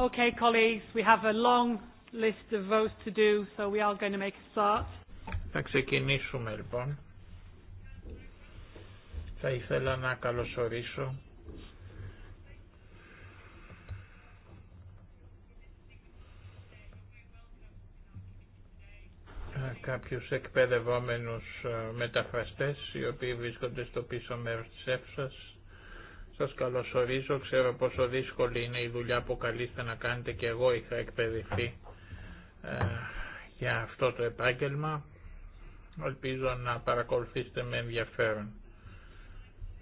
Okay, colleagues, we have a long list of votes to do, so we are going to make a start. Θα ξεκινήσουμε λοιπόν. Θα ήθελα να καλωσορίσω κάποιους εκπαιδευόμενους ε, μεταφραστές οι οποίοι βρίσκονται στο πίσω μέρος της αίθουσας σας καλωσορίζω, ξέρω πόσο δύσκολη είναι η δουλειά που καλείστε να κάνετε και εγώ είχα εκπαιδευτεί ε, για αυτό το επάγγελμα. Ελπίζω να παρακολουθήσετε με ενδιαφέρον.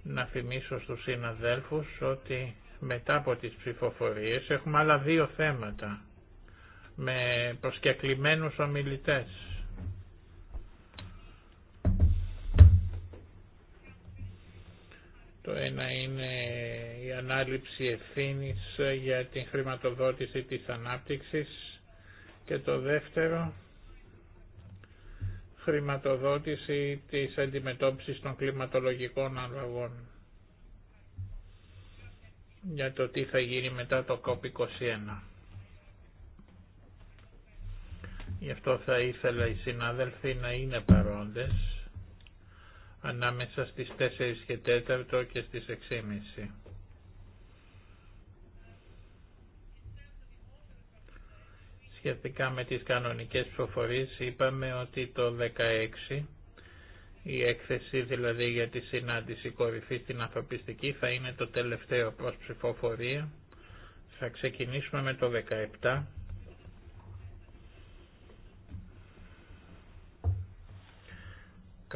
Να θυμίσω στους συναδέλφους ότι μετά από τις ψηφοφορίες έχουμε άλλα δύο θέματα με προσκεκλημένους ομιλητές Το ένα είναι η ανάληψη ευθύνης για την χρηματοδότηση της ανάπτυξης και το δεύτερο χρηματοδότηση της αντιμετώπισης των κλιματολογικών αλλαγών για το τι θα γίνει μετά το COP21. Γι' αυτό θα ήθελα οι συνάδελφοι να είναι παρόντες ανάμεσα στις 4 και 4 και στις 6.30. Σχετικά με τις κανονικές ψηφοφορίες είπαμε ότι το 16 η έκθεση δηλαδή για τη συνάντηση κορυφή στην ανθρωπιστική θα είναι το τελευταίο προς ψηφοφορία. Θα ξεκινήσουμε με το 17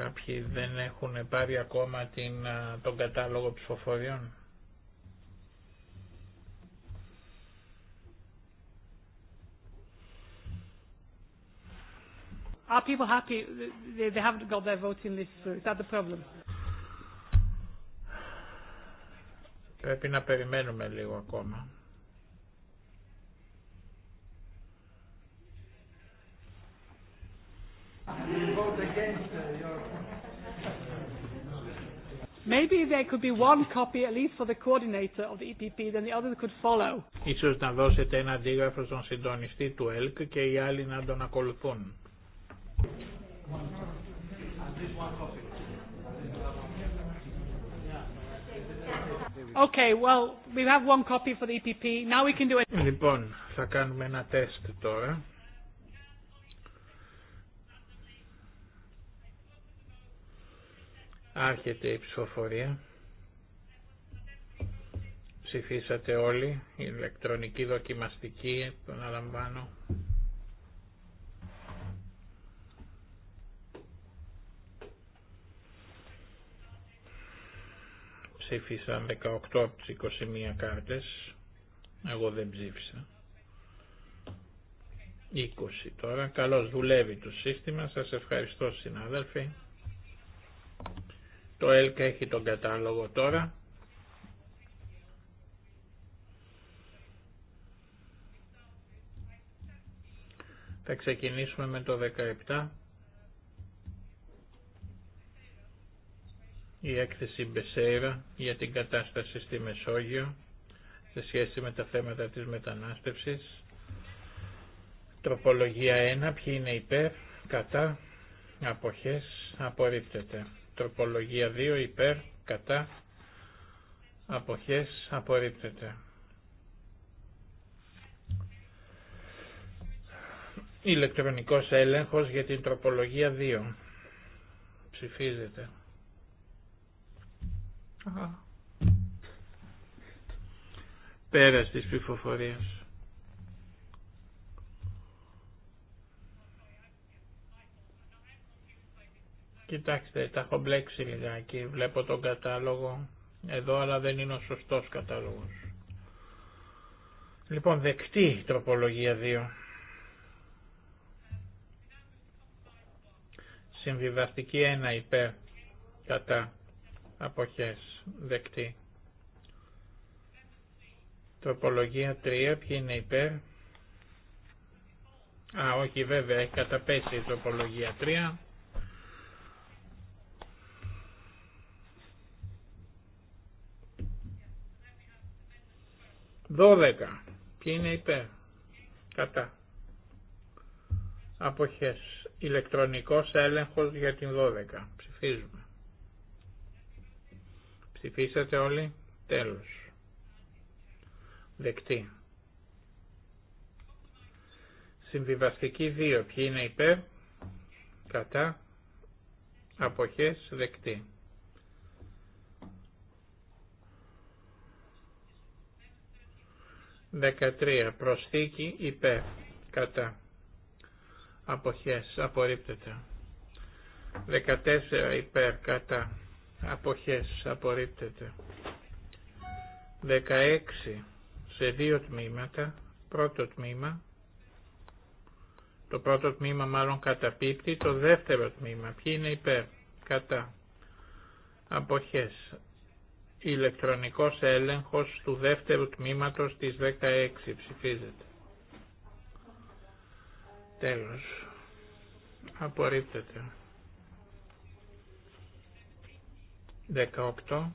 Κάποιοι δεν έχουν πάρει ακόμα την, τον κατάλογο ψηφοφοριών. Are people happy? They haven't got their voting list through. Is that the problem? Πρέπει να περιμένουμε λίγο ακόμα. You vote against uh, your Maybe there could be one copy at least for the coordinator of the EPP, then the others could follow. Ίσως να δώσετε ένα αντίγραφο στον συντονιστή του ΕΛΚ και οι άλλοι να τον ακολουθούν. Okay, well, we have one copy for the EPP. Now we can do it. Λοιπόν, θα κάνουμε ένα τεστ τώρα. Άρχεται η ψηφοφορία. Ψηφίσατε όλοι. Η ηλεκτρονική δοκιμαστική, το αναλαμβάνω. Ψήφισαν 18 από τις 21 κάρτες. Εγώ δεν ψήφισα. 20 τώρα. Καλώς δουλεύει το σύστημα. Σας ευχαριστώ συνάδελφοι. Το ΕΛΚΑ έχει τον κατάλογο τώρα. Θα ξεκινήσουμε με το 17. Η έκθεση Μπεσέρα για την κατάσταση στη Μεσόγειο σε σχέση με τα θέματα της μετανάστευσης. Τροπολογία 1. Ποιοι είναι υπέρ, κατά, αποχές, απορρίπτεται. Τροπολογία 2 υπέρ κατά αποχές απορρίπτεται. Ηλεκτρονικός έλεγχος για την τροπολογία 2. Ψηφίζεται. Πέρας της ψηφοφορίας. Κοιτάξτε, τα έχω μπλέξει λιγάκι. Βλέπω τον κατάλογο εδώ, αλλά δεν είναι ο σωστός κατάλογος. Λοιπόν, δεκτή τροπολογία 2. Συμβιβαστική 1 υπέρ κατά αποχές δεκτή. Τροπολογία 3, ποιοι είναι υπέρ. Α, όχι βέβαια, έχει καταπέσει η τροπολογία 3. 12. Ποιοι είναι υπέρ. Κατά. Αποχές. Ηλεκτρονικός έλεγχος για την 12. Ψηφίζουμε. Ψηφίσατε όλοι. Τέλος. Δεκτή. Συμβιβαστική 2. Ποιοι είναι υπέρ. Κατά. Αποχές. Δεκτή. 13. Προσθήκη υπέρ. Κατά. Αποχές. Απορρίπτεται. 14. Υπέρ. Κατά. Αποχές. Απορρίπτεται. 16. Σε δύο τμήματα. Πρώτο τμήμα. Το πρώτο τμήμα μάλλον καταπίπτει. Το δεύτερο τμήμα. Ποιοι είναι υπέρ. Κατά. Αποχές ηλεκτρονικός έλεγχος του δεύτερου τμήματος της 16 ψηφίζεται. Τέλος. Απορρίπτεται. 18.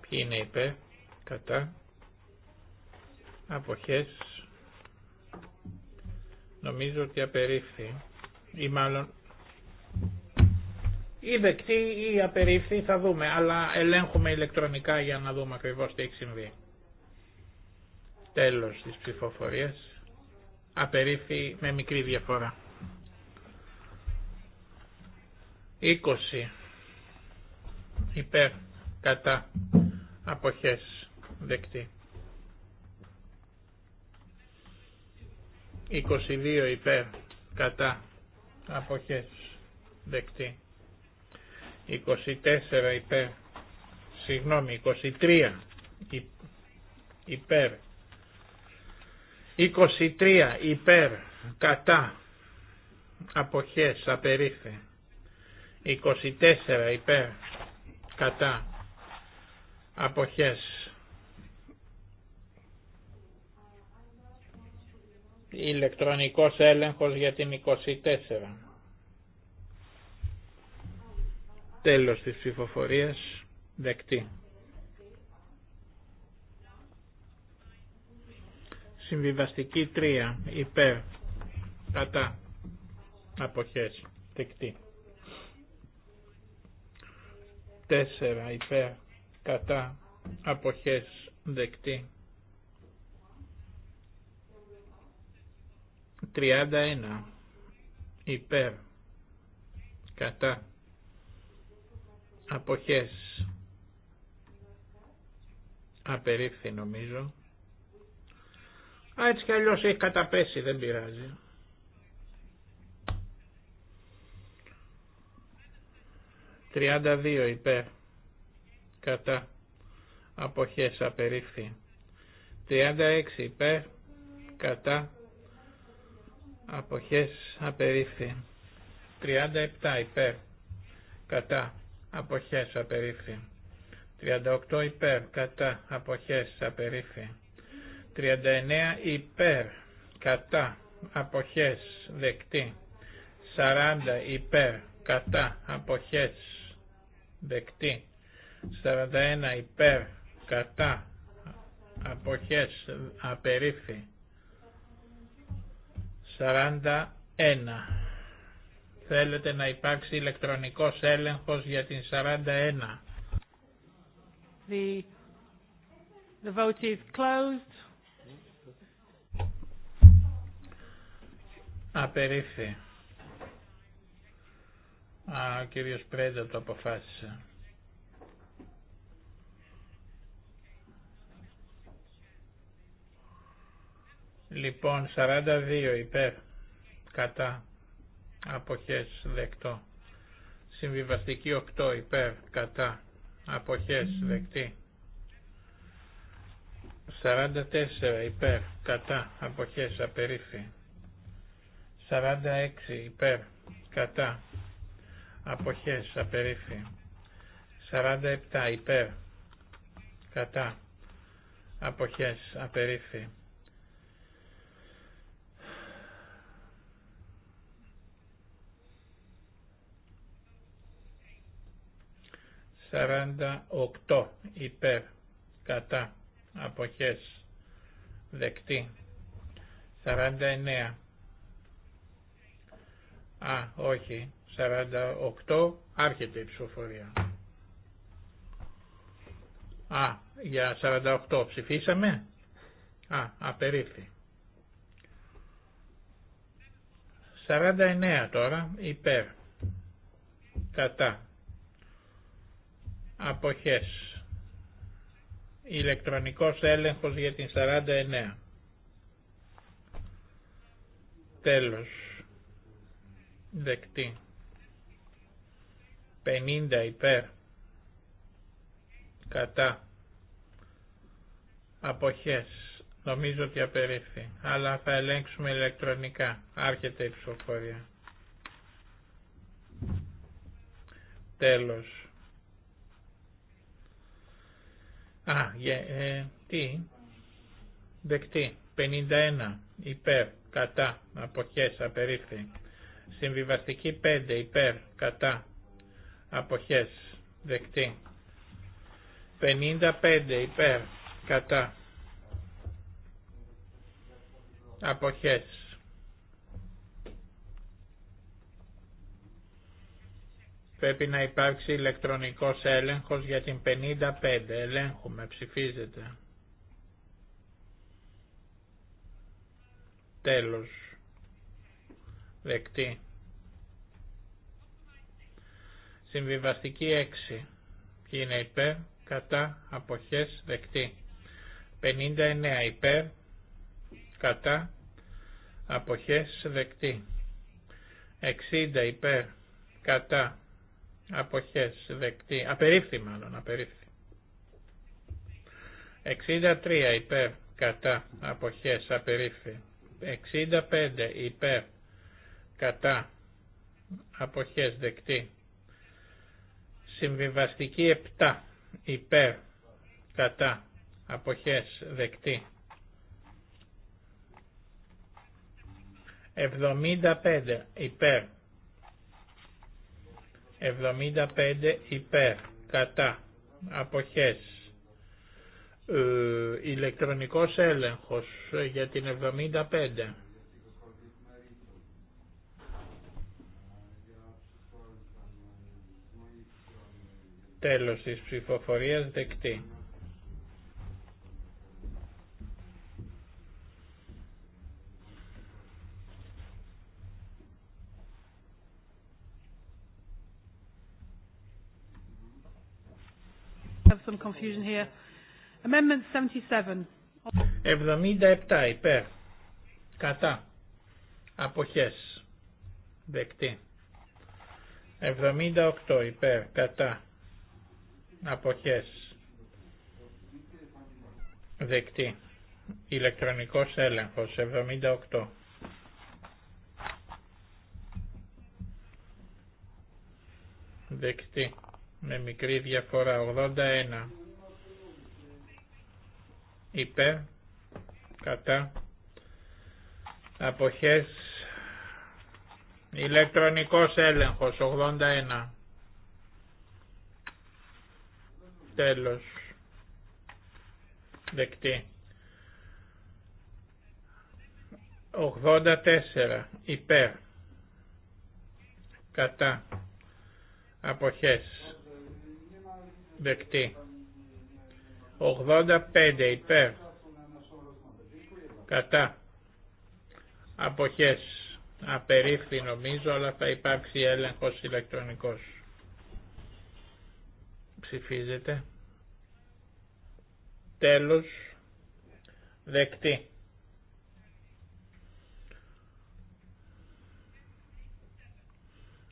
Ποιοι είναι υπέ, κατά, αποχές, νομίζω ότι απερίφθη ή μάλλον ή δεκτή ή απερίφθη θα δούμε, αλλά ελέγχουμε ηλεκτρονικά για να δούμε ακριβώ τι έχει συμβεί. Τέλος της ψηφοφορίας. Απερίφθη με μικρή διαφορά. 20 υπέρ κατά αποχές δεκτή. 22 υπέρ κατά αποχές δεκτή. 24 υπέρ, συγγνώμη, 23 υπέρ, 23 υπέρ, κατά, αποχές, απερίφθη, 24 υπέρ, κατά, αποχές, ηλεκτρονικός έλεγχος για την 24. Τέλος της ψηφοφορίας. Δεκτή. Συμβιβαστική 3. Υπέρ. Κατά. Αποχές. Δεκτή. 4. Υπέρ. Κατά. Αποχές. Δεκτή. 31. Υπέρ. Κατά Αποχές. Απερίφθη νομίζω. Α, έτσι κι αλλιώς έχει καταπέσει, δεν πειράζει. 32 υπέρ. Κατά. Αποχές απερίφθη. 36 υπέρ. Κατά. Αποχές απερίφθη. 37 υπέρ. Κατά αποχές απερίφθη. 38 υπέρ κατά αποχές απερίφη... 39 υπέρ κατά αποχές δεκτή. 40 υπέρ κατά αποχές δεκτή. 41 υπέρ κατά αποχές απερίφη... 41 Θέλετε να υπάρξει ηλεκτρονικός έλεγχος για την 41. The, vote is closed. Απερίφθη. Α, ο κύριος Πρέντα το αποφάσισε. Λοιπόν, 42 υπέρ, κατά, αποχές δεκτό. Συμβιβαστική 8 υπέρ κατά αποχές δεκτή. 44 υπέρ κατά αποχές απερίφη. 46 υπέρ κατά αποχές απερίφη. 47 υπέρ κατά αποχές απερίφη. 48 υπέρ κατά αποχές δεκτή 49 α όχι 48 άρχεται η ψηφοφορία α για 48 ψηφίσαμε α απερίφθη 49 τώρα υπέρ κατά Αποχές. Ηλεκτρονικός έλεγχος για την 49. Τέλος. Δεκτή. 50 υπέρ. Κατά. Αποχές. Νομίζω ότι απερίφθη. Αλλά θα ελέγξουμε ηλεκτρονικά. Άρχεται η ψηφοφορία. Τέλος. Α, ε, τι, δεκτή, 51, υπέρ, κατά, αποχές, απερίφθη. Συμβιβαστική 5, υπέρ, κατά, αποχές, δεκτή. 55, υπέρ, κατά, αποχές, Πρέπει να υπάρξει ηλεκτρονικός έλεγχος για την 55. Ελέγχουμε, ψηφίζεται. Τέλος. Δεκτή. Συμβιβαστική 6. Ποιοι είναι υπέρ, κατά, αποχές, δεκτή. 59 υπέρ, κατά, αποχές, δεκτή. 60 υπέρ, κατά, Αποχές δεκτή. Απερίφθη μάλλον, απερίφθη. 63 υπέρ κατά αποχές απερίφθη. 65 υπέρ κατά αποχές δεκτή. Συμβιβαστική 7 υπέρ κατά αποχές δεκτή. 75 υπέρ 75 υπέρ, κατά, αποχές. Ε, ηλεκτρονικός έλεγχος για την 75. Τέλος της ψηφοφορίας δεκτή. Have some confusion here. Amendment 77. 77 υπέρ. Κατά. Αποχές. Δεκτή. 78 υπέρ. Κατά. Αποχές. Δεκτή. Ηλεκτρονικός έλεγχος. 78. Δεκτή με μικρή διαφορά 81 υπέρ κατά αποχές ηλεκτρονικός έλεγχος 81 τέλος δεκτή 84 υπέρ κατά αποχές Δεκτή. 85 υπέρ. Κατά. Αποχές. Απερίφθη νομίζω, αλλά θα υπάρξει έλεγχος ηλεκτρονικός. Ψηφίζεται. Τέλος. Δεκτή.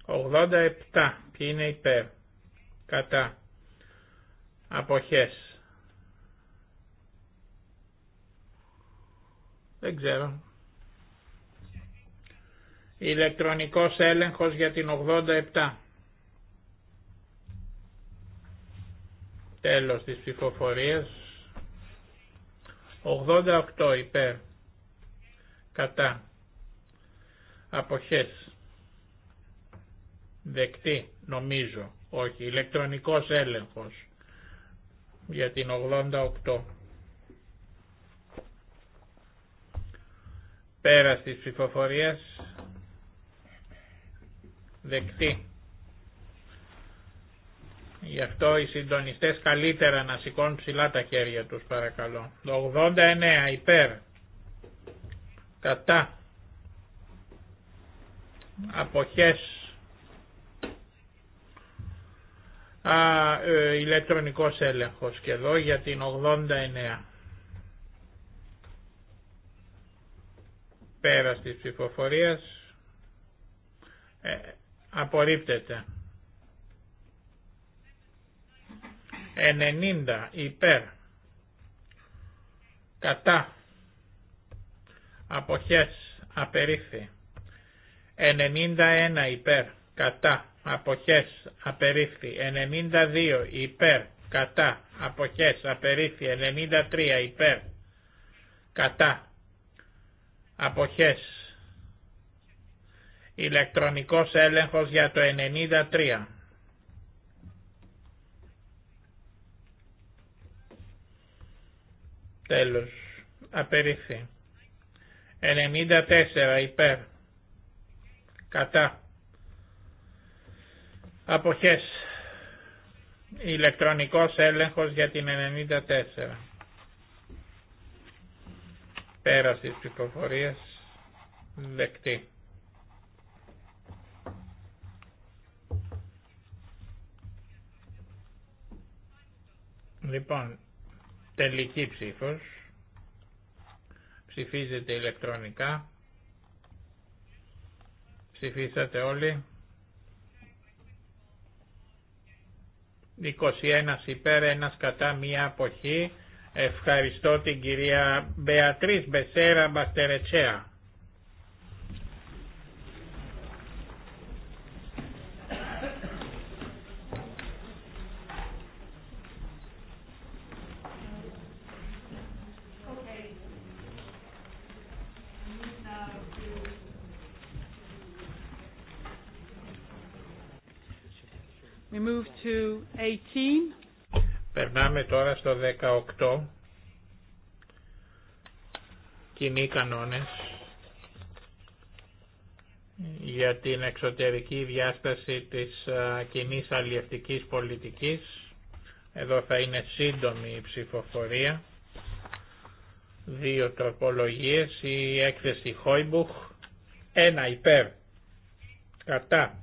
87. Ποιοι είναι υπέρ. Κατά. Αποχές. Δεν ξέρω. Ηλεκτρονικός έλεγχος για την 87. Τέλος της ψηφοφορίας. 88 υπέρ. Κατά. Αποχές. Δεκτή, νομίζω. Όχι, ηλεκτρονικός έλεγχος για την 88. Πέρας της ψηφοφορίας δεκτή. Γι' αυτό οι συντονιστές καλύτερα να σηκώνουν ψηλά τα χέρια τους παρακαλώ. Το 89 υπέρ. Κατά. Αποχές Ε, ηλεκτρονικός έλεγχος και εδώ για την 89. Πέρας της ψηφοφορίας ε, απορρίπτεται. 90 υπέρ κατά αποχές απερίφθη 91 υπέρ κατά αποχές απερίφθη 92 υπέρ κατά αποχές απερίφθη 93 υπέρ κατά αποχές ηλεκτρονικός έλεγχος για το 93 τέλος απερίφθη 94 υπέρ κατά Αποχές. Ηλεκτρονικός έλεγχος για την 94. Πέραση της ψηφοφορίας. Δεκτή. Λοιπόν, τελική ψήφος. Ψηφίζεται ηλεκτρονικά. Ψηφίσατε όλοι. 21 υπέρ, 1 κατά, μία αποχή. Ευχαριστώ την κυρία Μπεατρίς Μπεσέρα Μπαστερετσέα. Πάμε τώρα στο 18. Κοινοί κανόνες για την εξωτερική διάσταση της κοινή αλλιευτικής πολιτικής. Εδώ θα είναι σύντομη η ψηφοφορία. Δύο τροπολογίες, η έκθεση Χόιμπουχ, ένα υπέρ, κατά,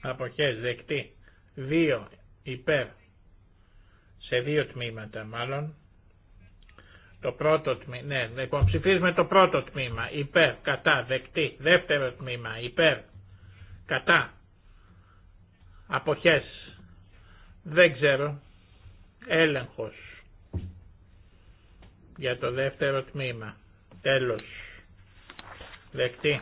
αποχές δεκτή, δύο υπέρ, σε δύο τμήματα μάλλον. Το πρώτο τμήμα, ναι, λοιπόν ψηφίζουμε το πρώτο τμήμα, υπέρ, κατά, δεκτή, δεύτερο τμήμα, υπέρ, κατά, αποχές, δεν ξέρω, έλεγχος για το δεύτερο τμήμα, τέλος, δεκτή.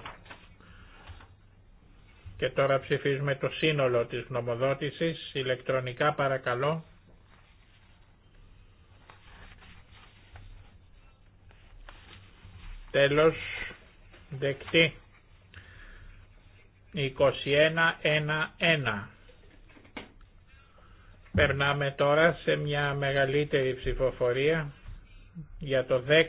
Και τώρα ψηφίζουμε το σύνολο της γνωμοδότησης, ηλεκτρονικά παρακαλώ. Τέλος. Δεκτή. 21-1-1. Περνάμε τώρα σε μια μεγαλύτερη ψηφοφορία για το 19.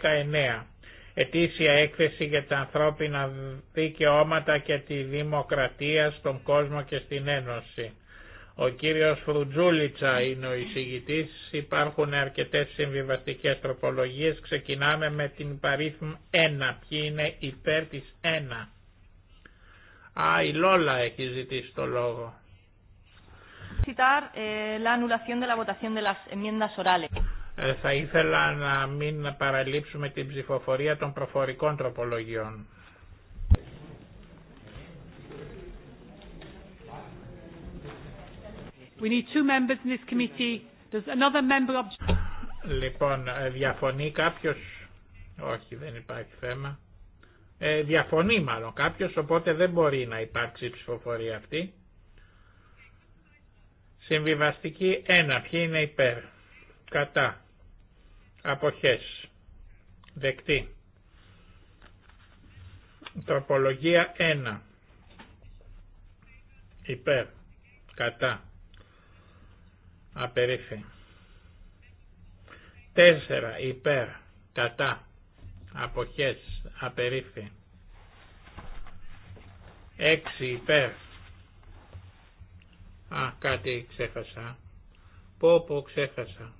Ετήσια έκθεση για τα ανθρώπινα δικαιώματα και τη δημοκρατία στον κόσμο και στην Ένωση. Ο κύριος Φρουτζούλητσα είναι ο εισηγητής. Υπάρχουν αρκετές συμβιβαστικές τροπολογίες. Ξεκινάμε με την παρήθμ 1. Ποιοι είναι υπέρ της 1. Α, η Λόλα έχει ζητήσει το λόγο. θα ήθελα να μην παραλείψουμε την ψηφοφορία των προφορικών τροπολογιών. We need two members in this committee. Does another member object? Λοιπόν, ε, διαφωνεί κάποιος. Όχι, δεν υπάρχει θέμα. Ε, διαφωνεί μάλλον κάποιος, οπότε δεν μπορεί να υπάρξει η ψηφοφορία αυτή. Συμβιβαστική 1. Ποιοι είναι υπέρ. Κατά. Αποχές. Δεκτή. Τροπολογία 1. Υπέρ. Κατά απερίφη. Τέσσερα υπέρ κατά αποχές απερίφη. Έξι υπέρ. Α, κάτι ξέχασα. Πω πω ξέχασα.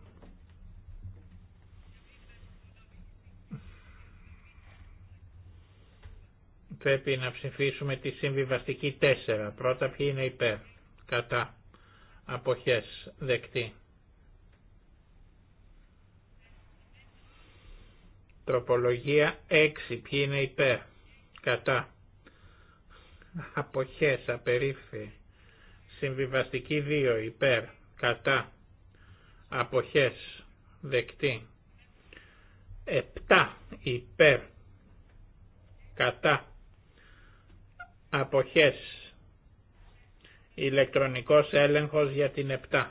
Πρέπει να ψηφίσουμε τη συμβιβαστική 4. Πρώτα ποιοι είναι υπέρ. Κατά αποχές δεκτή. Τροπολογία 6. Ποιοι είναι υπέρ. Κατά. Αποχές απερίφθη. Συμβιβαστική 2. Υπέρ. Κατά. Αποχές. Δεκτή. 7. Υπέρ. Κατά. Αποχές ηλεκτρονικός έλεγχος για την 7.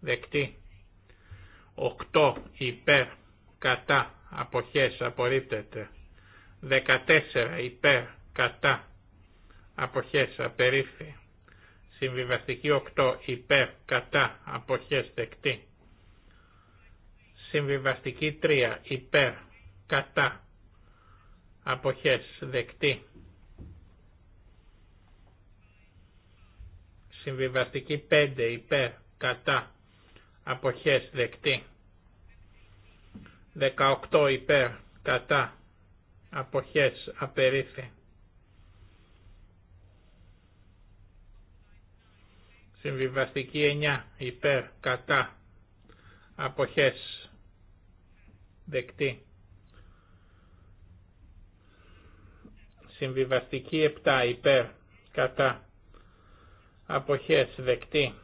Δεκτή. 8 υπέρ κατά αποχές απορρίπτεται. 14 υπέρ κατά αποχές απερίφθη. Συμβιβαστική 8 υπέρ κατά αποχές δεκτή. Συμβιβαστική 3 υπέρ κατά αποχές δεκτή. Συμβιβαστική 5 υπέρ κατά αποχές δεκτή. 18 υπέρ κατά αποχές απερίφη. Συμβιβαστική 9 υπέρ κατά αποχές δεκτή. Συμβιβαστική 7 υπέρ κατά αποχές δεκτή.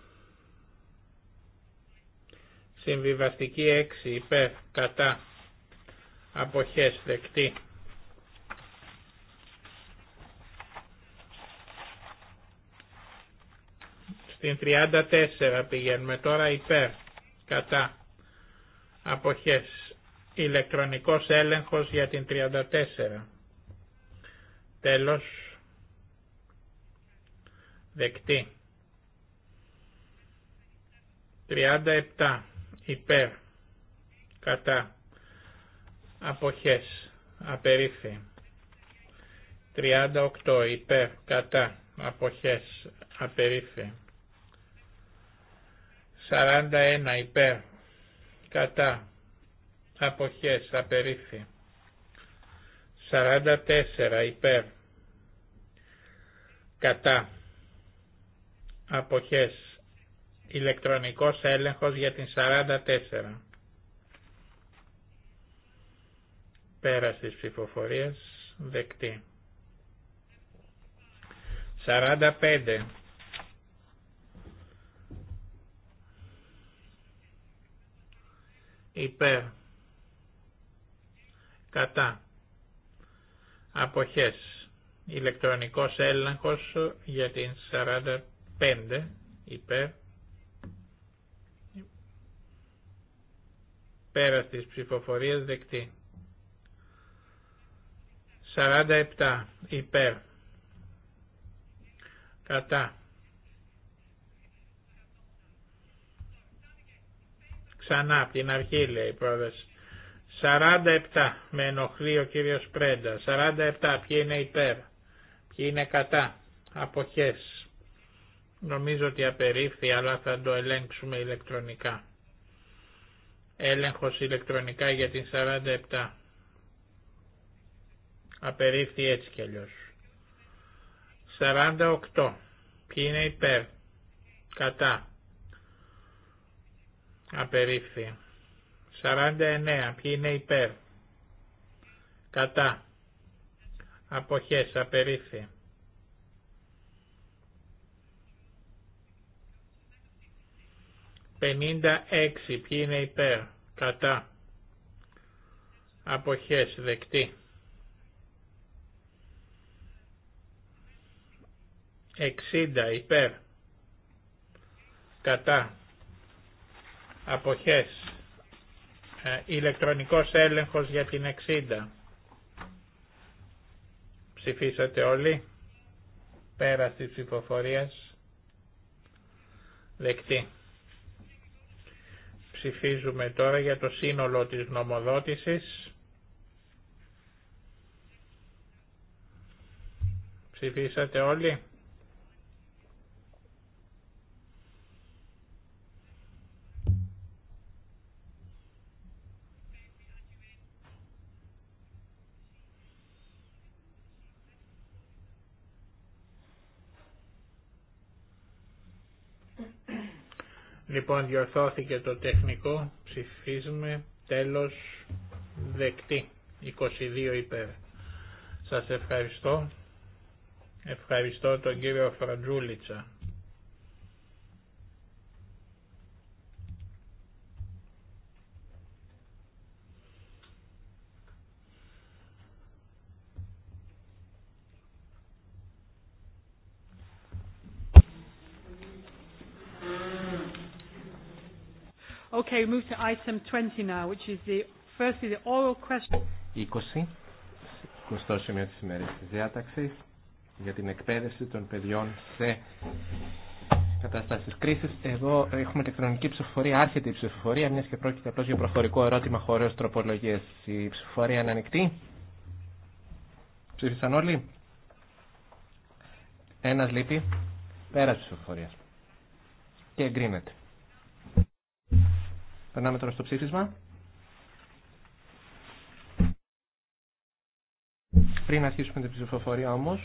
Συμβιβαστική 6 υπέρ κατά αποχές δεκτή. Στην 34 πηγαίνουμε τώρα υπέρ κατά αποχές ηλεκτρονικός έλεγχος για την 34. Τέλος. Δεκτή. 37. Υπέρ. Κατά. Αποχές. Απερίφη. 38. Υπέρ. Κατά. Αποχές. Απερίφη. 41. Υπέρ. Κατά. Αποχές. Απερίφη. 44 υπέρ κατά αποχές ηλεκτρονικός έλεγχος για την 44 πέρας της ψηφοφορίας δεκτή 45 υπέρ κατά αποχές. Ηλεκτρονικός έλεγχος για την 45 υπέρ. Πέρα της ψηφοφορίας δεκτή. 47 υπέρ. Κατά. Ξανά από την αρχή λέει η 47 με ενοχλεί ο κύριος Πρέντα. 47 ποιοι είναι υπέρ, ποιοι είναι κατά, αποχές. Νομίζω ότι απερίφθη αλλά θα το ελέγξουμε ηλεκτρονικά. Έλεγχος ηλεκτρονικά για την 47. Απερίφθη έτσι κι αλλιώς. 48. Ποιοι είναι υπέρ. Κατά. Απερίφθη. 49. Ποιοι είναι υπέρ. Κατά. Αποχές. Απερίφθη. Πενήντα έξι. Ποιοι είναι υπέρ. Κατά. Αποχές. Δεκτή. Εξήντα. Υπέρ. Κατά. Αποχές ε, ηλεκτρονικός έλεγχος για την 60. Ψηφίσατε όλοι. Πέρα της ψηφοφορίας. Δεκτή. Ψηφίζουμε τώρα για το σύνολο της νομοδότησης. Ψηφίσατε όλοι. Λοιπόν, διορθώθηκε το τεχνικό, ψηφίζουμε, τέλος, δεκτή, 22 υπέρ. Σας ευχαριστώ. Ευχαριστώ τον κύριο Φραντζούλητσα. Okay, we move to item 20 now, which is the firstly the oral question. σημείο της ημέρα της διάταξης για την εκπαίδευση των παιδιών σε καταστάσεις κρίσης. Εδώ έχουμε ηλεκτρονική ψηφοφορία, άρχεται η ψηφοφορία, μιας και πρόκειται απλώς για προφορικό ερώτημα χωρίς τροπολογίες. Η ψηφοφορία είναι ανοιχτή. Ψήφισαν όλοι. Ένας λείπει. Πέρας ψηφοφορίας. Και εγκρίνεται. Περνάμε τώρα στο ψήφισμα. Πριν αρχίσουμε την ψηφοφορία όμως,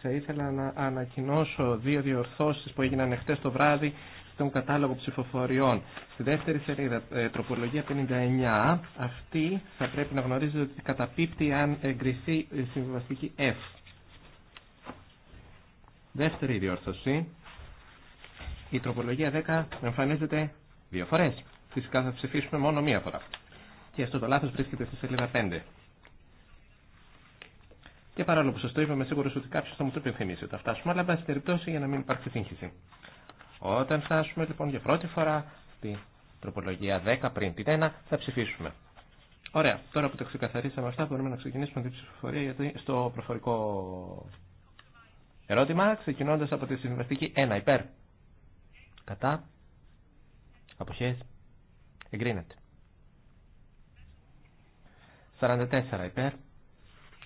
θα ήθελα να ανακοινώσω δύο διορθώσεις που έγιναν χτες το βράδυ στον κατάλογο ψηφοφοριών. Στη δεύτερη σελίδα, ε, τροπολογία 59, αυτή θα πρέπει να γνωρίζετε ότι καταπίπτει αν εγκριθεί η συμβαστική F. Δεύτερη διορθώση, η τροπολογία 10 εμφανίζεται δύο φορέ. Φυσικά θα ψηφίσουμε μόνο μία φορά. Και αυτό το λάθο βρίσκεται στη σελίδα 5. Και παρόλο που σα το είπαμε, σίγουρο ότι κάποιο θα μου το υπενθυμίσει ότι θα φτάσουμε, αλλά εν περιπτώσει για να μην υπάρξει σύγχυση. Όταν φτάσουμε λοιπόν για πρώτη φορά στη τροπολογία 10 πριν την 1, θα ψηφίσουμε. Ωραία, τώρα που το ξεκαθαρίσαμε αυτά, μπορούμε να ξεκινήσουμε την ψηφοφορία γιατί στο προφορικό ερώτημα, ξεκινώντα από τη συμβαστική 1 υπέρ. Κατά. Αποχές. Εγκρίνεται. 44 υπέρ.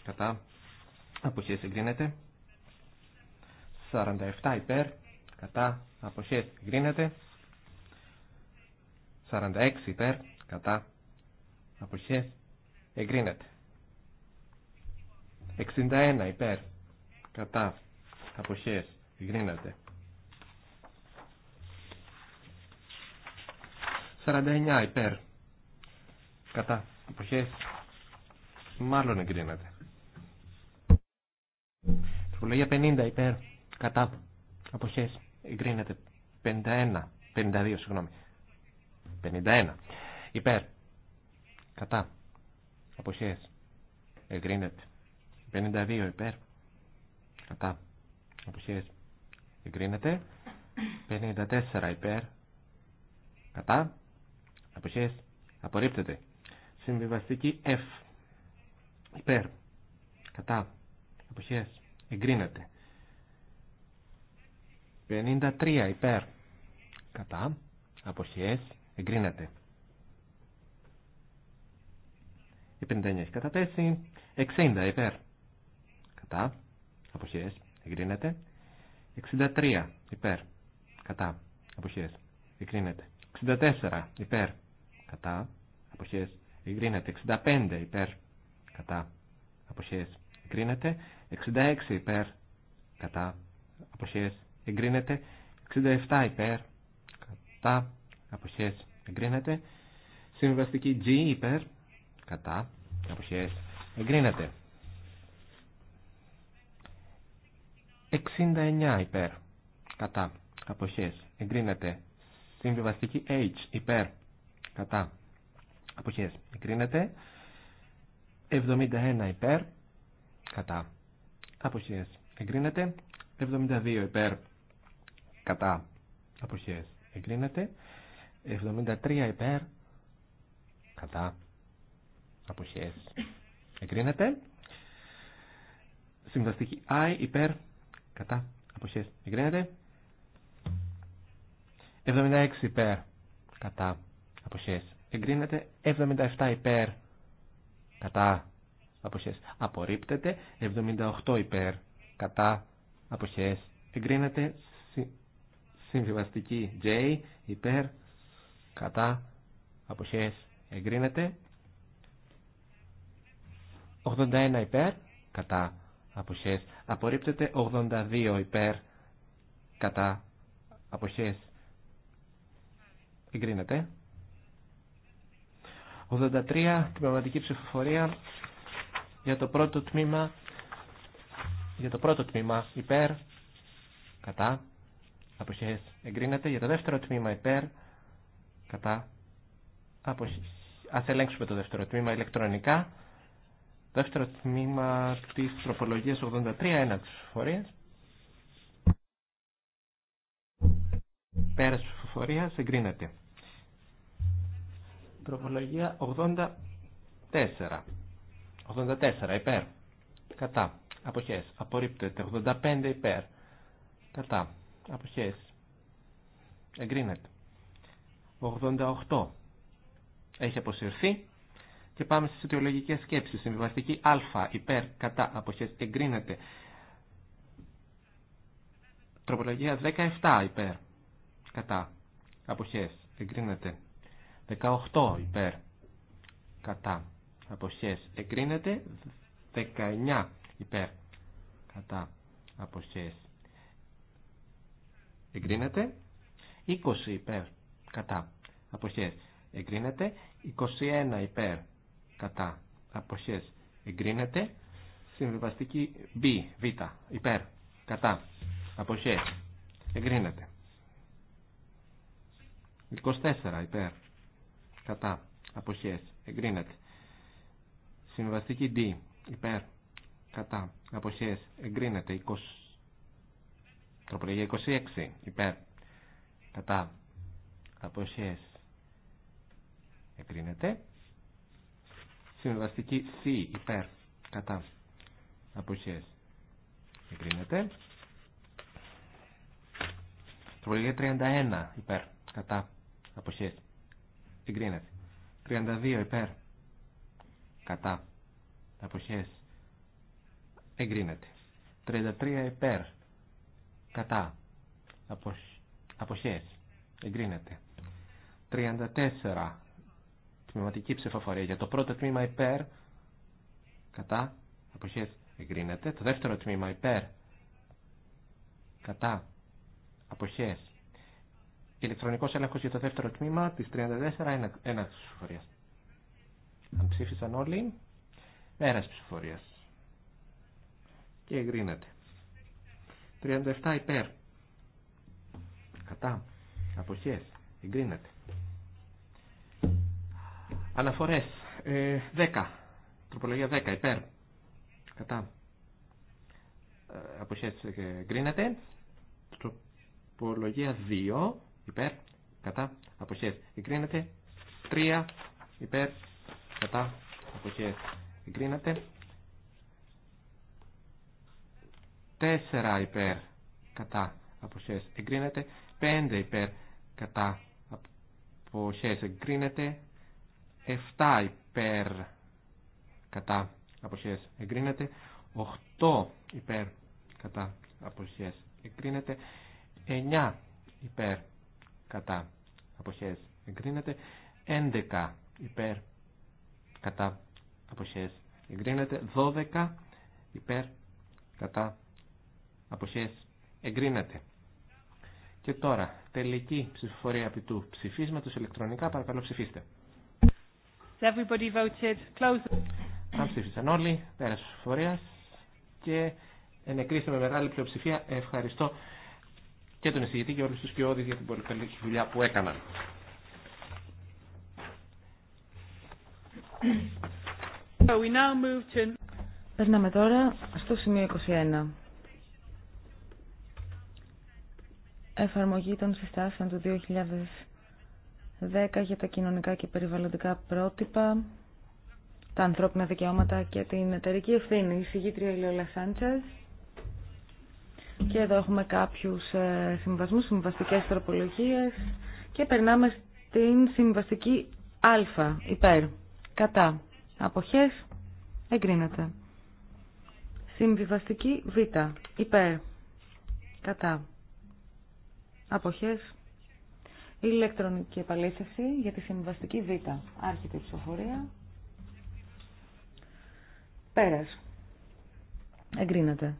Κατά. Αποχές εγκρίνεται. 47 υπέρ. Κατά. Αποχές εγκρίνεται. 46 υπέρ. Κατά. Αποχές εγκρίνεται. 61 υπέρ. Κατά. Αποχές εγκρίνεται. 49 υπέρ. Κατά. Εποχέ. Μάλλον εγκρίνεται. Τροπολογία 50 υπέρ. Κατά. Αποχές. Εγκρίνεται. 51. 52 συγγνώμη. 51. Υπέρ. Κατά. Αποχές. Εγκρίνεται. 52 υπέρ. Κατά. Αποχές. Εγκρίνεται. 54 υπέρ. Κατά. Αποχές. Απορρίπτεται. Συμβιβαστική F. Υπέρ. Κατά. Αποχές. Εγκρίνεται. 53 υπέρ. Κατά. Αποχές. Εγκρίνεται. 59 έχει καταθέσει. 60 υπέρ. Κατά. Αποχές. Εγκρίνεται. 63 υπέρ. Κατά. Αποχές. Εγκρίνεται. 64 υπέρ κατά αποχές εγκρίνεται 65 υπέρ κατά αποχές εγκρίνεται 66 υπέρ κατά αποχές εγκρίνεται 67 υπέρ κατά αποχές εγκρίνεται συμβαστική G υπέρ κατά αποχές εγκρίνεται 69 υπέρ κατά αποχές εγκρίνεται συμβιβαστική H υπέρ κατά αποχές εγκρίνεται 71 υπέρ κατά αποχές εγκρίνεται 72 υπέρ κατά αποχές εγκρίνεται 73 υπέρ κατά αποχές εγκρίνεται συμβαστική I υπέρ κατά αποχές εγκρίνεται 76 υπέρ κατά αποχές εγκρίνεται 77 υπέρ κατά αποχές απορρίπτεται 78 υπέρ κατά αποχές εγκρίνεται συμβιβαστική J υπέρ κατά αποχές εγκρίνεται 81 υπέρ κατά αποχές απορρίπτεται 82 υπέρ κατά αποχές εγκρίνεται 83, την πραγματική ψηφοφορία για το πρώτο τμήμα, για το πρώτο τμήμα υπέρ, κατά, αποχές εγκρίνεται, για το δεύτερο τμήμα υπέρ, κατά, αποχές. Ας ελέγξουμε το δεύτερο τμήμα ηλεκτρονικά. Δεύτερο τμήμα της τροπολογίας 83, ένα ψηφοφορίας. της ψηφοφορίας εγκρίνεται. Τροπολογία 84. 84 υπέρ. Κατά. Αποχές. Απορρίπτεται. 85 υπέρ. Κατά. Αποχές. Εγκρίνεται. 88. Έχει αποσυρθεί. Και πάμε στις αιτιολογικές σκέψεις. Συμβιβαστική α υπέρ κατά αποχές εγκρίνεται. Τροπολογία 17 υπέρ κατά αποχές εγκρίνεται. 18 υπέρ κατά αποσχές εγκρίνεται 19 υπέρ κατά αποσχές εγκρίνεται 20 υπέρ κατά αποσχές εγκρίνεται 21 υπέρ κατά αποσχές εγκρίνεται συμβιβαστική B, Β, υπέρ, κατά, αποχές, εγκρίνεται. 24 υπέρ, κατά, αποχές, εγκρίνεται. Συμβαστική D, υπέρ, κατά, αποχές, εγκρίνεται. 20... Τροπολογία 26, υπέρ, κατά, αποχές, εγκρίνεται. Συμβαστική C, υπέρ, κατά, αποχές, εγκρίνεται. Τροπολογία 31, υπέρ, κατά, αποχές, εγκρίνεται. 32 υπέρ κατά αποχέ. εγκρίνεται. 33 υπέρ κατά αποχέ, εγκρίνεται. 34 τμηματική ψηφοφορία για το πρώτο τμήμα υπέρ κατά Αποχέ. εγκρίνεται. Το δεύτερο τμήμα υπέρ κατά αποχές Ηλεκτρονικός έλεγχος για το δεύτερο τμήμα τη 34, ένα ψηφοφορίας. Αν ψήφισαν όλοι, ένα ψηφοφορίας. Και εγκρίνεται. 37 υπέρ. Κατά. Αποχές. Εγκρίνεται. Αναφορές. Ε, 10. Τροπολογία 10 υπέρ. Κατά. Ε, αποχές ε, εγκρίνεται. Τροπολογία 2 υπέρ, κατά, αποχές εγκρίνεται. 3 υπέρ, κατά, αποχές εγκρίνεται. 4 υπέρ, κατά, αποχές εγκρίνεται. 5 υπέρ, κατά, αποχές εγκρίνεται. 7 υπέρ, κατά, αποχές εγκρίνεται. 8 υπέρ, κατά, αποχές εγκρίνεται. 9 υπέρ, κατά αποχές εγκρίνεται 11 υπέρ κατά αποχές εγκρίνεται 12 υπέρ κατά αποχές εγκρίνεται και τώρα τελική ψηφοφορία επί του ψηφίσματος ηλεκτρονικά παρακαλώ ψηφίστε Everybody Αν ψήφισαν όλοι, πέρασε ψηφοφορίας και με μεγάλη πλειοψηφία. Ευχαριστώ και τον εισηγητή και όλους τους κοιόδης για την πολύ καλή δουλειά που έκαναν. we now move to... Περνάμε τώρα στο σημείο 21. Εφαρμογή των συστάσεων του 2010 για τα κοινωνικά και περιβαλλοντικά πρότυπα, τα ανθρώπινα δικαιώματα και την εταιρική ευθύνη. Η συγγήτρια Λεόλα και εδώ έχουμε κάποιους ε, συμβασμούς, συμβαστικές τροπολογίες και περνάμε στην συμβαστική α, υπέρ, κατά, αποχές, εγκρίνεται. Συμβιβαστική β, υπέρ, κατά, αποχές, ηλεκτρονική επαλήθευση για τη συμβαστική β, άρχεται η ψηφοφορία, πέρας, εγκρίνεται.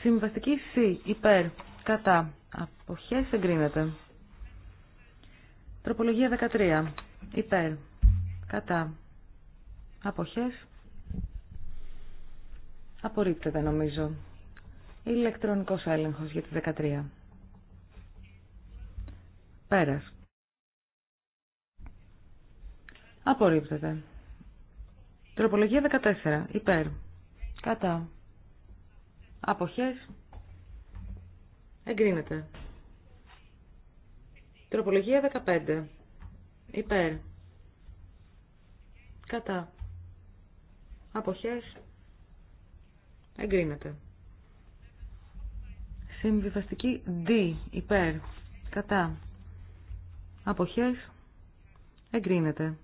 Συμβαστική C. Υπέρ. Κατά. Αποχές εγκρίνεται. Τροπολογία 13. Υπέρ. Κατά. Αποχές. Απορρίπτεται νομίζω. Ηλεκτρονικός έλεγχος για τη 13. Πέρας. Απορρίπτεται. Τροπολογία 14. Υπέρ. Κατά. Αποχές. Εγκρίνεται. Τροπολογία 15. Υπέρ. Κατά. Αποχές. Εγκρίνεται. Συμβιβαστική D. Υπέρ. Κατά. Αποχές. Εγκρίνεται.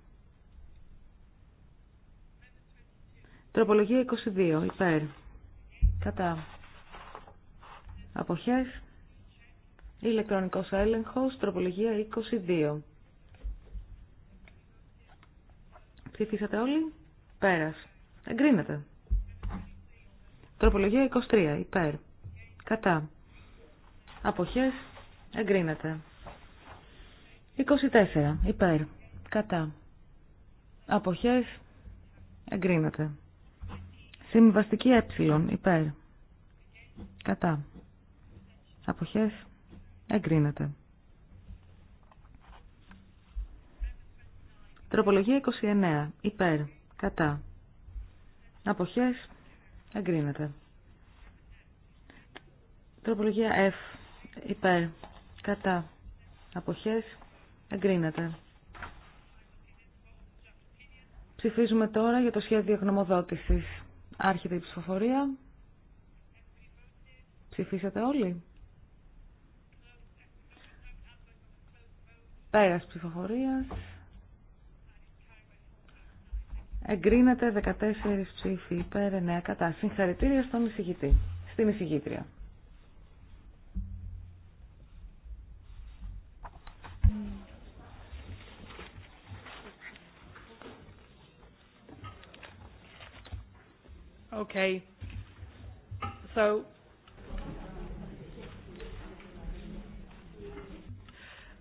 Τροπολογία 22. Υπέρ. Κατά. Αποχές. Ηλεκτρονικός έλεγχος. Τροπολογία 22. Ψηφίσατε όλοι. Πέρας. Εγκρίνεται. Τροπολογία 23. Υπέρ. Κατά. Αποχές. Εγκρίνεται. 24. Υπέρ. Κατά. Αποχές. Εγκρίνεται. Συμβαστική ε, υπέρ. Κατά. Αποχές εγκρίνεται. Τροπολογία 29. Υπέρ. Κατά. Αποχές. Εγκρίνεται. Τροπολογία F. Υπέρ. Κατά. Αποχές. Εγκρίνεται. Ψηφίζουμε τώρα για το σχέδιο γνωμοδότησης. Άρχεται η ψηφοφορία. Ψηφίσατε όλοι. Πέρας ψηφοφορίας. Εγκρίνεται 14 ψήφοι υπέρ 9 κατά. Συγχαρητήρια στον εισηγητή, στην εισηγήτρια. Okay. So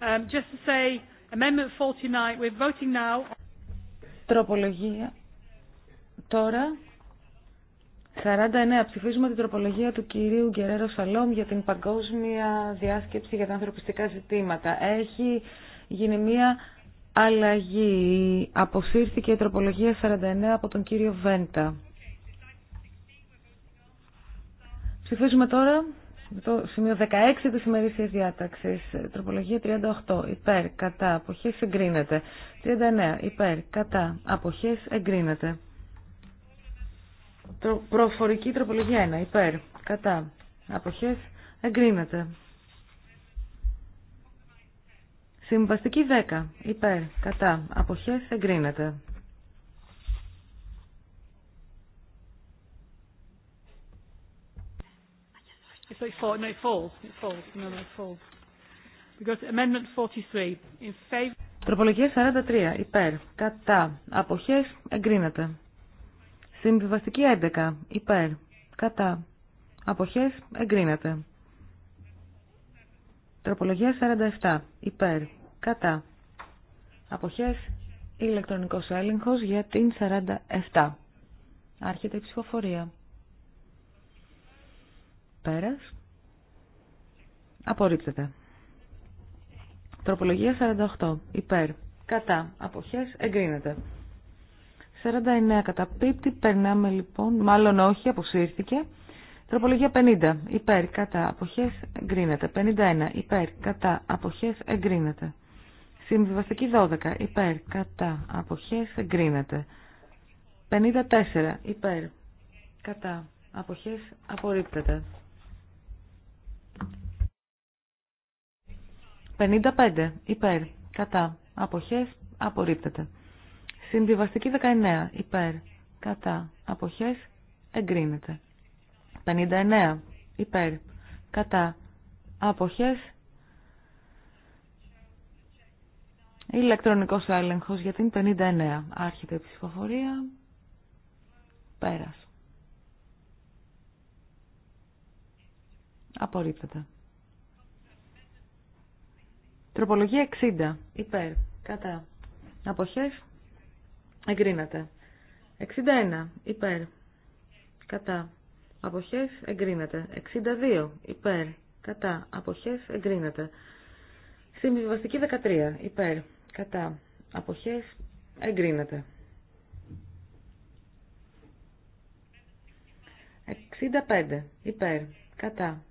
um, just to say, Amendment 49, we're voting now. Τροπολογία. Τώρα 49. Ψηφίζουμε την τροπολογία του κυρίου Γκερέρο Σαλόμ για την παγκόσμια διάσκεψη για τα ανθρωπιστικά ζητήματα. Έχει γίνει μία αλλαγή. Αποσύρθηκε η τροπολογία 49 από τον κύριο Βέντα. Ψηφίζουμε τώρα το σημείο 16 της ημερήσιας διάταξης. Τροπολογία 38. Υπέρ. Κατά. Αποχές εγκρίνεται. 39. Υπέρ. Κατά. Αποχές εγκρίνεται. Προφορική τροπολογία 1. Υπέρ. Κατά. Αποχές εγκρίνεται. Συμβαστική 10. Υπέρ. Κατά. Αποχές εγκρίνεται. amendment 43. In Τροπολογία 43. Υπέρ. Κατά. Αποχές. Εγκρίνεται. Συμβιβαστική 11. Υπέρ. Κατά. Αποχές. Εγκρίνεται. Τροπολογία 47. Υπέρ. Κατά. Αποχές. Ηλεκτρονικός έλεγχος για την 47. Άρχεται η ψηφοφορία. Πέρας. Απορρίπτεται. Τροπολογία 48. Υπέρ. Κατά. Αποχές. Εγκρίνεται. 49 καταπίπτει. Περνάμε λοιπόν. Μάλλον όχι. Αποσύρθηκε. Τροπολογία 50. Υπέρ. Κατά. Αποχές. Εγκρίνεται. 51. Υπέρ. Κατά. Αποχές. Εγκρίνεται. Συμβιβαστική 12. Υπέρ. Κατά. Αποχές. Εγκρίνεται. 54. Υπέρ. Κατά. Αποχές. Απορρίπτεται. 55 υπέρ. Κατά. Αποχές απορρίπτεται. Συμβιβαστική 19 υπέρ. Κατά. απόχέ, εγκρίνεται. 59 υπέρ. Κατά. Αποχές Ηλεκτρονικός έλεγχο για την 59. Άρχεται η ψηφοφορία. Πέρας. Απορρίπτεται. Τροπολογία 60. Υπέρ. Κατά. Αποχές. Εγκρίνεται. 61. Υπέρ. Κατά. Αποχές. Εγκρίνεται. 62. Υπέρ. Κατά. Αποχές. Εγκρίνεται. Συμβιβαστική 13. Υπέρ. Κατά. Αποχές. Εγκρίνεται. 65. Υπέρ. Κατά.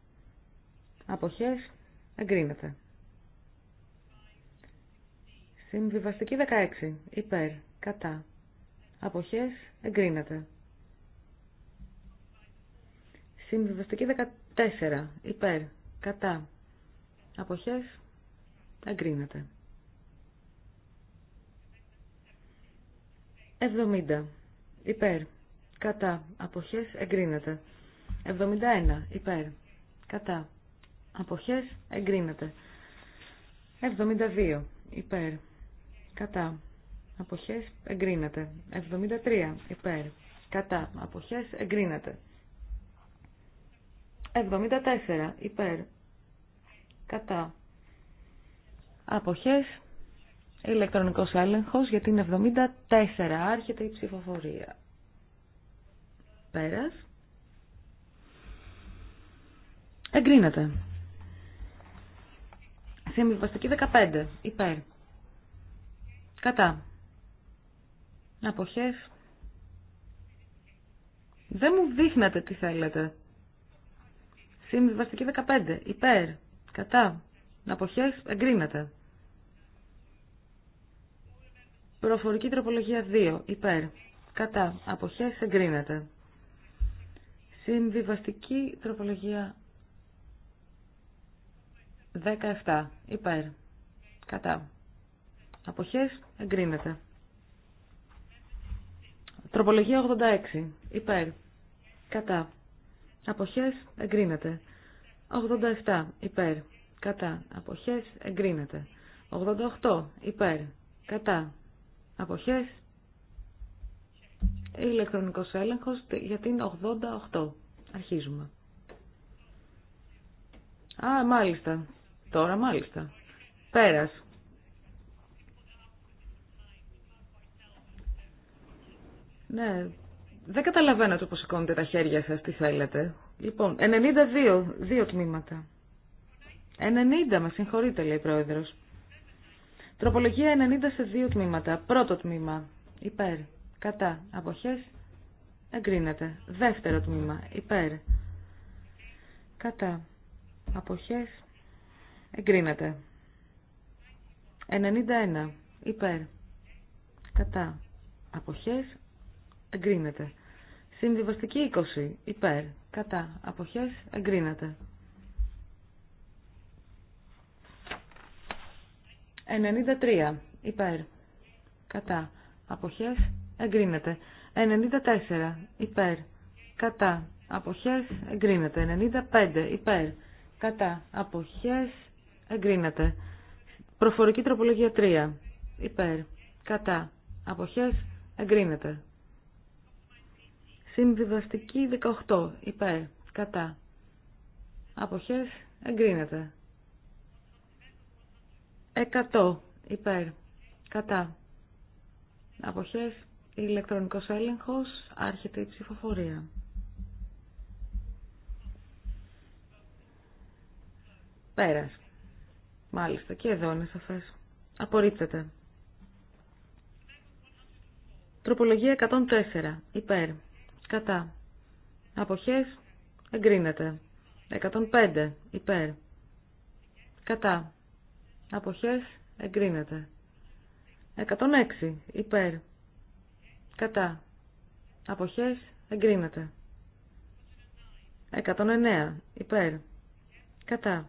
Αποχές. Εγκρίνεται. Συμβιβαστική 16. Υπέρ. Κατά. Αποχές. Εγκρίνεται. Συμβιβαστική 14. Υπέρ. Κατά. Αποχές. Εγκρίνεται. 70. Υπέρ. Κατά. Αποχές. Εγκρίνεται. 71. Υπέρ. Κατά. Αποχές. Εγκρίνεται. 72. Υπέρ κατά αποχές εγκρίνεται 73 υπέρ κατά αποχές εγκρίνεται 74 υπέρ κατά αποχές ηλεκτρονικός έλεγχος για την 74 άρχεται η ψηφοφορία πέρας εγκρίνεται Συμβιβαστική 15 υπέρ Κατά. Αποχές. Δεν μου δείχνατε τι θέλετε. Συμβιβαστική 15. Υπέρ. Κατά. Αποχές. Εγκρίνεται. Προφορική τροπολογία 2. Υπέρ. Κατά. Αποχές. Εγκρίνεται. Συμβιβαστική τροπολογία 17. Υπέρ. Κατά. Αποχές. Εγκρίνεται. Τροπολογία 86. Υπέρ. Κατά. Αποχές. Εγκρίνεται. 87. Υπέρ. Κατά. Αποχές. Εγκρίνεται. 88. Υπέρ. Κατά. Αποχές. Ηλεκτρονικός έλεγχος για την 88. Αρχίζουμε. Α, μάλιστα. Τώρα μάλιστα. Πέρας. Ναι, δεν καταλαβαίνω το πώς σηκώνετε τα χέρια σας, τι θέλετε. Λοιπόν, 92, δύο τμήματα. 90, με συγχωρείτε, λέει η Πρόεδρος. Τροπολογία 90 σε δύο τμήματα. Πρώτο τμήμα, υπέρ, κατά, αποχές, εγκρίνεται. Δεύτερο τμήμα, υπέρ, κατά, αποχές, εγκρίνεται. 91, υπέρ, κατά, αποχές, εγκρίνεται. Συμβιβαστική 20 υπέρ κατά αποχές εγκρίνεται. 93 υπέρ κατά αποχές εγκρίνεται. 94 υπέρ κατά αποχές εγκρίνεται. 95 υπέρ κατά αποχές εγκρίνεται. Προφορική τροπολογία 3 υπέρ κατά αποχές εγκρίνεται. Συμβιβαστική 18. Υπέρ. Κατά. Αποχές. Εγκρίνεται. 100. Υπέρ. Κατά. Αποχές. Ηλεκτρονικός έλεγχος. Άρχεται η ψηφοφορία. Πέρας. Μάλιστα. Και εδώ είναι σαφές. Απορρίπτεται. Τροπολογία 104. Υπέρ κατά. Αποχές εγκρίνεται. 105 υπέρ. Κατά. Αποχές εγκρίνεται. 106 υπέρ. Κατά. Αποχές εγκρίνεται. 109 υπέρ. Κατά.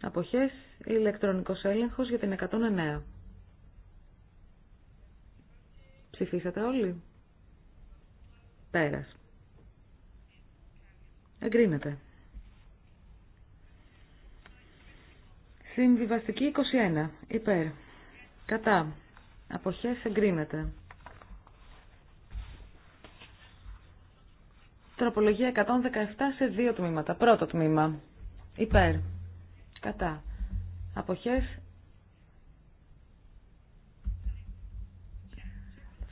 Αποχές ηλεκτρονικός έλεγχος για την 109. Ψηφίσατε όλοι. Πέρας. Εγκρίνεται. Συμβιβαστική 21. Υπέρ. Κατά. Αποχές εγκρίνεται. Τροπολογία 117 σε δύο τμήματα. Πρώτο τμήμα. Υπέρ. Κατά. Αποχές.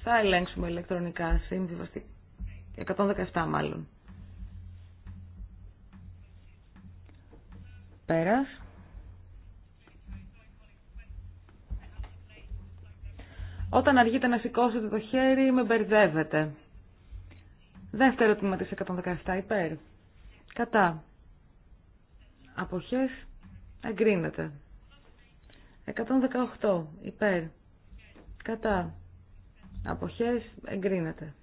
Θα ελέγξουμε ηλεκτρονικά. Συμβιβαστική 117 μάλλον. Πέρας. Όταν αργείτε να σηκώσετε το χέρι, με μπερδεύετε. Δεύτερο τμήμα της 117 υπέρ. Κατά. Αποχές. Εγκρίνεται. 118 υπέρ. Κατά. Αποχές. Εγκρίνεται.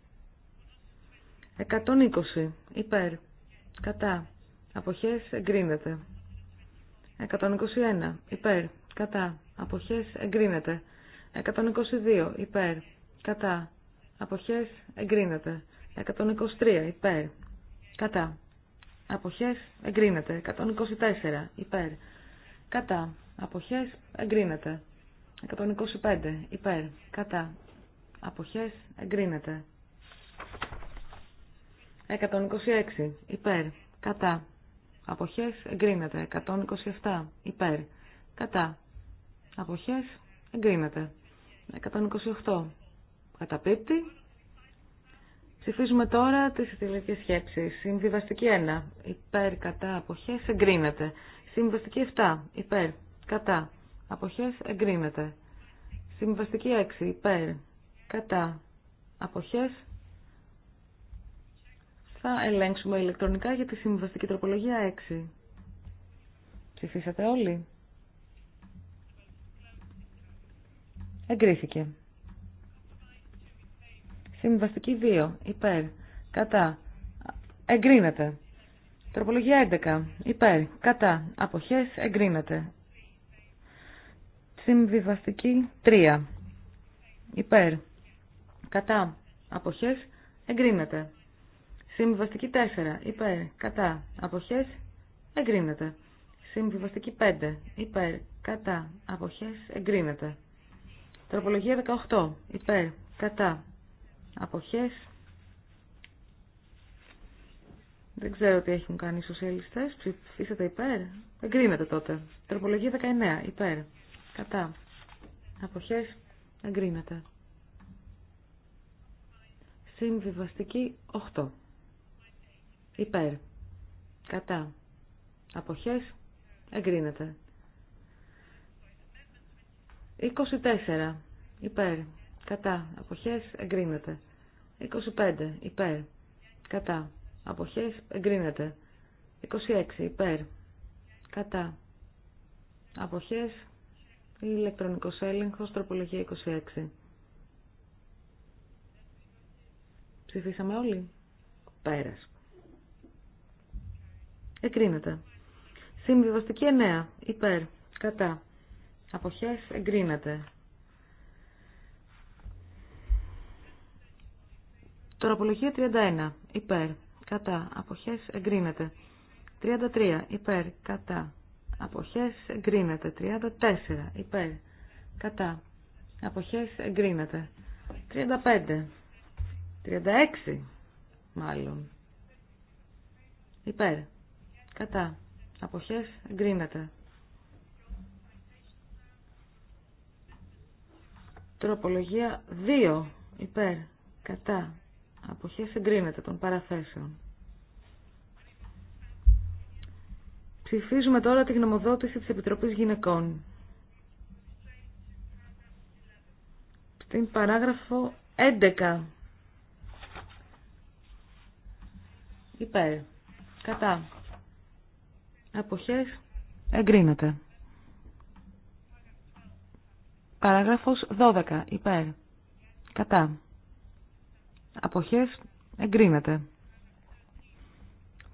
120 υπέρ κατά αποχές εγκρίνεται 121 υπέρ κατά αποχές εγκρίνεται 122 υπέρ κατά αποχές εγκρίνεται 123 υπέρ κατά αποχές εγκρίνεται 124 υπέρ κατά αποχές εγκρίνεται 125 υπέρ κατά αποχές εγκρίνεται 126. Υπέρ. Κατά. Αποχές εγκρίνεται. 127. Υπέρ. Κατά. Αποχές εγκρίνεται. 128. Καταπίπτει. Ψηφίζουμε τώρα τις συντηλικές σκέψεις. Συμβιβαστική 1. Υπέρ. Κατά. Αποχές εγκρίνεται. Συμβιβαστική 7. Υπέρ. Κατά. Αποχές εγκρίνεται. Συμβιβαστική 6. Υπέρ. Κατά. Αποχές θα ελέγξουμε ηλεκτρονικά για τη συμβαστική τροπολογία 6. Ψηφίσατε όλοι. Εγκρίθηκε. Συμβαστική 2. Υπέρ. Κατά. Εγκρίνεται. Τροπολογία 11. Υπέρ. Κατά. Αποχές. Εγκρίνεται. Συμβιβαστική 3. Υπέρ. Κατά. Αποχές. Εγκρίνεται. Συμβιβαστική 4. Υπέρ. Κατά. απόχέ, Εγκρίνεται. Συμβιβαστική 5. Υπέρ. Κατά. Αποχέ. Εγκρίνεται. Τροπολογία 18. Υπέρ. Κατά. Αποχέ. Δεν ξέρω τι έχουν κάνει οι σοσιαλιστέ. Ψηφίσατε υπέρ. Εγκρίνεται τότε. Τροπολογία 19. Υπέρ. Κατά. αποχέ, Εγκρίνεται. Συμβιβαστική 8. Υπέρ. Κατά. Αποχές. Εγκρίνεται. 24. Υπέρ. Κατά. Αποχές. Εγκρίνεται. 25. Υπέρ. Κατά. Αποχές. Εγκρίνεται. 26. Υπέρ. Κατά. Αποχές. Ηλεκτρονικός έλεγχος. Τροπολογία 26. Ψηφίσαμε όλοι. Πέρας εγκρίνεται. Συμβιβαστική 9. Υπέρ. Κατά. Αποχές εγκρίνεται. Τροπολογία 31. Υπέρ. Κατά. Αποχές εγκρίνεται. 33. Υπέρ. Κατά. Αποχές εγκρίνεται. 34. Υπέρ. Κατά. Αποχές εγκρίνεται. 35. 36. Μάλλον. Υπέρ. Κατά. Αποχές εγκρίνεται. Τροπολογία 2. Υπέρ. Κατά. Αποχές εγκρίνεται των παραθέσεων. Ψηφίζουμε τώρα τη γνωμοδότηση της Επιτροπής Γυναικών. Στην παράγραφο 11. Υπέρ. Κατά αποχές εγκρίνεται. Παράγραφος 12. Υπέρ. Κατά. Αποχές εγκρίνεται.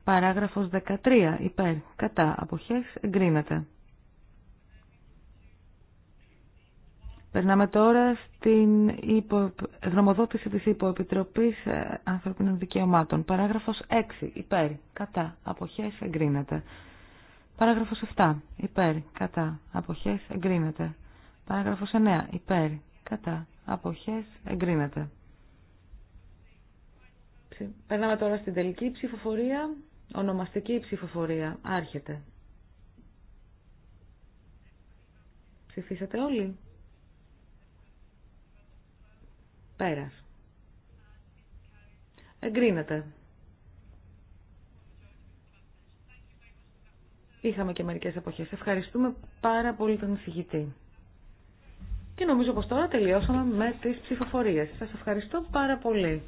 Παράγραφος 13. Υπέρ. Κατά. Αποχές εγκρίνεται. Περνάμε τώρα στην υπο... γνωμοδότηση της Υποεπιτροπής ε, Ανθρωπίνων Δικαιωμάτων. Παράγραφος 6. Υπέρ. Κατά. Αποχές εγκρίνεται. Παράγραφος 7. Υπέρ, κατά, αποχές, εγκρίνεται. Παράγραφος 9. Υπέρ, κατά, αποχές, εγκρίνεται. Περνάμε τώρα στην τελική ψηφοφορία. Ονομαστική ψηφοφορία. Άρχεται. Ψηφίσατε όλοι. Πέρας. Εγκρίνεται. Είχαμε και μερικές εποχές. Ευχαριστούμε πάρα πολύ τον εισηγητή. Και νομίζω πως τώρα τελειώσαμε με τις ψηφοφορίες. Σας ευχαριστώ πάρα πολύ.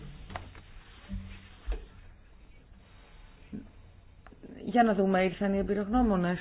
Για να δούμε, ήρθαν οι εμπειρογνώμονες.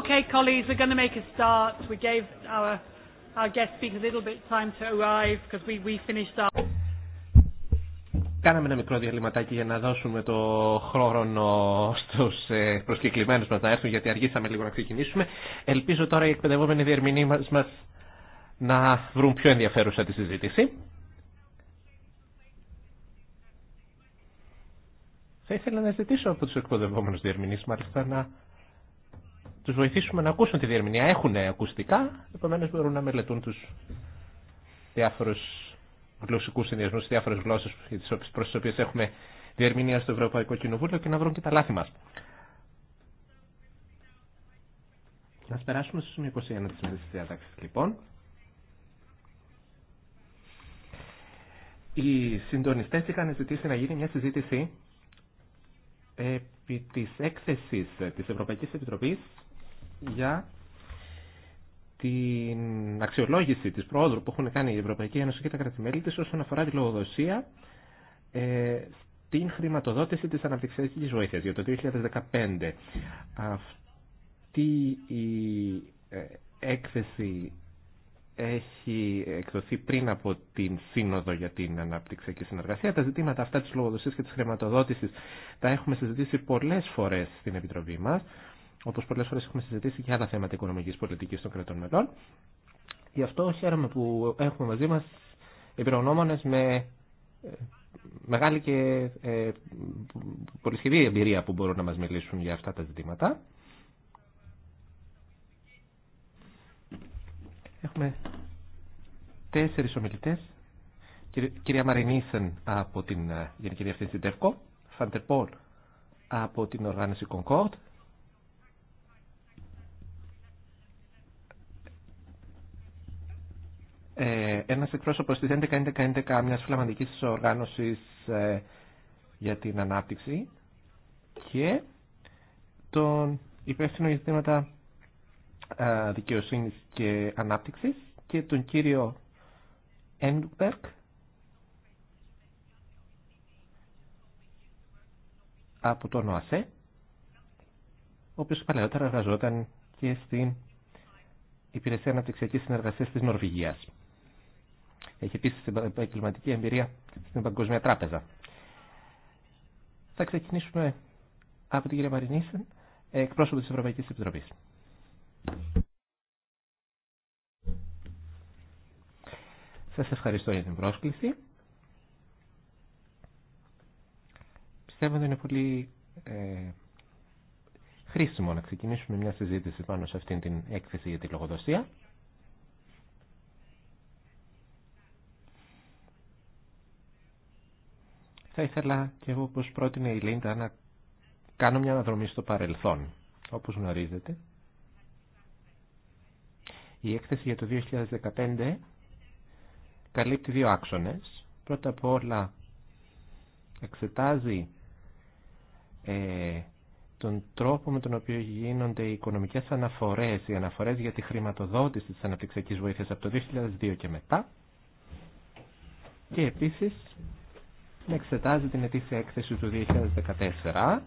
Okay, colleagues, we're going to make a start. We gave our, our guest a little bit time to arrive because we, we finished Κάναμε ένα μικρό διαλυματάκι για να δώσουμε το χρόνο στου ε, προσκεκλημένου μα να έρθουν γιατί αργήσαμε λίγο να ξεκινήσουμε. Ελπίζω τώρα οι εκπαιδευόμενοι διερμηνοί μα να βρουν πιο ενδιαφέρουσα τη συζήτηση. Θα ήθελα να ζητήσω από του εκπαιδευόμενου διερμηνεί, μάλιστα να του βοηθήσουμε να ακούσουν τη διερμηνία. Έχουν ακουστικά, Επομένω μπορούν να μελετούν του διάφορου γλωσσικού συνδυασμού, τις διάφορες γλώσσες προς τις έχουμε διερμηνία στο Ευρωπαϊκό Κοινοβούλιο και να βρουν και τα λάθη μα. Να περάσουμε στο 21 τη μέρης της λοιπόν. Οι συντονιστε είχαν ζητήσει να γίνει μια συζήτηση επί της έκθεσης της Ευρωπαϊκής Επιτροπής για την αξιολόγηση της πρόοδου που έχουν κάνει η Ευρωπαϊκή Ένωση και τα κρατημέλη της όσον αφορά τη λογοδοσία ε, στην χρηματοδότηση της αναπτυξιακής βοήθειας για το 2015. Αυτή η ε, έκθεση έχει εκδοθεί πριν από την Σύνοδο για την Αναπτυξιακή Συνεργασία. Τα ζητήματα αυτά της λογοδοσίας και της χρηματοδότησης τα έχουμε συζητήσει πολλές φορές στην Επιτροπή μας. Όπω πολλέ φορέ έχουμε συζητήσει και άλλα θέματα οικονομική πολιτική των κρατών μελών. Γι' αυτό χαίρομαι που έχουμε μαζί μα εμπειρογνώμονε με ε, μεγάλη και ε, εμπειρία που μπορούν να μας μιλήσουν για αυτά τα ζητήματα. Έχουμε τέσσερις ομιλητές. Κυρία Μαρινίσεν από την ε, Γενική Διευθύνση ΤΕΦΚΟ, Φαντερπόλ από την Οργάνωση Κονκόρτ, ε, ένας εκπρόσωπος της 11.11.11 μιας φλαμανδικής οργάνωσης ε, για την ανάπτυξη και τον υπεύθυνο για θέματα ε, δικαιοσύνης και ανάπτυξης και τον κύριο Έντουμπερκ από τον ΟΑΣΕ ο οποίος παλαιότερα εργαζόταν και στην Υπηρεσία Αναπτυξιακής Συνεργασίας της Νορβηγίας. Έχει επίση επαγγελματική εμπειρία στην Παγκοσμία Τράπεζα. Θα ξεκινήσουμε από την κυρία Μαρινίσεν, εκπρόσωπο τη Ευρωπαϊκή Επιτροπή. Σας ευχαριστώ για την πρόσκληση. Πιστεύω ότι είναι πολύ ε, χρήσιμο να ξεκινήσουμε μια συζήτηση πάνω σε αυτήν την έκθεση για τη λογοδοσία. Θα ήθελα και εγώ όπως πρότεινε η Λίντα να κάνω μια αναδρομή στο παρελθόν. Όπως γνωρίζετε, η έκθεση για το 2015 καλύπτει δύο άξονες. Πρώτα απ' όλα εξετάζει ε, τον τρόπο με τον οποίο γίνονται οι οικονομικές αναφορές, οι αναφορές για τη χρηματοδότηση της αναπτυξιακής βοήθειας από το 2002 και μετά. Και επίσης εξετάζει την ετήσια έκθεση του 2014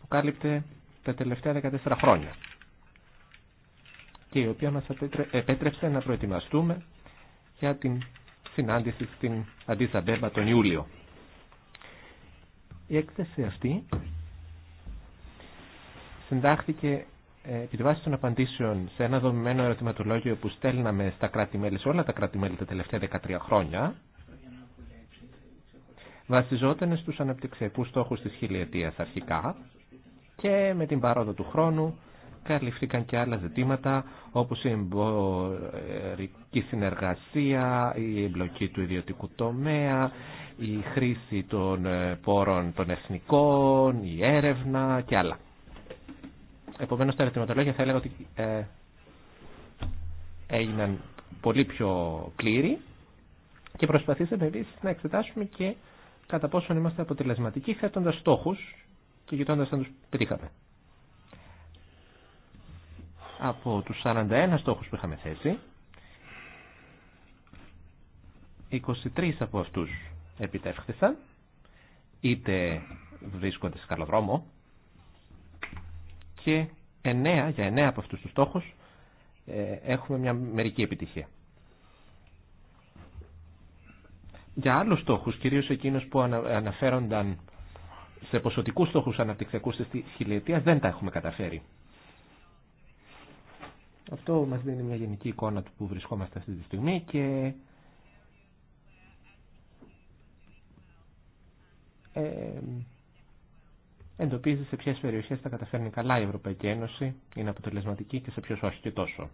που κάλυπτε τα τελευταία 14 χρόνια και η οποία μας επέτρεψε να προετοιμαστούμε για την συνάντηση στην Αντίσα Μπέμπα τον Ιούλιο. Η έκθεση αυτή συντάχθηκε ε, επί τη βάση των απαντήσεων σε ένα δομημένο ερωτηματολόγιο που στέλναμε στα κράτη-μέλη, σε όλα τα κράτη-μέλη τα τελευταία 13 χρόνια, βασιζόταν στους αναπτυξιακούς στόχους της χιλιετίας αρχικά και με την παρόδο του χρόνου καλυφθήκαν και άλλα ζητήματα όπως η εμπορική συνεργασία, η εμπλοκή του ιδιωτικού τομέα, η χρήση των ε, πόρων των εθνικών, η έρευνα και άλλα. Επομένως τα ερωτηματολόγια θα έλεγα ότι ε, έγιναν πολύ πιο πλήρη και προσπαθήσαμε επίσης να εξετάσουμε και κατά πόσον είμαστε αποτελεσματικοί θέτοντα στόχου και κοιτώντα αν του πετύχαμε. Από του 41 στόχου που είχαμε θέσει, 23 από αυτούς επιτεύχθησαν, είτε βρίσκονται σε καλό δρόμο και 9, για 9 από αυτούς τους στόχους ε, έχουμε μια μερική επιτυχία. για άλλους στόχους, κυρίως εκείνους που αναφέρονταν σε ποσοτικούς στόχους αναπτυξιακούς της χιλιετίας, δεν τα έχουμε καταφέρει. Αυτό μας δίνει μια γενική εικόνα του που βρισκόμαστε αυτή τη στιγμή και ε, εντοπίζει σε ποιες περιοχές τα καταφέρνει καλά η Ευρωπαϊκή Ένωση, είναι αποτελεσματική και σε ποιος όχι και τόσο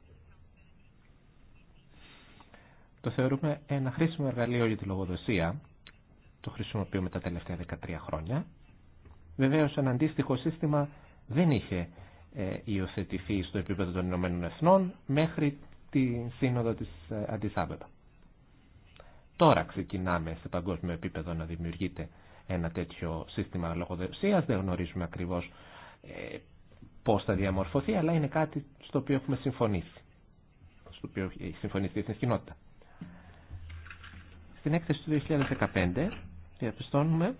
το θεωρούμε ένα χρήσιμο εργαλείο για τη λογοδοσία. Το χρησιμοποιούμε τα τελευταία 13 χρόνια. Βεβαίω, ένα αντίστοιχο σύστημα δεν είχε ε, υιοθετηθεί στο επίπεδο των Ηνωμένων Εθνών μέχρι τη σύνοδο της Αντισάβετα. Τώρα ξεκινάμε σε παγκόσμιο επίπεδο να δημιουργείται ένα τέτοιο σύστημα λογοδοσία, Δεν γνωρίζουμε ακριβώ ε, θα διαμορφωθεί, αλλά είναι κάτι στο οποίο έχουμε συμφωνήσει. Στο οποίο έχει συμφωνήσει η κοινότητα. Στην έκθεση του 2015 διαπιστώνουμε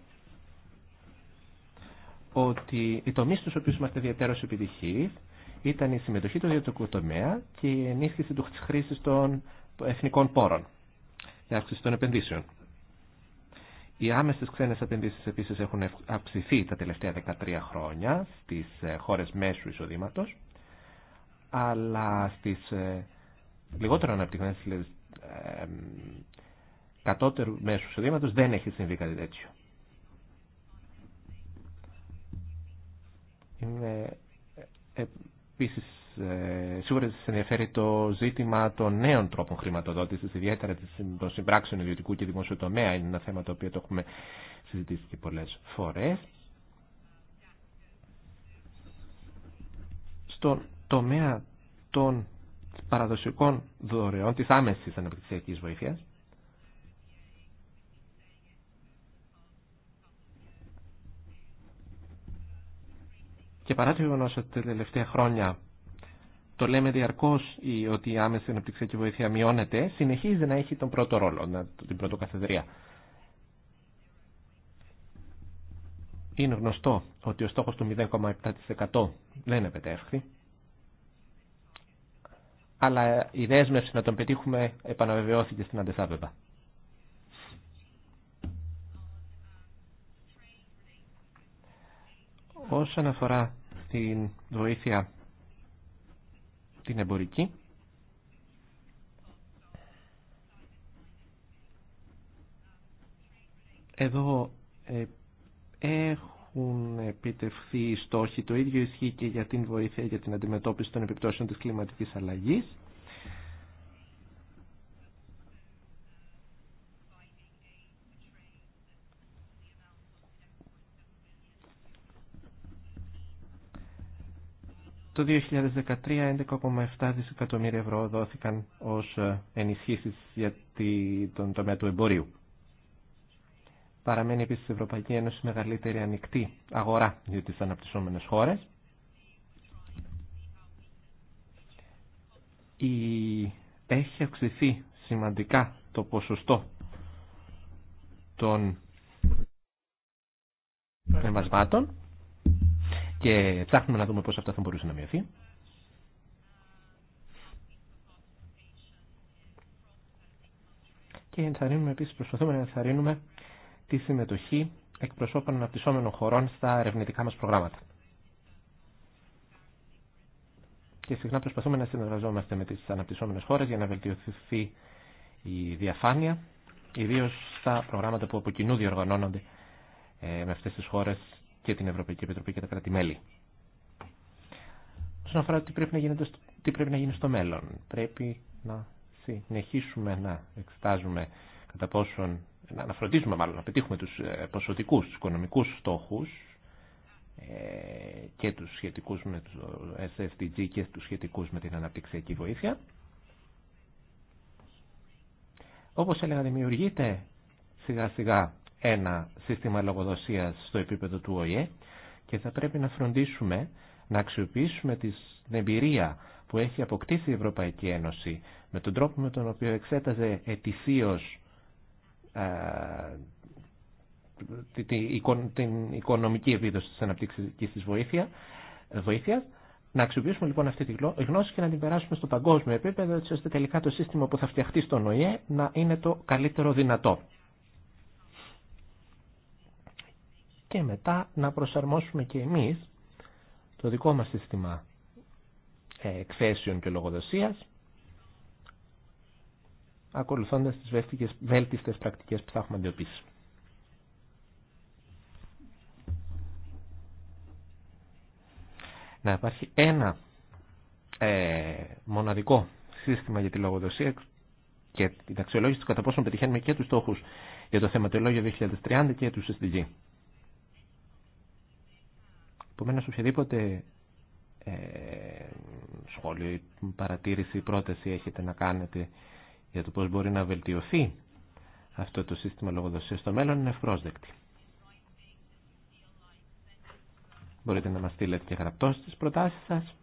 ότι οι τομεί στους οποίους είμαστε ιδιαίτερω επιτυχεί ήταν η συμμετοχή του ιδιωτικού τομέα και η ενίσχυση του χρήση των εθνικών πόρων, και αύξηση των επενδύσεων. Οι άμεσε ξένε επενδύσει επίση έχουν αυξηθεί τα τελευταία 13 χρόνια στι ε, χώρε μέσου εισοδήματο, αλλά στι ε, λιγότερο αναπτυγμένε ε, κατώτερου μέσου εισοδήματο δεν έχει συμβεί κάτι τέτοιο. Είναι ε, επίσης ε, σίγουρα σα ενδιαφέρει το ζήτημα των νέων τρόπων χρηματοδότησης, ιδιαίτερα των συμπράξεων ιδιωτικού και δημόσιου Είναι ένα θέμα το οποίο το έχουμε συζητήσει και πολλέ φορέ. Στον τομέα των παραδοσιακών δωρεών τη άμεση αναπτυξιακή βοήθεια. Και παρά το γεγονό ότι τα τελευταία χρόνια το λέμε διαρκώ ότι η άμεση αναπτυξιακή βοήθεια μειώνεται, συνεχίζει να έχει τον πρώτο ρόλο, την καθεδρία. Είναι γνωστό ότι ο στόχος του 0,7% δεν επετεύχθη, αλλά η δέσμευση να τον πετύχουμε επαναβεβαιώθηκε στην Αντεσάβεβα. Όσον αφορά την βοήθεια την εμπορική. Εδώ ε, έχουν επιτευχθεί οι στόχοι. Το ίδιο ισχύει και για την βοήθεια για την αντιμετώπιση των επιπτώσεων της κλιματικής αλλαγής. Το 2013 11,7 δισεκατομμύρια ευρώ δόθηκαν ως ε, ενισχύσεις για τον τομέα του εμπορίου. Παραμένει επίσης η Ευρωπαϊκή Ένωση μεγαλύτερη ανοιχτή αγορά για τις αναπτυσσόμενες χώρες. Η... Έχει αυξηθεί σημαντικά το ποσοστό των εμβασμάτων και ψάχνουμε να δούμε πώς αυτά θα μπορούσε να μειωθεί. Και ενθαρρύνουμε επίσης, προσπαθούμε να ενθαρρύνουμε τη συμμετοχή εκπροσώπων αναπτυσσόμενων χωρών στα ερευνητικά μας προγράμματα. Και συχνά προσπαθούμε να συνεργαζόμαστε με τις αναπτυσσόμενες χώρες για να βελτιωθεί η διαφάνεια, ιδίως στα προγράμματα που από κοινού διοργανώνονται ε, με αυτές τις χώρες και την Ευρωπαϊκή Επιτροπή και τα κράτη-μέλη. Όσον αφορά τι πρέπει, να τι πρέπει να γίνει στο μέλλον, πρέπει να συνεχίσουμε να εξετάζουμε κατά πόσον, να φροντίζουμε μάλλον να πετύχουμε τους ε, ποσοτικούς, τους οικονομικούς στόχους ε, και τους σχετικούς με τους SFDG και τους σχετικούς με την αναπτυξιακή βοήθεια. Όπως έλεγα, δημιουργείται σιγά σιγά ένα σύστημα λογοδοσίας στο επίπεδο του ΟΗΕ και θα πρέπει να φροντίσουμε να αξιοποιήσουμε την εμπειρία που έχει αποκτήσει η Ευρωπαϊκή Ένωση με τον τρόπο με τον οποίο εξέταζε ετησίως ε, την οικονομική επίδοση της αναπτύξης της βοήθεια, βοήθειας. Να αξιοποιήσουμε λοιπόν αυτή τη γνώση και να την περάσουμε στο παγκόσμιο επίπεδο, έτσι ώστε τελικά το σύστημα που θα φτιαχτεί στον ΟΗΕ να είναι το καλύτερο δυνατό. και μετά να προσαρμόσουμε και εμείς το δικό μας σύστημα ε, εκθέσεων και λογοδοσίας ακολουθώντας τις βέλτιστες πρακτικές που θα έχουμε αντιοποιήσει. Να υπάρχει ένα ε, μοναδικό σύστημα για τη λογοδοσία και την αξιολόγηση του κατά πόσο πετυχαίνουμε και τους στόχους για το θεματολόγιο 2030 και τους SDG. Επομένως οποιαδήποτε ε, σχόλιο ή παρατήρηση ή πρόταση έχετε να κάνετε για το πώς μπορεί να βελτιωθεί αυτό το σύστημα λογοδοσίας στο μέλλον είναι ευπρόσδεκτη. Μπορείτε να μας στείλετε και γραπτό τις προτάσεις σας.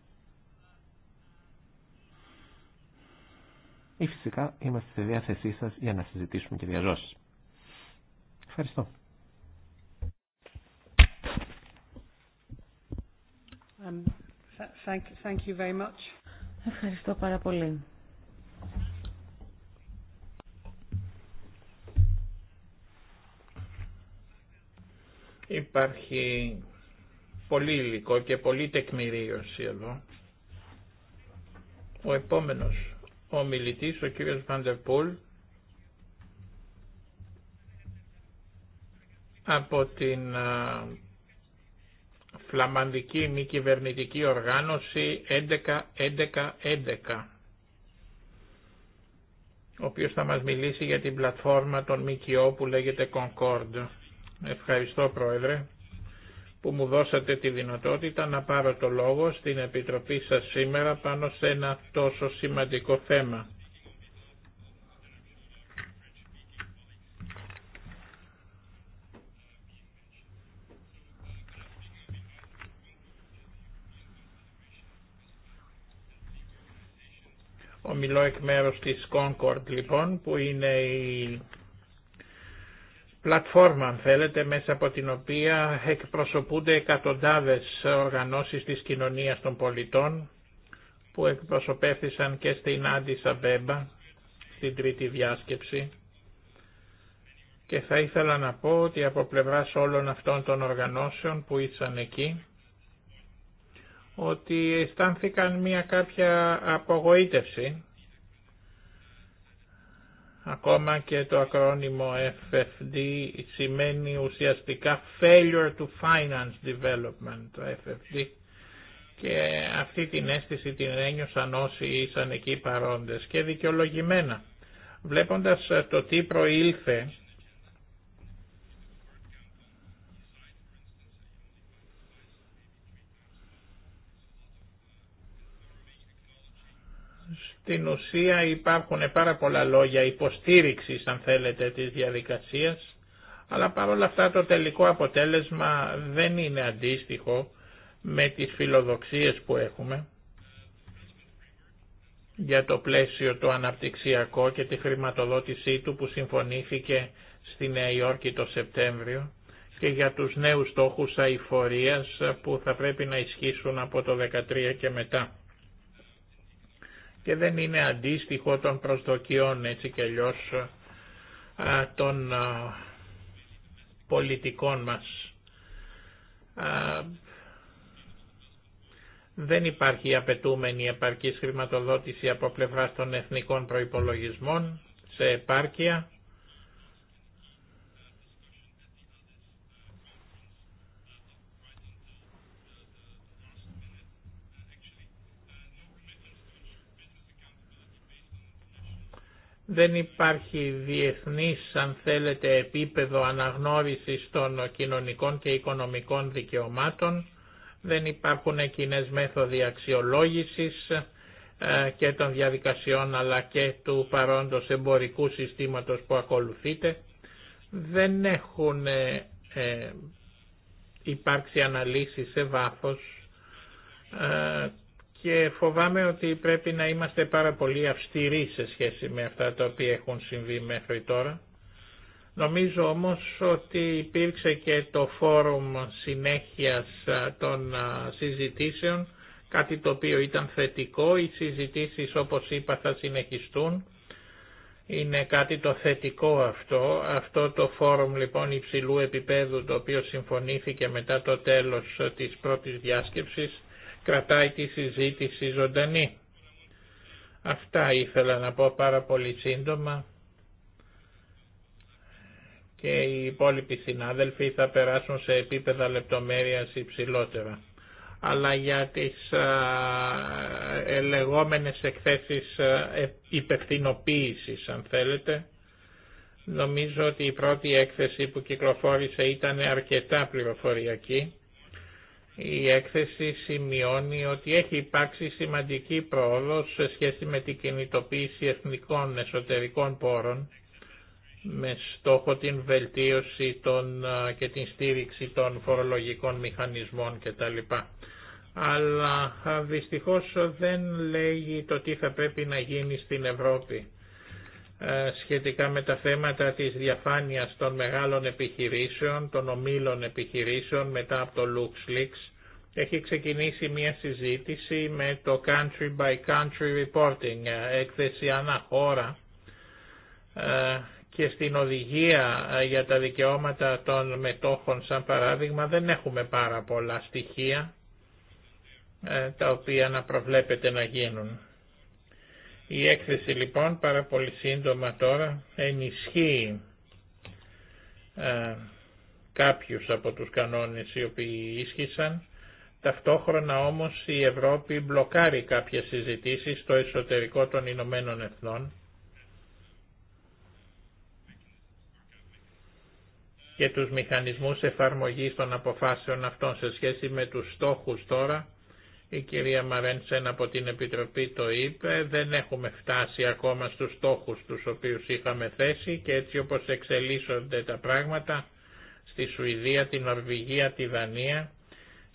Ή φυσικά είμαστε στη διάθεσή σας για να συζητήσουμε και διαζώσεις. Ευχαριστώ. Um, Ευχαριστώ πάρα πολύ. Υπάρχει πολύ υλικό και πολύ τεκμηρίωση εδώ. Ο επόμενος ο μιλητής, ο κύριος Βαντερπούλ, από την Φλαμανδική μη κυβερνητική 11 ο οποίος θα μας μιλήσει για την πλατφόρμα των ΜΚΟ που λέγεται Concord. Ευχαριστώ Πρόεδρε που μου δώσατε τη δυνατότητα να πάρω το λόγο στην Επιτροπή σας σήμερα πάνω σε ένα τόσο σημαντικό θέμα. Ομιλώ εκ μέρους της Concord λοιπόν που είναι η πλατφόρμα αν θέλετε μέσα από την οποία εκπροσωπούνται εκατοντάδες οργανώσεις της κοινωνίας των πολιτών που εκπροσωπεύθησαν και στην Άντισα Μπέμπα στην τρίτη διάσκεψη και θα ήθελα να πω ότι από πλευράς όλων αυτών των οργανώσεων που ήσαν εκεί ότι αισθάνθηκαν μια κάποια απογοήτευση ακόμα και το ακρόνιμο FFD σημαίνει ουσιαστικά Failure to Finance Development το FFD και αυτή την αίσθηση την ένιωσαν όσοι ήσαν εκεί παρόντες και δικαιολογημένα. Βλέποντας το τι προήλθε Στην ουσία υπάρχουν πάρα πολλά λόγια υποστήριξης αν θέλετε της διαδικασίας αλλά παρόλα αυτά το τελικό αποτέλεσμα δεν είναι αντίστοιχο με τις φιλοδοξίες που έχουμε για το πλαίσιο το αναπτυξιακό και τη χρηματοδότησή του που συμφωνήθηκε στη Νέα Υόρκη το Σεπτέμβριο και για τους νέους στόχους αηφορίας που θα πρέπει να ισχύσουν από το 2013 και μετά και δεν είναι αντίστοιχο των προσδοκιών έτσι και αλλιώς των πολιτικών μας. Δεν υπάρχει απαιτούμενη επαρκής χρηματοδότηση από πλευράς των εθνικών προϋπολογισμών σε επάρκεια Δεν υπάρχει διεθνής, αν θέλετε, επίπεδο αναγνώρισης των κοινωνικών και οικονομικών δικαιωμάτων, δεν υπάρχουν κοινέ μέθοδοι αξιολόγησης ε, και των διαδικασιών αλλά και του παρόντος εμπορικού συστήματος που ακολουθείτε. Δεν έχουν ε, ε, υπάρξει αναλύσεις σε βάθος και φοβάμαι ότι πρέπει να είμαστε πάρα πολύ αυστηροί σε σχέση με αυτά τα οποία έχουν συμβεί μέχρι τώρα. Νομίζω όμως ότι υπήρξε και το φόρουμ συνέχειας των συζητήσεων, κάτι το οποίο ήταν θετικό. Οι συζητήσεις όπως είπα θα συνεχιστούν. Είναι κάτι το θετικό αυτό. Αυτό το φόρουμ λοιπόν υψηλού επίπεδου το οποίο συμφωνήθηκε μετά το τέλος της πρώτης διάσκεψης κρατάει τη συζήτηση ζωντανή. Αυτά ήθελα να πω πάρα πολύ σύντομα και οι υπόλοιποι συνάδελφοι θα περάσουν σε επίπεδα λεπτομέρειας υψηλότερα. Αλλά για τις ελεγόμενες εκθέσεις ε, υπευθυνοποίησης, αν θέλετε, νομίζω ότι η πρώτη έκθεση που κυκλοφόρησε ήταν αρκετά πληροφοριακή η έκθεση σημειώνει ότι έχει υπάρξει σημαντική πρόοδος σε σχέση με την κινητοποίηση εθνικών εσωτερικών πόρων με στόχο την βελτίωση των, και την στήριξη των φορολογικών μηχανισμών κτλ. Αλλά δυστυχώς δεν λέγει το τι θα πρέπει να γίνει στην Ευρώπη. Ε, σχετικά με τα θέματα της διαφάνειας των μεγάλων επιχειρήσεων, των ομίλων επιχειρήσεων μετά από το LuxLeaks. Έχει ξεκινήσει μια συζήτηση με το Country by Country Reporting, ε, έκθεση ανά χώρα ε, και στην οδηγία για τα δικαιώματα των μετόχων σαν παράδειγμα δεν έχουμε πάρα πολλά στοιχεία τα οποία να προβλέπεται να γίνουν. Η έκθεση λοιπόν πάρα πολύ σύντομα τώρα ενισχύει ε, κάποιους από τους κανόνες οι οποίοι ίσχυσαν. Ταυτόχρονα όμως η Ευρώπη μπλοκάρει κάποιες συζητήσεις στο εσωτερικό των Ηνωμένων Εθνών και τους μηχανισμούς εφαρμογής των αποφάσεων αυτών σε σχέση με τους στόχους τώρα η κυρία Μαρέντσεν από την Επιτροπή το είπε, δεν έχουμε φτάσει ακόμα στους στόχους τους οποίους είχαμε θέσει και έτσι όπως εξελίσσονται τα πράγματα στη Σουηδία, την Νορβηγία, τη Δανία,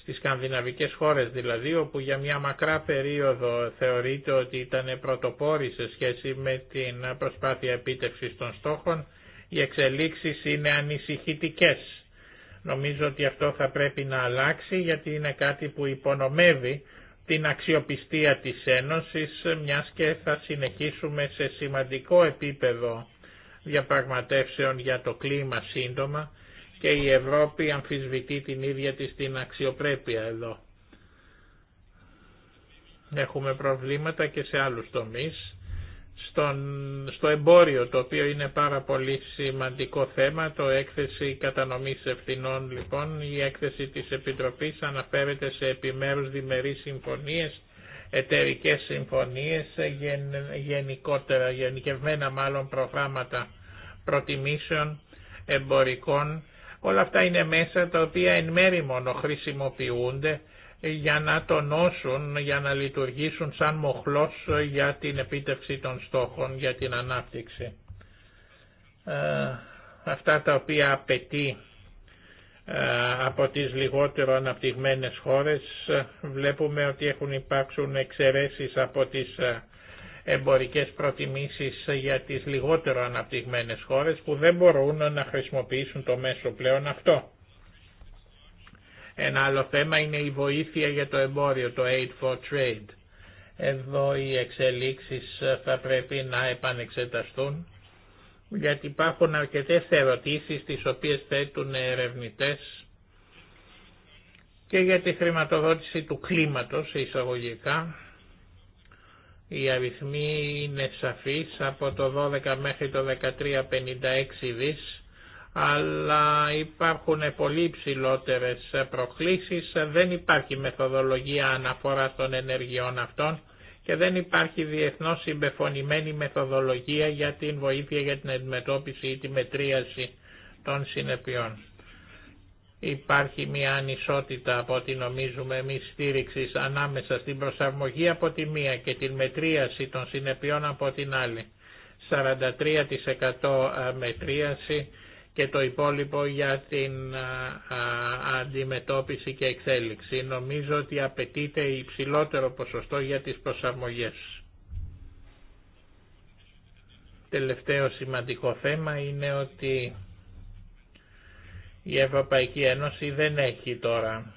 στις σκανδιναβικές χώρες δηλαδή, όπου για μια μακρά περίοδο θεωρείται ότι ήταν πρωτοπόροι σε σχέση με την προσπάθεια επίτευξης των στόχων, οι εξελίξεις είναι ανησυχητικές Νομίζω ότι αυτό θα πρέπει να αλλάξει γιατί είναι κάτι που υπονομεύει την αξιοπιστία της Ένωσης μιας και θα συνεχίσουμε σε σημαντικό επίπεδο διαπραγματεύσεων για το κλίμα σύντομα και η Ευρώπη αμφισβητεί την ίδια της την αξιοπρέπεια εδώ. Έχουμε προβλήματα και σε άλλους τομείς στον, στο εμπόριο το οποίο είναι πάρα πολύ σημαντικό θέμα το έκθεση κατανομής ευθυνών λοιπόν η έκθεση της Επιτροπής αναφέρεται σε επιμέρους διμερείς συμφωνίες εταιρικές συμφωνίες γεν, γενικότερα γενικευμένα μάλλον προγράμματα προτιμήσεων εμπορικών όλα αυτά είναι μέσα τα οποία εν μέρη μόνο χρησιμοποιούνται για να τονώσουν, για να λειτουργήσουν σαν μοχλός για την επίτευξη των στόχων, για την ανάπτυξη. Ε, αυτά τα οποία απαιτεί ε, από τις λιγότερο αναπτυγμένες χώρες ε, βλέπουμε ότι έχουν υπάρξουν εξαιρέσεις από τις εμπορικές προτιμήσεις για τις λιγότερο αναπτυγμένες χώρες που δεν μπορούν να χρησιμοποιήσουν το μέσο πλέον αυτό. Ένα άλλο θέμα είναι η βοήθεια για το εμπόριο, το Aid for Trade. Εδώ οι εξελίξεις θα πρέπει να επανεξεταστούν γιατί υπάρχουν αρκετές ερωτήσεις τις οποίες θέτουν ερευνητές και για τη χρηματοδότηση του κλίματος εισαγωγικά. Οι αριθμοί είναι σαφείς από το 12 μέχρι το 13,56 δις αλλά υπάρχουν πολύ υψηλότερε προκλήσεις, δεν υπάρχει μεθοδολογία αναφορά των ενεργειών αυτών και δεν υπάρχει διεθνώς συμπεφωνημένη μεθοδολογία για την βοήθεια για την αντιμετώπιση ή τη μετρίαση των συνεπειών. Υπάρχει μια ανισότητα από ό,τι νομίζουμε εμεί στήριξη ανάμεσα στην προσαρμογή από τη μία και την μετρίαση των συνεπειών από την άλλη. 43% μετρίαση και το υπόλοιπο για την αντιμετώπιση και εξέλιξη. Νομίζω ότι απαιτείται υψηλότερο ποσοστό για τις προσαρμογές. Τελευταίο σημαντικό θέμα είναι ότι η Ευρωπαϊκή Ένωση δεν έχει τώρα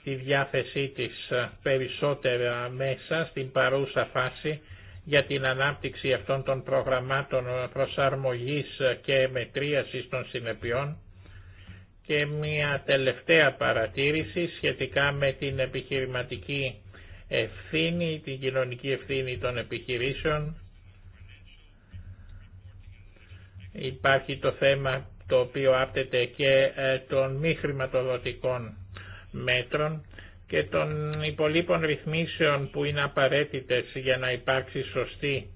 στη διάθεσή της περισσότερα μέσα στην παρούσα φάση για την ανάπτυξη αυτών των προγραμμάτων προσαρμογής και μετρίασης των συνεπειών και μια τελευταία παρατήρηση σχετικά με την επιχειρηματική ευθύνη, την κοινωνική ευθύνη των επιχειρήσεων. Υπάρχει το θέμα το οποίο άπτεται και ε, των μη χρηματοδοτικών μέτρων και των υπολείπων ρυθμίσεων που είναι απαραίτητες για να υπάρξει σωστή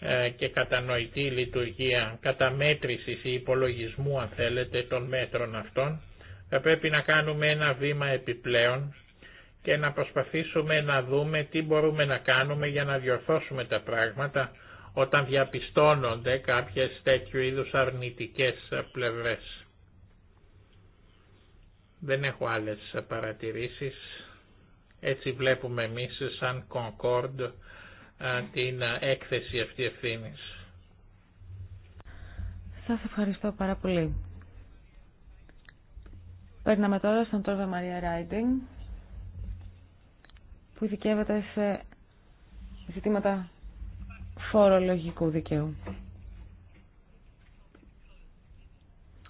ε, και κατανοητή λειτουργία καταμέτρησης ή υπολογισμού αν θέλετε των μέτρων αυτών θα πρέπει να κάνουμε ένα βήμα επιπλέον και να προσπαθήσουμε να δούμε τι μπορούμε να κάνουμε για να διορθώσουμε τα πράγματα όταν διαπιστώνονται κάποιες τέτοιου είδους αρνητικές πλευρές. Δεν έχω άλλες παρατηρήσεις. Έτσι βλέπουμε εμείς σαν Κονκόρντ την έκθεση αυτή ευθύνη. Σας ευχαριστώ πάρα πολύ. Παίρναμε τώρα στον Τόρβα Μαρία Ράιντινγκ που ειδικεύεται σε ζητήματα φορολογικού δικαίου.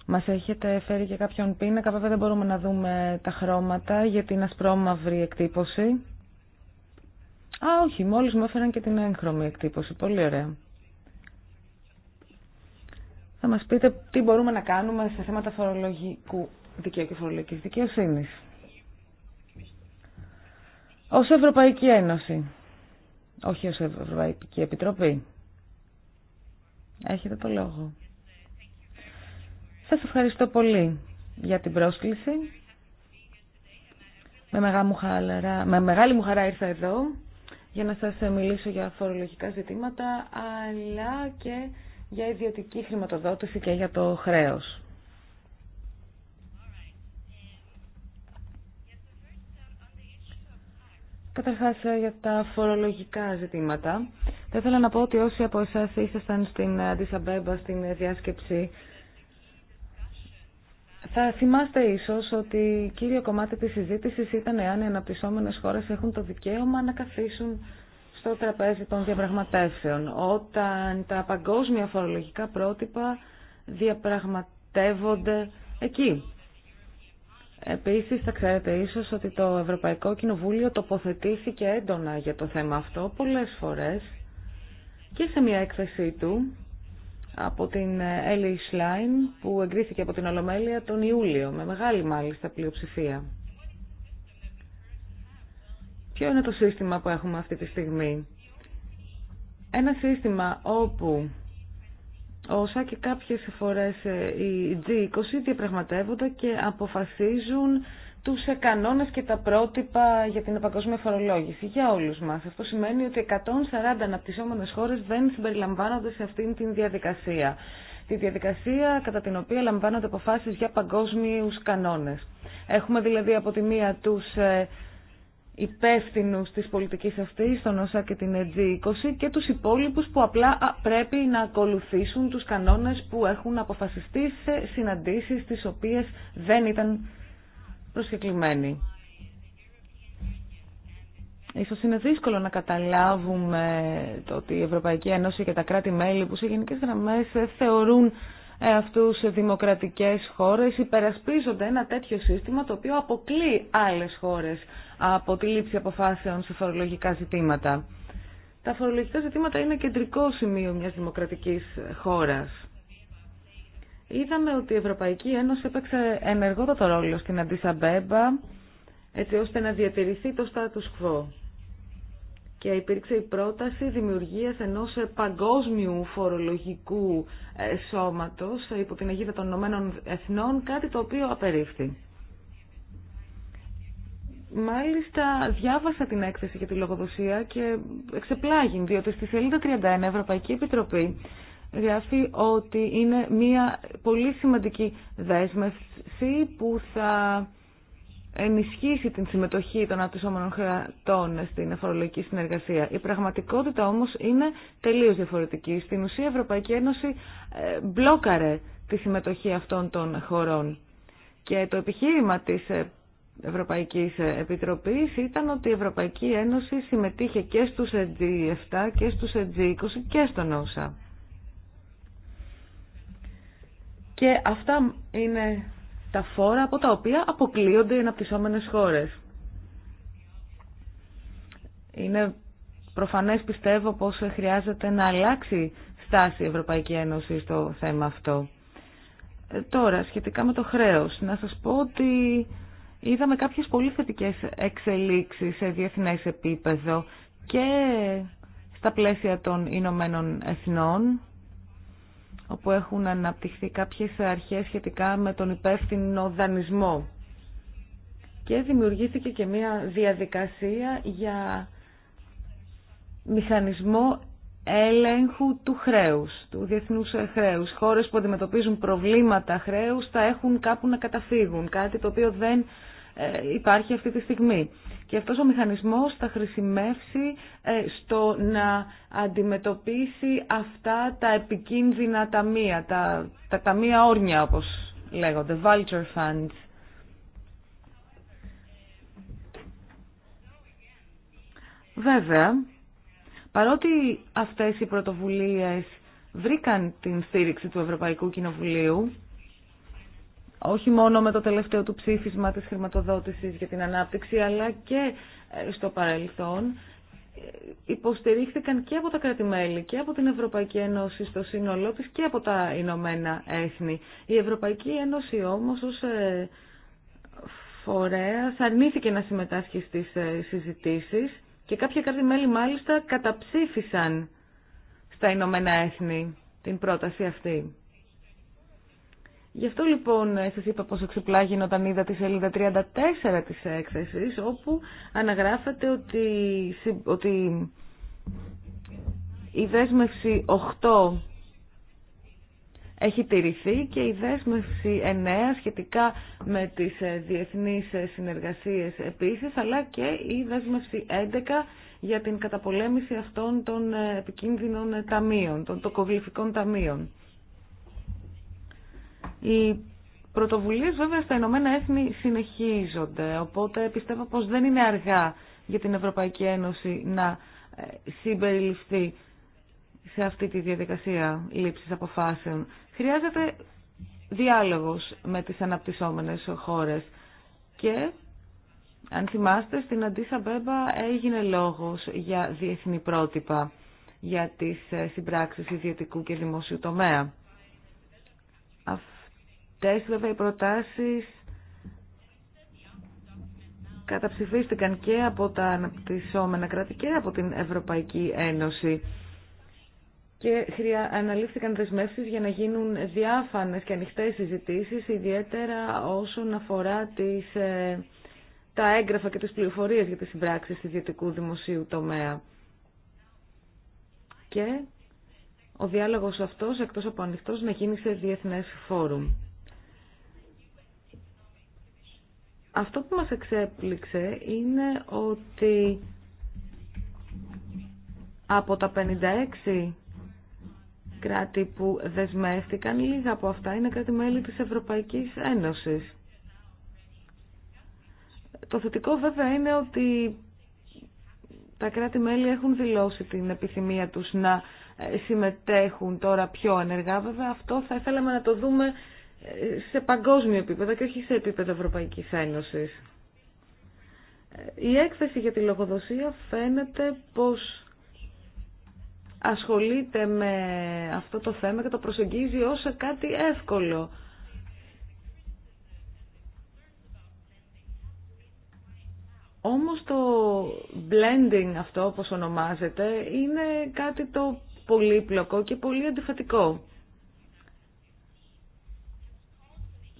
Μας έχετε φέρει και κάποιον πίνακα, βέβαια δεν μπορούμε να δούμε τα χρώματα για την ασπρόμαυρη εκτύπωση. Α, όχι, μόλις μου έφεραν και την έγχρωμη εκτύπωση. Πολύ ωραία. Θα μας πείτε τι μπορούμε να κάνουμε σε θέματα φορολογικού δικαίου και φορολογικής δικαιοσύνης. Ως Ευρωπαϊκή Ένωση, όχι ως Ευρωπαϊκή Επιτροπή. Έχετε το λόγο. Σας ευχαριστώ πολύ για την πρόσκληση. Με μεγάλη, μου χαρά, με μεγάλη μου χαρά ήρθα εδώ για να σας μιλήσω για φορολογικά ζητήματα, αλλά και για ιδιωτική χρηματοδότηση και για το χρέος. Καταρχάς ε, για τα φορολογικά ζητήματα. Θα ήθελα να πω ότι όσοι από εσάς ήσασταν στην ε, Αντισαμπέμπα στην ε, διάσκεψη θα θυμάστε ίσως ότι κύριο κομμάτι της συζήτηση ήταν εάν οι αναπτυσσόμενε χώρες έχουν το δικαίωμα να καθίσουν στο τραπέζι των διαπραγματεύσεων. Όταν τα παγκόσμια φορολογικά πρότυπα διαπραγματεύονται εκεί. Επίσης θα ξέρετε ίσως ότι το Ευρωπαϊκό Κοινοβούλιο τοποθετήθηκε έντονα για το θέμα αυτό πολλές φορές και σε μια έκθεσή του από την Έλλη Σλάιν που εγκρίθηκε από την Ολομέλεια τον Ιούλιο με μεγάλη μάλιστα πλειοψηφία. Ποιο είναι το σύστημα που έχουμε αυτή τη στιγμή. Ένα σύστημα όπου όσα και κάποιες φορές ε, οι G20 διαπραγματεύονται και αποφασίζουν τους κανόνες και τα πρότυπα για την παγκόσμια φορολόγηση για όλους μας. Αυτό σημαίνει ότι 140 αναπτυσσόμενες χώρες δεν συμπεριλαμβάνονται σε αυτήν την διαδικασία. Τη διαδικασία κατά την οποία λαμβάνονται αποφάσεις για παγκόσμιους κανόνες. Έχουμε δηλαδή από τη μία τους ε, υπεύθυνου της πολιτικής αυτής, τον ΩΣΑ και την G20 και τους υπόλοιπους που απλά πρέπει να ακολουθήσουν τους κανόνες που έχουν αποφασιστεί σε συναντήσει τι οποίες δεν ήταν προσκεκλημένοι. Ίσως είναι δύσκολο να καταλάβουμε το ότι η Ευρωπαϊκή Ένωση και τα κράτη-μέλη που σε γενικές γραμμές θεωρούν ε, αυτούς δημοκρατικές χώρες υπερασπίζονται ένα τέτοιο σύστημα το οποίο αποκλεί άλλες χώρες από τη λήψη αποφάσεων σε φορολογικά ζητήματα. Τα φορολογικά ζητήματα είναι κεντρικό σημείο μιας δημοκρατικής χώρας είδαμε ότι η Ευρωπαϊκή Ένωση έπαιξε ενεργότατο ρόλο στην Αντισαμπέμπα έτσι ώστε να διατηρηθεί το status quo. Και υπήρξε η πρόταση δημιουργίας ενός παγκόσμιου φορολογικού ε, σώματος υπό την αιγύδα των Ηνωμένων Εθνών, κάτι το οποίο απερίφθη. Μάλιστα διάβασα την έκθεση για τη λογοδοσία και εξεπλάγει, διότι στη σελίδα 31 Ευρωπαϊκή Επιτροπή γράφει ότι είναι μια πολύ σημαντική δέσμευση που θα ενισχύσει την συμμετοχή των αυτοσόμενων κρατών στην αφορολογική συνεργασία. Η πραγματικότητα όμως είναι τελείως διαφορετική. Στην ουσία η Ευρωπαϊκή Ένωση ε, μπλόκαρε τη συμμετοχή αυτών των χωρών. Και το επιχείρημα της ε, Ευρωπαϊκής ε, Επιτροπής ήταν ότι η Ευρωπαϊκή Ένωση συμμετείχε και στους G7 και στους G20 και στον ΩΣΑ. Και αυτά είναι τα φόρα από τα οποία αποκλείονται οι αναπτυσσόμενες χώρες. Είναι προφανές πιστεύω πως χρειάζεται να αλλάξει στάση η Ευρωπαϊκή Ένωση στο θέμα αυτό. Ε, τώρα, σχετικά με το χρέος, να σας πω ότι είδαμε κάποιες πολύ θετικές εξελίξεις σε διεθνές επίπεδο και στα πλαίσια των Ηνωμένων Εθνών όπου έχουν αναπτυχθεί κάποιες αρχές σχετικά με τον υπεύθυνο δανεισμό. Και δημιουργήθηκε και μια διαδικασία για μηχανισμό έλεγχου του χρέους, του διεθνούς χρέους. Χώρες που αντιμετωπίζουν προβλήματα χρέους θα έχουν κάπου να καταφύγουν, κάτι το οποίο δεν ε, υπάρχει αυτή τη στιγμή. Και αυτός ο μηχανισμός θα χρησιμεύσει ε, στο να αντιμετωπίσει αυτά τα επικίνδυνα ταμεία, τα, τα ταμεία όρνια όπως λέγονται, vulture funds. Βέβαια, παρότι αυτές οι πρωτοβουλίες βρήκαν την στήριξη του Ευρωπαϊκού Κοινοβουλίου, όχι μόνο με το τελευταίο του ψήφισμα της χρηματοδότησης για την ανάπτυξη, αλλά και ε, στο παρελθόν ε, υποστηρίχθηκαν και από τα κρατη και από την Ευρωπαϊκή Ένωση στο σύνολό της και από τα Ηνωμένα Έθνη. Η Ευρωπαϊκή Ένωση όμως ως ε, φορέας αρνήθηκε να συμμετάσχει στις συζητήσεις και κάποια μάλιστα καταψήφισαν στα Ηνωμένα Έθνη την πρόταση αυτή. Γι' αυτό λοιπόν σα είπα πως εξεπλάγει όταν είδα τη σελίδα 34 της έκθεσης όπου αναγράφεται ότι, ότι η δέσμευση 8 έχει τηρηθεί και η δέσμευση 9 σχετικά με τις ε, διεθνείς ε, συνεργασίες επίσης αλλά και η δέσμευση 11 για την καταπολέμηση αυτών των ε, επικίνδυνων ταμείων, των τοκοβληφικών ταμείων. Οι πρωτοβουλίες βέβαια στα Ηνωμένα Έθνη συνεχίζονται, οπότε πιστεύω πως δεν είναι αργά για την Ευρωπαϊκή Ένωση να ε, συμπεριληφθεί σε αυτή τη διαδικασία λήψης αποφάσεων. Χρειάζεται διάλογος με τις αναπτυσσόμενες χώρες και αν θυμάστε στην Αντίσα Μπέμπα έγινε λόγος για διεθνή πρότυπα για τις ε, συμπράξεις ιδιωτικού και δημοσίου τομέα βέβαια οι προτάσεις καταψηφίστηκαν και από τα αναπτυσσόμενα κράτη και από την Ευρωπαϊκή Ένωση και αναλήφθηκαν δεσμεύσεις για να γίνουν διάφανες και ανοιχτές συζητήσεις, ιδιαίτερα όσον αφορά τις, ε, τα έγγραφα και τις πληροφορίες για τις συμπράξεις ιδιωτικού δημοσίου τομέα. Και ο διάλογος αυτός, εκτός από ανοιχτός, να γίνει σε διεθνές φόρουμ. Αυτό που μας εξέπληξε είναι ότι από τα 56 κράτη που δεσμεύτηκαν, λίγα από αυτά είναι κράτη-μέλη της Ευρωπαϊκής Ένωσης. Το θετικό βέβαια είναι ότι τα κράτη-μέλη έχουν δηλώσει την επιθυμία τους να συμμετέχουν τώρα πιο ενεργά. Βέβαια αυτό θα ήθελαμε να το δούμε σε παγκόσμιο επίπεδο και όχι σε επίπεδο Ευρωπαϊκής Ένωσης. Η έκθεση για τη λογοδοσία φαίνεται πως ασχολείται με αυτό το θέμα και το προσεγγίζει ως κάτι εύκολο. Όμως το blending αυτό όπως ονομάζεται είναι κάτι το πολύπλοκο και πολύ αντιφατικό.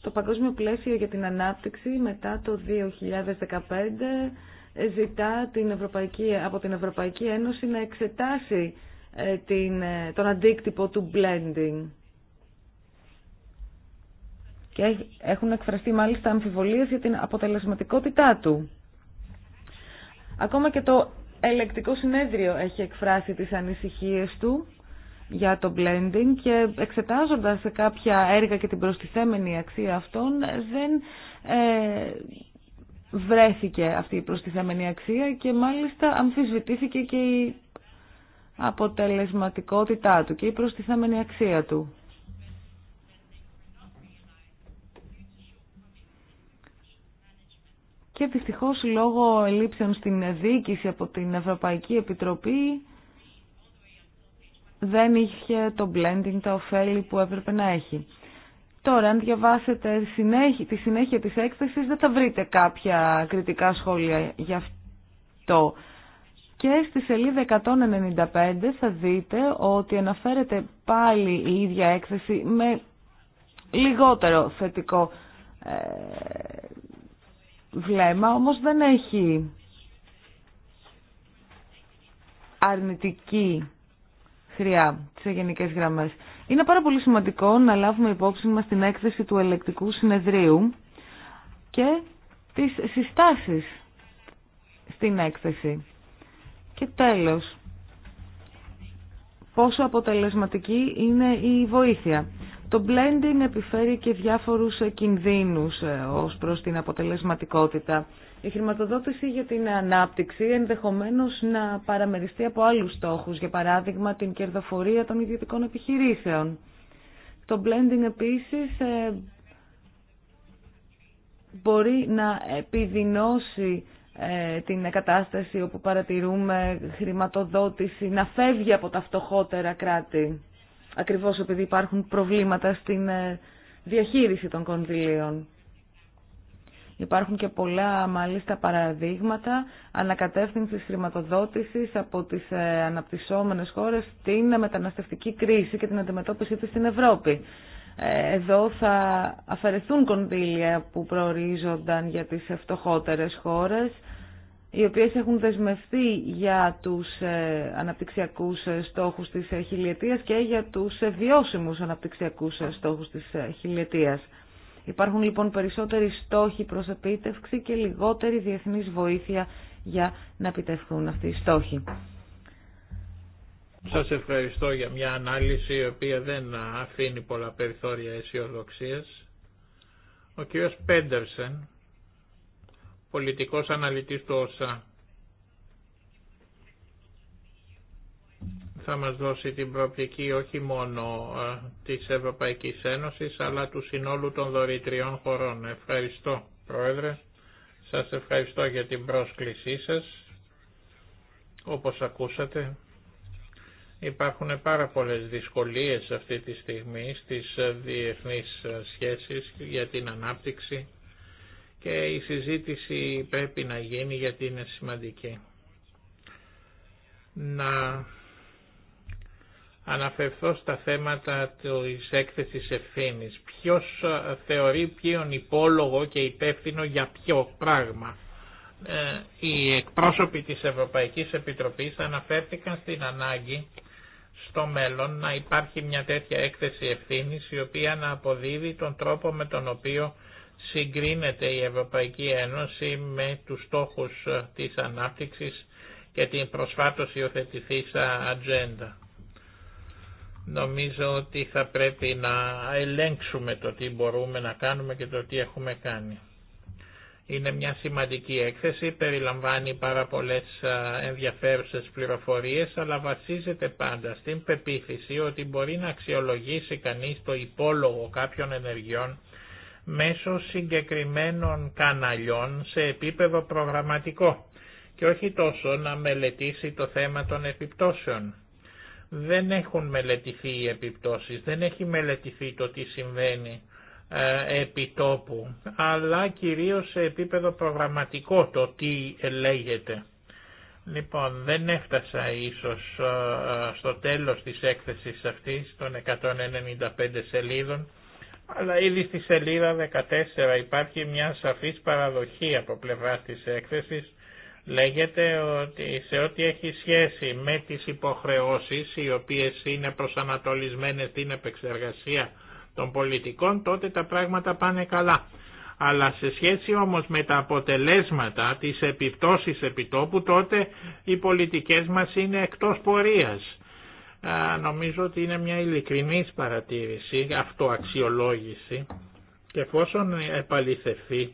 Το Παγκόσμιο Πλαίσιο για την Ανάπτυξη μετά το 2015 ζητά την Ευρωπαϊκή, από την Ευρωπαϊκή Ένωση να εξετάσει ε, την, ε, τον αντίκτυπο του blending. Και έχουν εκφραστεί μάλιστα αμφιβολίες για την αποτελεσματικότητά του. Ακόμα και το ελεκτικό συνέδριο έχει εκφράσει τις ανησυχίες του για το blending και εξετάζοντας κάποια έργα και την προστιθέμενη αξία αυτών δεν ε, βρέθηκε αυτή η προστιθέμενη αξία και μάλιστα αμφισβητήθηκε και η αποτελεσματικότητά του και η προστιθέμενη αξία του. Και δυστυχώς λόγω λήψεων στην διοίκηση από την Ευρωπαϊκή Επιτροπή δεν είχε το blending, τα ωφέλη που έπρεπε να έχει. Τώρα, αν διαβάσετε τη συνέχεια της έκθεσης, δεν θα βρείτε κάποια κριτικά σχόλια γι' αυτό. Και στη σελίδα 195 θα δείτε ότι αναφέρεται πάλι η ίδια έκθεση με λιγότερο θετικό ε, βλέμμα, όμως δεν έχει αρνητική χρειά σε γραμμές. Είναι πάρα πολύ σημαντικό να λάβουμε υπόψη μας την έκθεση του ελεκτικού συνεδρίου και τις συστάσεις στην έκθεση. Και τέλος, πόσο αποτελεσματική είναι η βοήθεια. Το blending επιφέρει και διάφορους κινδύνους ε, ως προς την αποτελεσματικότητα η χρηματοδότηση για την ανάπτυξη ενδεχομένως να παραμεριστεί από άλλους στόχους, για παράδειγμα την κερδοφορία των ιδιωτικών επιχειρήσεων. Το blending επίσης ε, μπορεί να επιδεινώσει ε, την κατάσταση όπου παρατηρούμε χρηματοδότηση να φεύγει από τα φτωχότερα κράτη, ακριβώς επειδή υπάρχουν προβλήματα στην ε, διαχείριση των κονδυλίων. Υπάρχουν και πολλά μάλιστα παραδείγματα ανακατεύθυνσης χρηματοδότησης από τις ε, αναπτυσσόμενες χώρες στην μεταναστευτική κρίση και την αντιμετώπιση της στην Ευρώπη. Ε, εδώ θα αφαιρεθούν κονδύλια που προορίζονταν για τις φτωχότερες χώρες οι οποίες έχουν δεσμευτεί για τους ε, αναπτυξιακούς στόχους της χιλιετίας και για τους βιώσιμους αναπτυξιακούς στόχους της χιλιετίας. Υπάρχουν λοιπόν περισσότεροι στόχοι προς επίτευξη και λιγότερη διεθνής βοήθεια για να επιτευχθούν αυτοί οι στόχοι. Σας ευχαριστώ για μια ανάλυση η οποία δεν αφήνει πολλά περιθώρια αισιοδοξία. Ο κ. Πέντερσεν, πολιτικός αναλυτής του ΩΣΑ. θα μας δώσει την προοπτική όχι μόνο της Ευρωπαϊκής Ένωσης αλλά του συνόλου των δωρητριών χωρών. Ευχαριστώ Πρόεδρε, σας ευχαριστώ για την πρόσκλησή σας. Όπως ακούσατε υπάρχουν πάρα πολλές δυσκολίες αυτή τη στιγμή στις διεθνείς σχέσεις για την ανάπτυξη και η συζήτηση πρέπει να γίνει γιατί είναι σημαντική. Να αναφερθώ στα θέματα της έκθεσης ευθύνης. Ποιος ε, θεωρεί ποιον υπόλογο και υπεύθυνο για ποιο πράγμα. Ε, οι εκπρόσωποι της Ευρωπαϊκής Επιτροπής αναφέρθηκαν στην ανάγκη στο μέλλον να υπάρχει μια τέτοια έκθεση ευθύνης η οποία να αποδίδει τον τρόπο με τον οποίο συγκρίνεται η Ευρωπαϊκή Ένωση με τους στόχους ε, της ανάπτυξης και την προσφάτως υιοθετηθήσα ατζέντα. Νομίζω ότι θα πρέπει να ελέγξουμε το τι μπορούμε να κάνουμε και το τι έχουμε κάνει. Είναι μια σημαντική έκθεση, περιλαμβάνει πάρα πολλές ενδιαφέρουσες πληροφορίες, αλλά βασίζεται πάντα στην πεποίθηση ότι μπορεί να αξιολογήσει κανείς το υπόλογο κάποιων ενεργειών μέσω συγκεκριμένων καναλιών σε επίπεδο προγραμματικό και όχι τόσο να μελετήσει το θέμα των επιπτώσεων δεν έχουν μελετηθεί οι επιπτώσεις, δεν έχει μελετηθεί το τι συμβαίνει ε, επί τόπου, αλλά κυρίως σε επίπεδο προγραμματικό το τι λέγεται. Λοιπόν, δεν έφτασα ίσως ε, στο τέλος της έκθεσης αυτής των 195 σελίδων, αλλά ήδη στη σελίδα 14 υπάρχει μια σαφής παραδοχή από πλευρά της έκθεσης λέγεται ότι σε ό,τι έχει σχέση με τις υποχρεώσεις οι οποίες είναι προσανατολισμένες στην επεξεργασία των πολιτικών, τότε τα πράγματα πάνε καλά. Αλλά σε σχέση όμως με τα αποτελέσματα, της επιπτώσεις επιτόπου, τότε οι πολιτικές μας είναι εκτός πορείας. νομίζω ότι είναι μια ειλικρινής παρατήρηση, αυτοαξιολόγηση και εφόσον επαληθευτεί,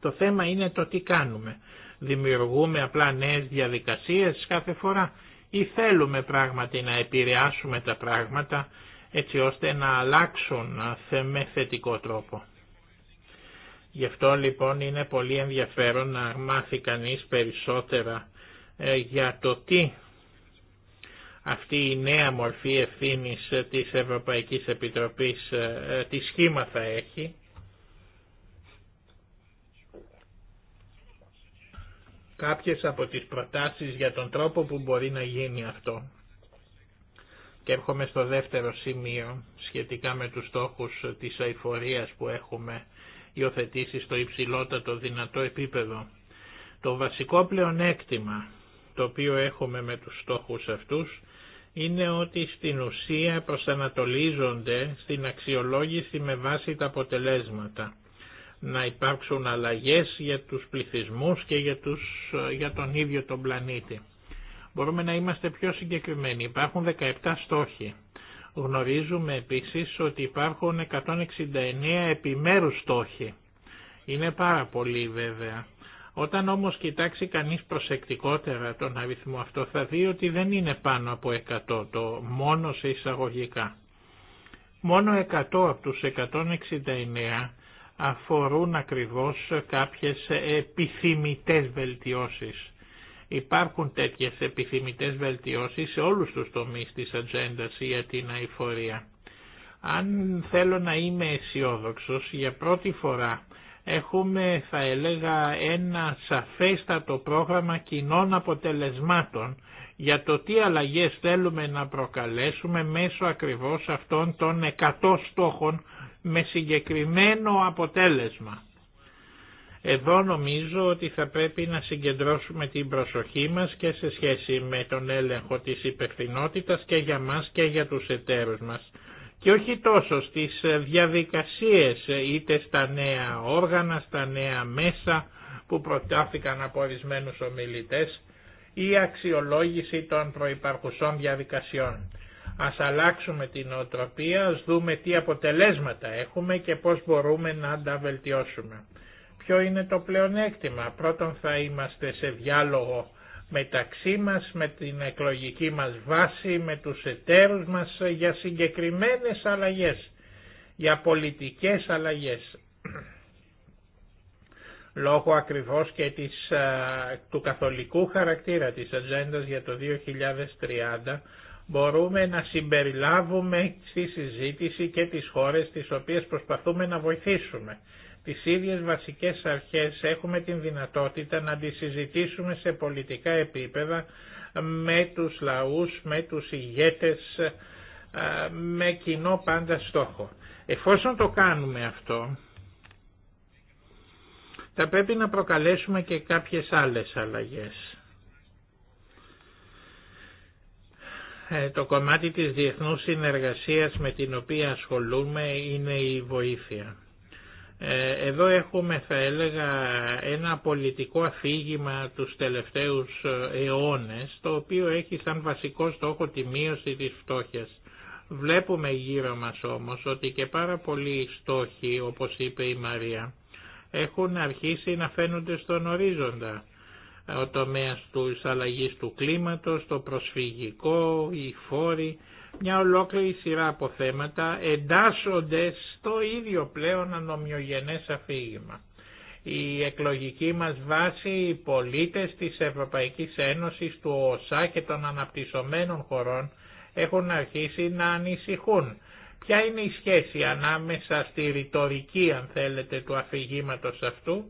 το θέμα είναι το τι κάνουμε δημιουργούμε απλά νέες διαδικασίες κάθε φορά ή θέλουμε πράγματι να επηρεάσουμε τα πράγματα έτσι ώστε να αλλάξουν με θετικό τρόπο. Γι' αυτό λοιπόν είναι πολύ ενδιαφέρον να μάθει κανείς περισσότερα ε, για το τι αυτή η νέα μορφή ευθύνης ε, της Ευρωπαϊκής Επιτροπής, ε, τη σχήμα θα έχει κάποιες από τις προτάσεις για τον τρόπο που μπορεί να γίνει αυτό. Και έρχομαι στο δεύτερο σημείο σχετικά με τους στόχους της αηφορίας που έχουμε υιοθετήσει στο υψηλότατο δυνατό επίπεδο. Το βασικό πλεονέκτημα το οποίο έχουμε με τους στόχους αυτούς είναι ότι στην ουσία προσανατολίζονται στην αξιολόγηση με βάση τα αποτελέσματα να υπάρξουν αλλαγές για τους πληθυσμούς και για, τους, για τον ίδιο τον πλανήτη. Μπορούμε να είμαστε πιο συγκεκριμένοι. Υπάρχουν 17 στόχοι. Γνωρίζουμε επίσης ότι υπάρχουν 169 επιμέρους στόχοι. Είναι πάρα πολύ βέβαια. Όταν όμως κοιτάξει κανείς προσεκτικότερα τον αριθμό αυτό θα δει ότι δεν είναι πάνω από 100 το μόνο σε εισαγωγικά. Μόνο 100 από τους 169 αφορούν ακριβώς κάποιες επιθυμητές βελτιώσεις. Υπάρχουν τέτοιες επιθυμητές βελτιώσεις σε όλους τους τομείς της ατζέντα για την αηφορία. Αν θέλω να είμαι αισιόδοξο, για πρώτη φορά έχουμε θα έλεγα ένα σαφέστατο πρόγραμμα κοινών αποτελεσμάτων για το τι αλλαγές θέλουμε να προκαλέσουμε μέσω ακριβώς αυτών των 100 στόχων με συγκεκριμένο αποτέλεσμα. Εδώ νομίζω ότι θα πρέπει να συγκεντρώσουμε την προσοχή μας και σε σχέση με τον έλεγχο της υπευθυνότητας και για μας και για τους εταίρους μας. Και όχι τόσο στις διαδικασίες είτε στα νέα όργανα, στα νέα μέσα που προτάθηκαν από ορισμένου ομιλητές ή αξιολόγηση των προϋπαρχουσών διαδικασιών. Ας αλλάξουμε την οτροπία, ας δούμε τι αποτελέσματα έχουμε και πώς μπορούμε να τα βελτιώσουμε. Ποιο είναι το πλεονέκτημα. Πρώτον θα είμαστε σε διάλογο μεταξύ μας, με την εκλογική μας βάση, με τους εταίρους μας για συγκεκριμένες αλλαγές, για πολιτικές αλλαγές. Λόγω ακριβώς και της, του καθολικού χαρακτήρα της ατζέντα για το 2030, μπορούμε να συμπεριλάβουμε στη συζήτηση και τις χώρες τις οποίες προσπαθούμε να βοηθήσουμε. Τις ίδιες βασικές αρχές έχουμε την δυνατότητα να τις συζητήσουμε σε πολιτικά επίπεδα με τους λαούς, με τους ηγέτες, με κοινό πάντα στόχο. Εφόσον το κάνουμε αυτό, θα πρέπει να προκαλέσουμε και κάποιες άλλες αλλαγές. Ε, το κομμάτι της διεθνούς συνεργασίας με την οποία ασχολούμε είναι η βοήθεια. Ε, εδώ έχουμε θα έλεγα ένα πολιτικό αφήγημα τους τελευταίους ε, αιώνες το οποίο έχει σαν βασικό στόχο τη μείωση της φτώχειας. Βλέπουμε γύρω μας όμως ότι και πάρα πολλοί στόχοι όπως είπε η Μαρία έχουν αρχίσει να φαίνονται στον ορίζοντα ο τομέας του αλλαγής του κλίματος, το προσφυγικό, οι φόροι, μια ολόκληρη σειρά από θέματα εντάσσονται στο ίδιο πλέον ανομοιογενές αφήγημα. Η εκλογική μας βάση, οι πολίτες της Ευρωπαϊκής Ένωσης, του ΟΣΑ και των αναπτυσσομένων χωρών έχουν αρχίσει να ανησυχούν. Ποια είναι η σχέση ανάμεσα στη ρητορική, αν θέλετε, του αφηγήματος αυτού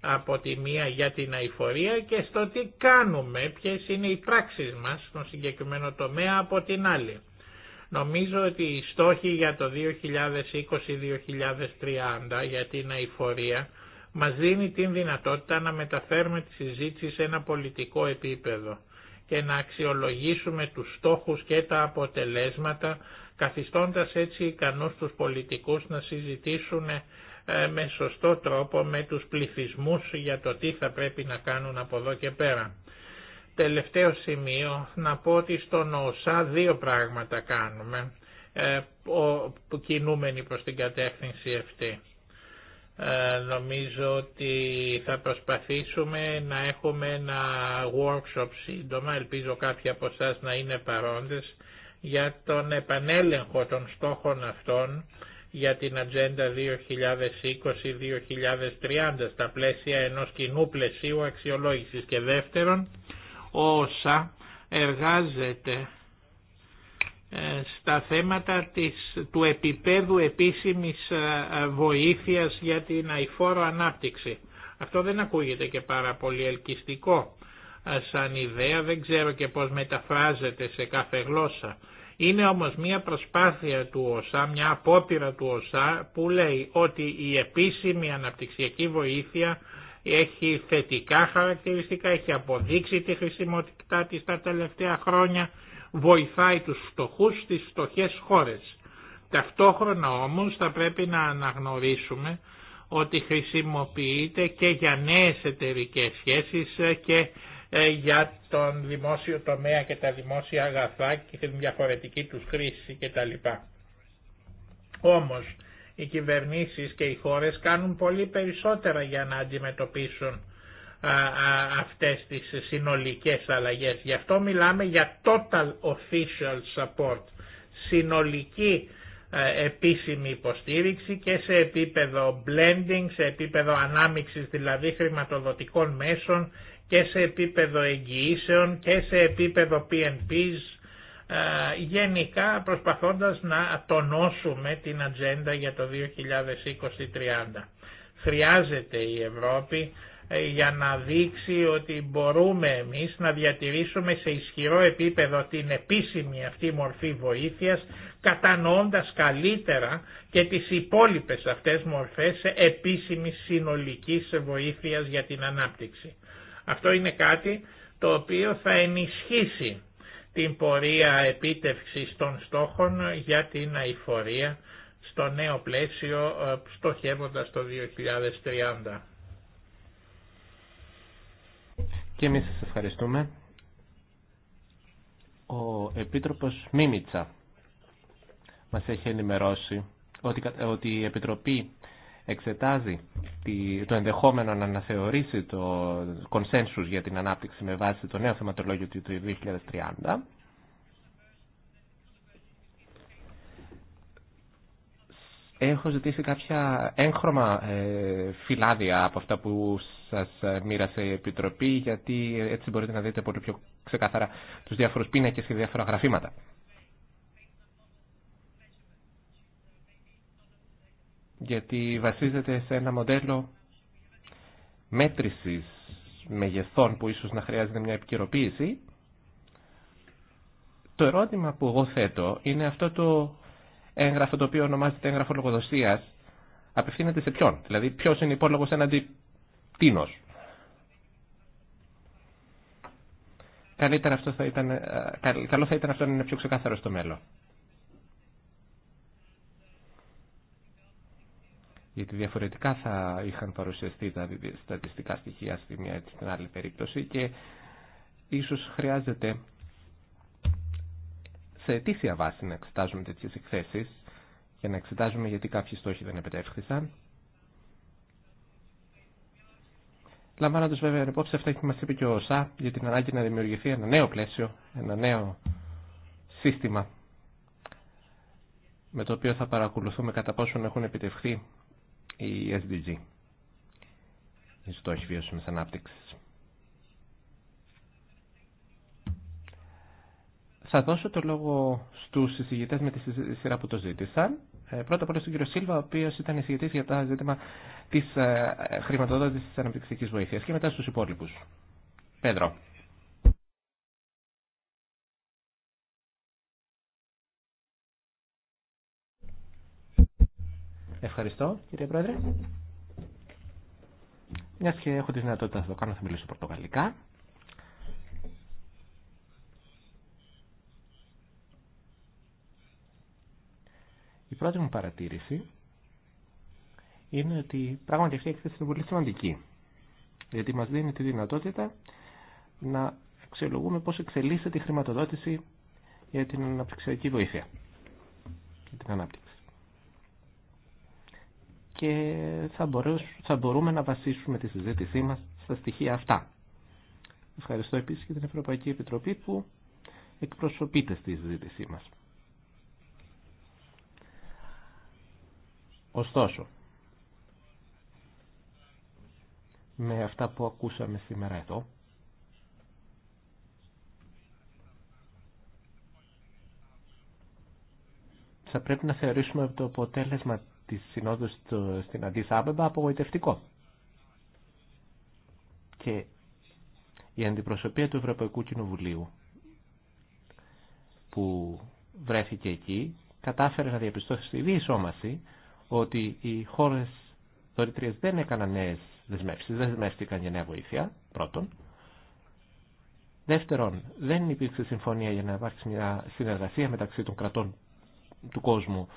από τη μία για την αηφορία και στο τι κάνουμε, ποιες είναι οι πράξεις μας στον συγκεκριμένο τομέα από την άλλη. Νομίζω ότι οι στόχοι για το 2020-2030 για την αηφορία μας δίνει την δυνατότητα να μεταφέρουμε τη συζήτηση σε ένα πολιτικό επίπεδο και να αξιολογήσουμε τους στόχους και τα αποτελέσματα καθιστώντας έτσι ικανούς τους πολιτικούς να συζητήσουν ε, με σωστό τρόπο με τους πληθυσμούς για το τι θα πρέπει να κάνουν από εδώ και πέρα. Τελευταίο σημείο να πω ότι στον ΟΣΑ δύο πράγματα κάνουμε ε, που κινούμενοι προς την κατεύθυνση αυτή. Ε, νομίζω ότι θα προσπαθήσουμε να έχουμε ένα workshop σύντομα, ελπίζω κάποιοι από εσά να είναι παρόντες, για τον επανέλεγχο των στόχων αυτών για την Ατζέντα 2020-2030 στα πλαίσια ενός κοινού πλαισίου αξιολόγησης. Και δεύτερον, όσα εργάζεται ε, στα θέματα της, του επίπεδου επίσημης ε, βοήθειας για την αηφόρο ανάπτυξη. Αυτό δεν ακούγεται και πάρα πολύ ελκυστικό ε, σαν ιδέα, δεν ξέρω και πώς μεταφράζεται σε κάθε γλώσσα. Είναι όμως μια προσπάθεια του ΟΣΑ, μια απόπειρα του ΟΣΑ που λέει ότι η επίσημη αναπτυξιακή βοήθεια έχει θετικά χαρακτηριστικά, έχει αποδείξει τη χρησιμότητά της τα τελευταία χρόνια, βοηθάει τους φτωχούς στις φτωχές χώρες. Ταυτόχρονα όμως θα πρέπει να αναγνωρίσουμε ότι χρησιμοποιείται και για νέες εταιρικές σχέσεις και ε, για τον δημόσιο τομέα και τα δημόσια αγαθά και την διαφορετική τους χρήση κτλ. Όμως οι κυβερνήσεις και οι χώρες κάνουν πολύ περισσότερα για να αντιμετωπίσουν αυτές τις συνολικές αλλαγές. Γι' αυτό μιλάμε για total official support, συνολική επίσημη υποστήριξη και σε επίπεδο blending, σε επίπεδο ανάμιξης δηλαδή χρηματοδοτικών μέσων και σε επίπεδο εγγυήσεων και σε επίπεδο PNPs γενικά προσπαθώντας να τονώσουμε την ατζέντα για το 2020-30. Χρειάζεται η Ευρώπη ε, για να δείξει ότι μπορούμε εμείς να διατηρήσουμε σε ισχυρό επίπεδο την επίσημη αυτή μορφή βοήθειας, κατανοώντας καλύτερα και τις υπόλοιπες αυτές μορφές επίσημης συνολικής βοήθειας για την ανάπτυξη. Αυτό είναι κάτι το οποίο θα ενισχύσει την πορεία επίτευξης των στόχων για την αηφορία στο νέο πλαίσιο ε, στοχεύοντας το 2030. Και εμείς σας ευχαριστούμε. Ο Επίτροπος Μίμητσα μας έχει ενημερώσει ότι η Επιτροπή εξετάζει το ενδεχόμενο να αναθεωρήσει το consensus για την ανάπτυξη με βάση το νέο θεματολόγιο του 2030. Έχω ζητήσει κάποια έγχρωμα ε, φυλάδια από αυτά που σας ε, μοίρασε η Επιτροπή, γιατί έτσι μπορείτε να δείτε πολύ πιο ξεκάθαρα τους διάφορους πίνακες και διάφορα γραφήματα. γιατί βασίζεται σε ένα μοντέλο μέτρησης μεγεθών που ίσως να χρειάζεται μια επικαιροποίηση. Το ερώτημα που εγώ θέτω είναι αυτό το έγγραφο το οποίο ονομάζεται έγγραφο λογοδοσίας απευθύνεται σε ποιον, δηλαδή ποιος είναι υπόλογος έναντι τίνος. Καλύτερα αυτό θα ήταν, ε, καλό θα ήταν αυτό να είναι πιο ξεκάθαρο στο μέλλον. γιατί διαφορετικά θα είχαν παρουσιαστεί τα στατιστικά στοιχεία στη μία ή στην άλλη περίπτωση και ίσως χρειάζεται σε αιτήσια βάση να εξετάζουμε τέτοιες εκθέσεις για να εξετάζουμε γιατί κάποιοι στόχοι δεν επιτεύχθησαν. Λαμβάνοντα βέβαια υπόψη αυτά που μα είπε και ο ΣΑ για την ανάγκη να δημιουργηθεί ένα νέο πλαίσιο, ένα νέο σύστημα με το οποίο θα παρακολουθούμε κατά πόσον έχουν επιτευχθεί η SDG, η στόχη βιώσιμη ανάπτυξη. Θα δώσω το λόγο στου συζητητέ με τη σειρά που το ζήτησαν. Ε, πρώτα απ' όλα στον κύριο Σίλβα, ο οποίο ήταν συζητητή για το ζήτημα τη ε, χρηματοδότηση τη αναπτυξιακή βοήθεια, και μετά στου υπόλοιπου. Πέντρο. Ευχαριστώ, κύριε Πρόεδρε. Μια και έχω τη δυνατότητα να το κάνω, θα μιλήσω πορτογαλικά. Η πρώτη μου παρατήρηση είναι ότι πράγματι αυτή η έκθεση είναι πολύ σημαντική. Γιατί μας δίνει τη δυνατότητα να αξιολογούμε πώς εξελίσσεται η χρηματοδότηση για την αναπτυξιακή βοήθεια και την ανάπτυξη και θα, θα μπορούμε να βασίσουμε τη συζήτησή μας στα στοιχεία αυτά. Ευχαριστώ επίσης και την Ευρωπαϊκή Επιτροπή που εκπροσωπείται στη συζήτησή μας. Ωστόσο, με αυτά που ακούσαμε σήμερα εδώ, θα πρέπει να θεωρήσουμε το αποτέλεσμα της συνόδου στην Αντισάμπεμπα απογοητευτικό. Και η αντιπροσωπεία του Ευρωπαϊκού Κοινοβουλίου που βρέθηκε εκεί κατάφερε να διαπιστώσει στη διεισόμαση ότι οι χώρες δωρητρίες δεν έκαναν νέες δεσμεύσεις, δεν δεσμεύτηκαν για νέα βοήθεια, πρώτον. Δεύτερον, δεν υπήρξε συμφωνία για να υπάρξει μια συνεργασία μεταξύ των κρατών του κόσμου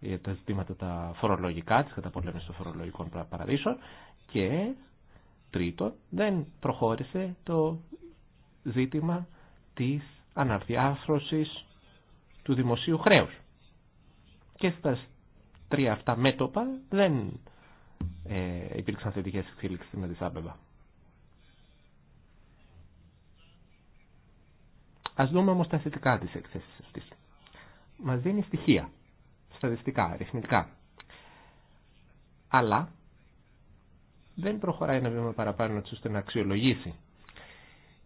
ε, τα ζητήματα τα φορολογικά, της καταπολέμησης των φορολογικών παραδείσων και τρίτον δεν προχώρησε το ζήτημα της αναρθιάθρωσης του δημοσίου χρέους. Και στα τρία αυτά μέτωπα δεν ε, υπήρξαν θετικές εξέλιξεις με τη Σάμπεβα. Ας δούμε όμως τα θετικά της έκθεσης αυτής. Μας δίνει στοιχεία στατιστικά, αριθμητικά. Αλλά δεν προχωράει ένα βήμα παραπάνω ώστε να αξιολογήσει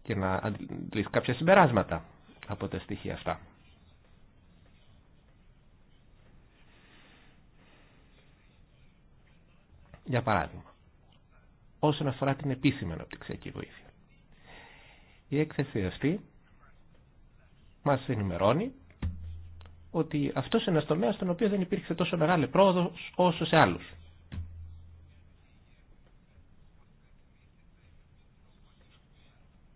και να αντλήσει κάποια συμπεράσματα από τα στοιχεία αυτά. Για παράδειγμα, όσον αφορά την επίσημη αναπτυξιακή βοήθεια. Η έκθεση αυτή μας ενημερώνει ότι αυτό είναι ένα τομέα στον οποίο δεν υπήρξε τόσο μεγάλη πρόοδο όσο σε άλλου.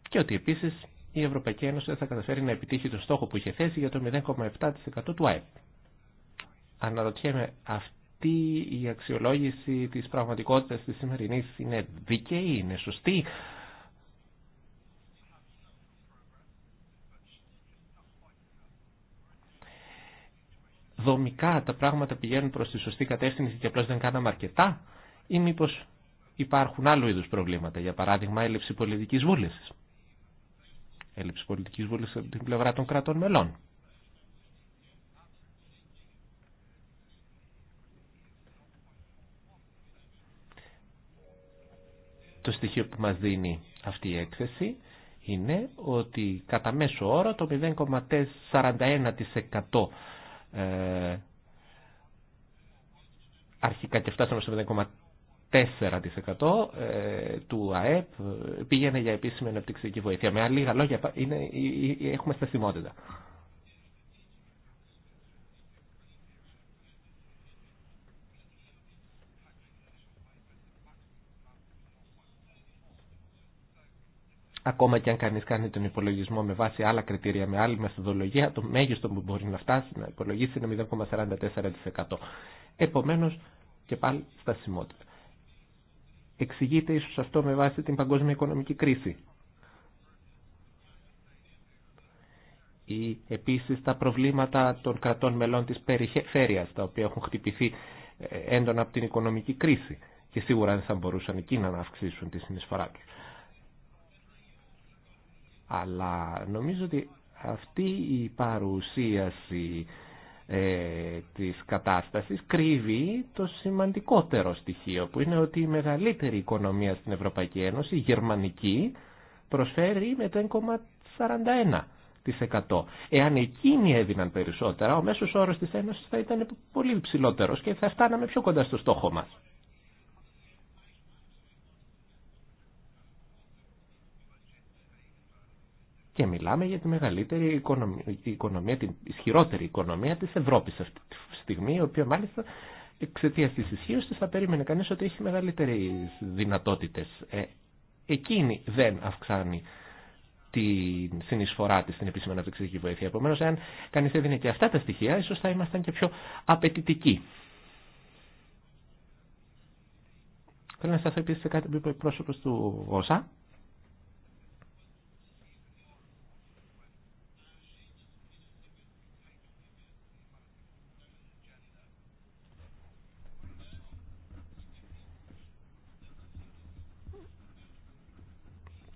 Και ότι επίση η Ευρωπαϊκή Ένωση δεν θα καταφέρει να επιτύχει τον στόχο που είχε θέσει για το 0,7% του ΑΕΠ. Αναρωτιέμαι, αυτή η αξιολόγηση της πραγματικότητας τη σημερινή είναι δίκαιη, είναι σωστή, δομικά τα πράγματα πηγαίνουν προς τη σωστή κατεύθυνση και απλώς δεν κάναμε αρκετά ή μήπως υπάρχουν άλλου είδους προβλήματα, για παράδειγμα έλλειψη πολιτικής βούλησης. Έλλειψη πολιτικής βούλησης από την πλευρά των κρατών μελών. Το στοιχείο που μας δίνει αυτή η έκθεση είναι ότι κατά μέσο όρο το 0,41% ε, αρχικά και φτάσαμε στο 5,4% ε, του ΑΕΠ ε, πήγαινε για επίσημη αναπτυξιακή βοήθεια. Με άλλη λόγια είναι, ε, έχουμε στασιμότητα. ακόμα και αν κανείς κάνει τον υπολογισμό με βάση άλλα κριτήρια, με άλλη μεθοδολογία, το μέγιστο που μπορεί να φτάσει να υπολογίσει είναι 0,44%. Επομένως, και πάλι στασιμότητα. Εξηγείται ίσως αυτό με βάση την παγκόσμια οικονομική κρίση. Ή επίσης τα προβλήματα των κρατών μελών της περιφέρειας, τα οποία έχουν χτυπηθεί ε, έντονα από την οικονομική κρίση και σίγουρα δεν θα μπορούσαν εκείνα να αυξήσουν τη συνεισφορά τους. Αλλά νομίζω ότι αυτή η παρουσίαση ε, της κατάστασης κρύβει το σημαντικότερο στοιχείο που είναι ότι η μεγαλύτερη οικονομία στην Ευρωπαϊκή Ένωση, η γερμανική, προσφέρει με το 1,41%. Εάν εκείνοι έδιναν περισσότερα, ο μέσος όρος της Ένωσης θα ήταν πολύ υψηλότερος και θα φτάναμε πιο κοντά στο στόχο μας. Και μιλάμε για τη μεγαλύτερη οικονομία, οικονομία την ισχυρότερη οικονομία της Ευρώπης αυτή τη στιγμή, η οποία μάλιστα εξαιτία τη ισχύω τη θα περίμενε κανείς ότι έχει μεγαλύτερες δυνατότητες. Ε, εκείνη δεν αυξάνει την συνεισφορά τη στην επίσημη αναπτυξιακή βοήθεια. Επομένω, αν κανεί έδινε και αυτά τα στοιχεία, ίσω θα ήμασταν και πιο απαιτητικοί. Θέλω να σταθώ επίση σε κάτι που είπε ο πρόσωπο του ΩΣΑ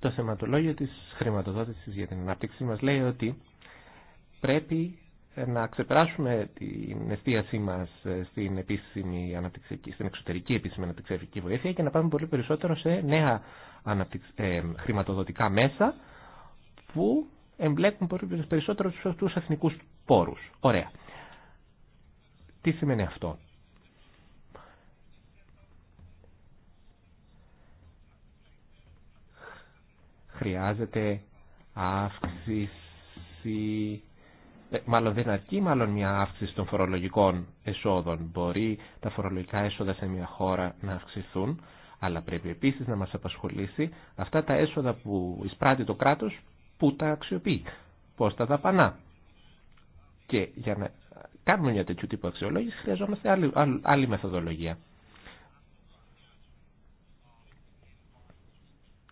το θεματολόγιο της χρηματοδότησης για την ανάπτυξη μας λέει ότι πρέπει να ξεπεράσουμε την εστίασή μας στην, επίσημη στην εξωτερική επίσημη αναπτυξιακή βοήθεια και να πάμε πολύ περισσότερο σε νέα ε, χρηματοδοτικά μέσα που εμπλέκουν πολύ περισσότερο τους εθνικούς πόρους. Ωραία. Τι σημαίνει αυτό. χρειάζεται αύξηση ε, μάλλον δεν αρκεί μάλλον μια αύξηση των φορολογικών εσόδων. Μπορεί τα φορολογικά έσοδα σε μια χώρα να αυξηθούν, αλλά πρέπει επίσης να μας απασχολήσει αυτά τα έσοδα που εισπράττει το κράτος, που τα αξιοποιεί, πώς τα δαπανά. Και για να κάνουμε μια τέτοιου τύπου αξιολόγηση χρειαζόμαστε άλλη, άλλη μεθοδολογία.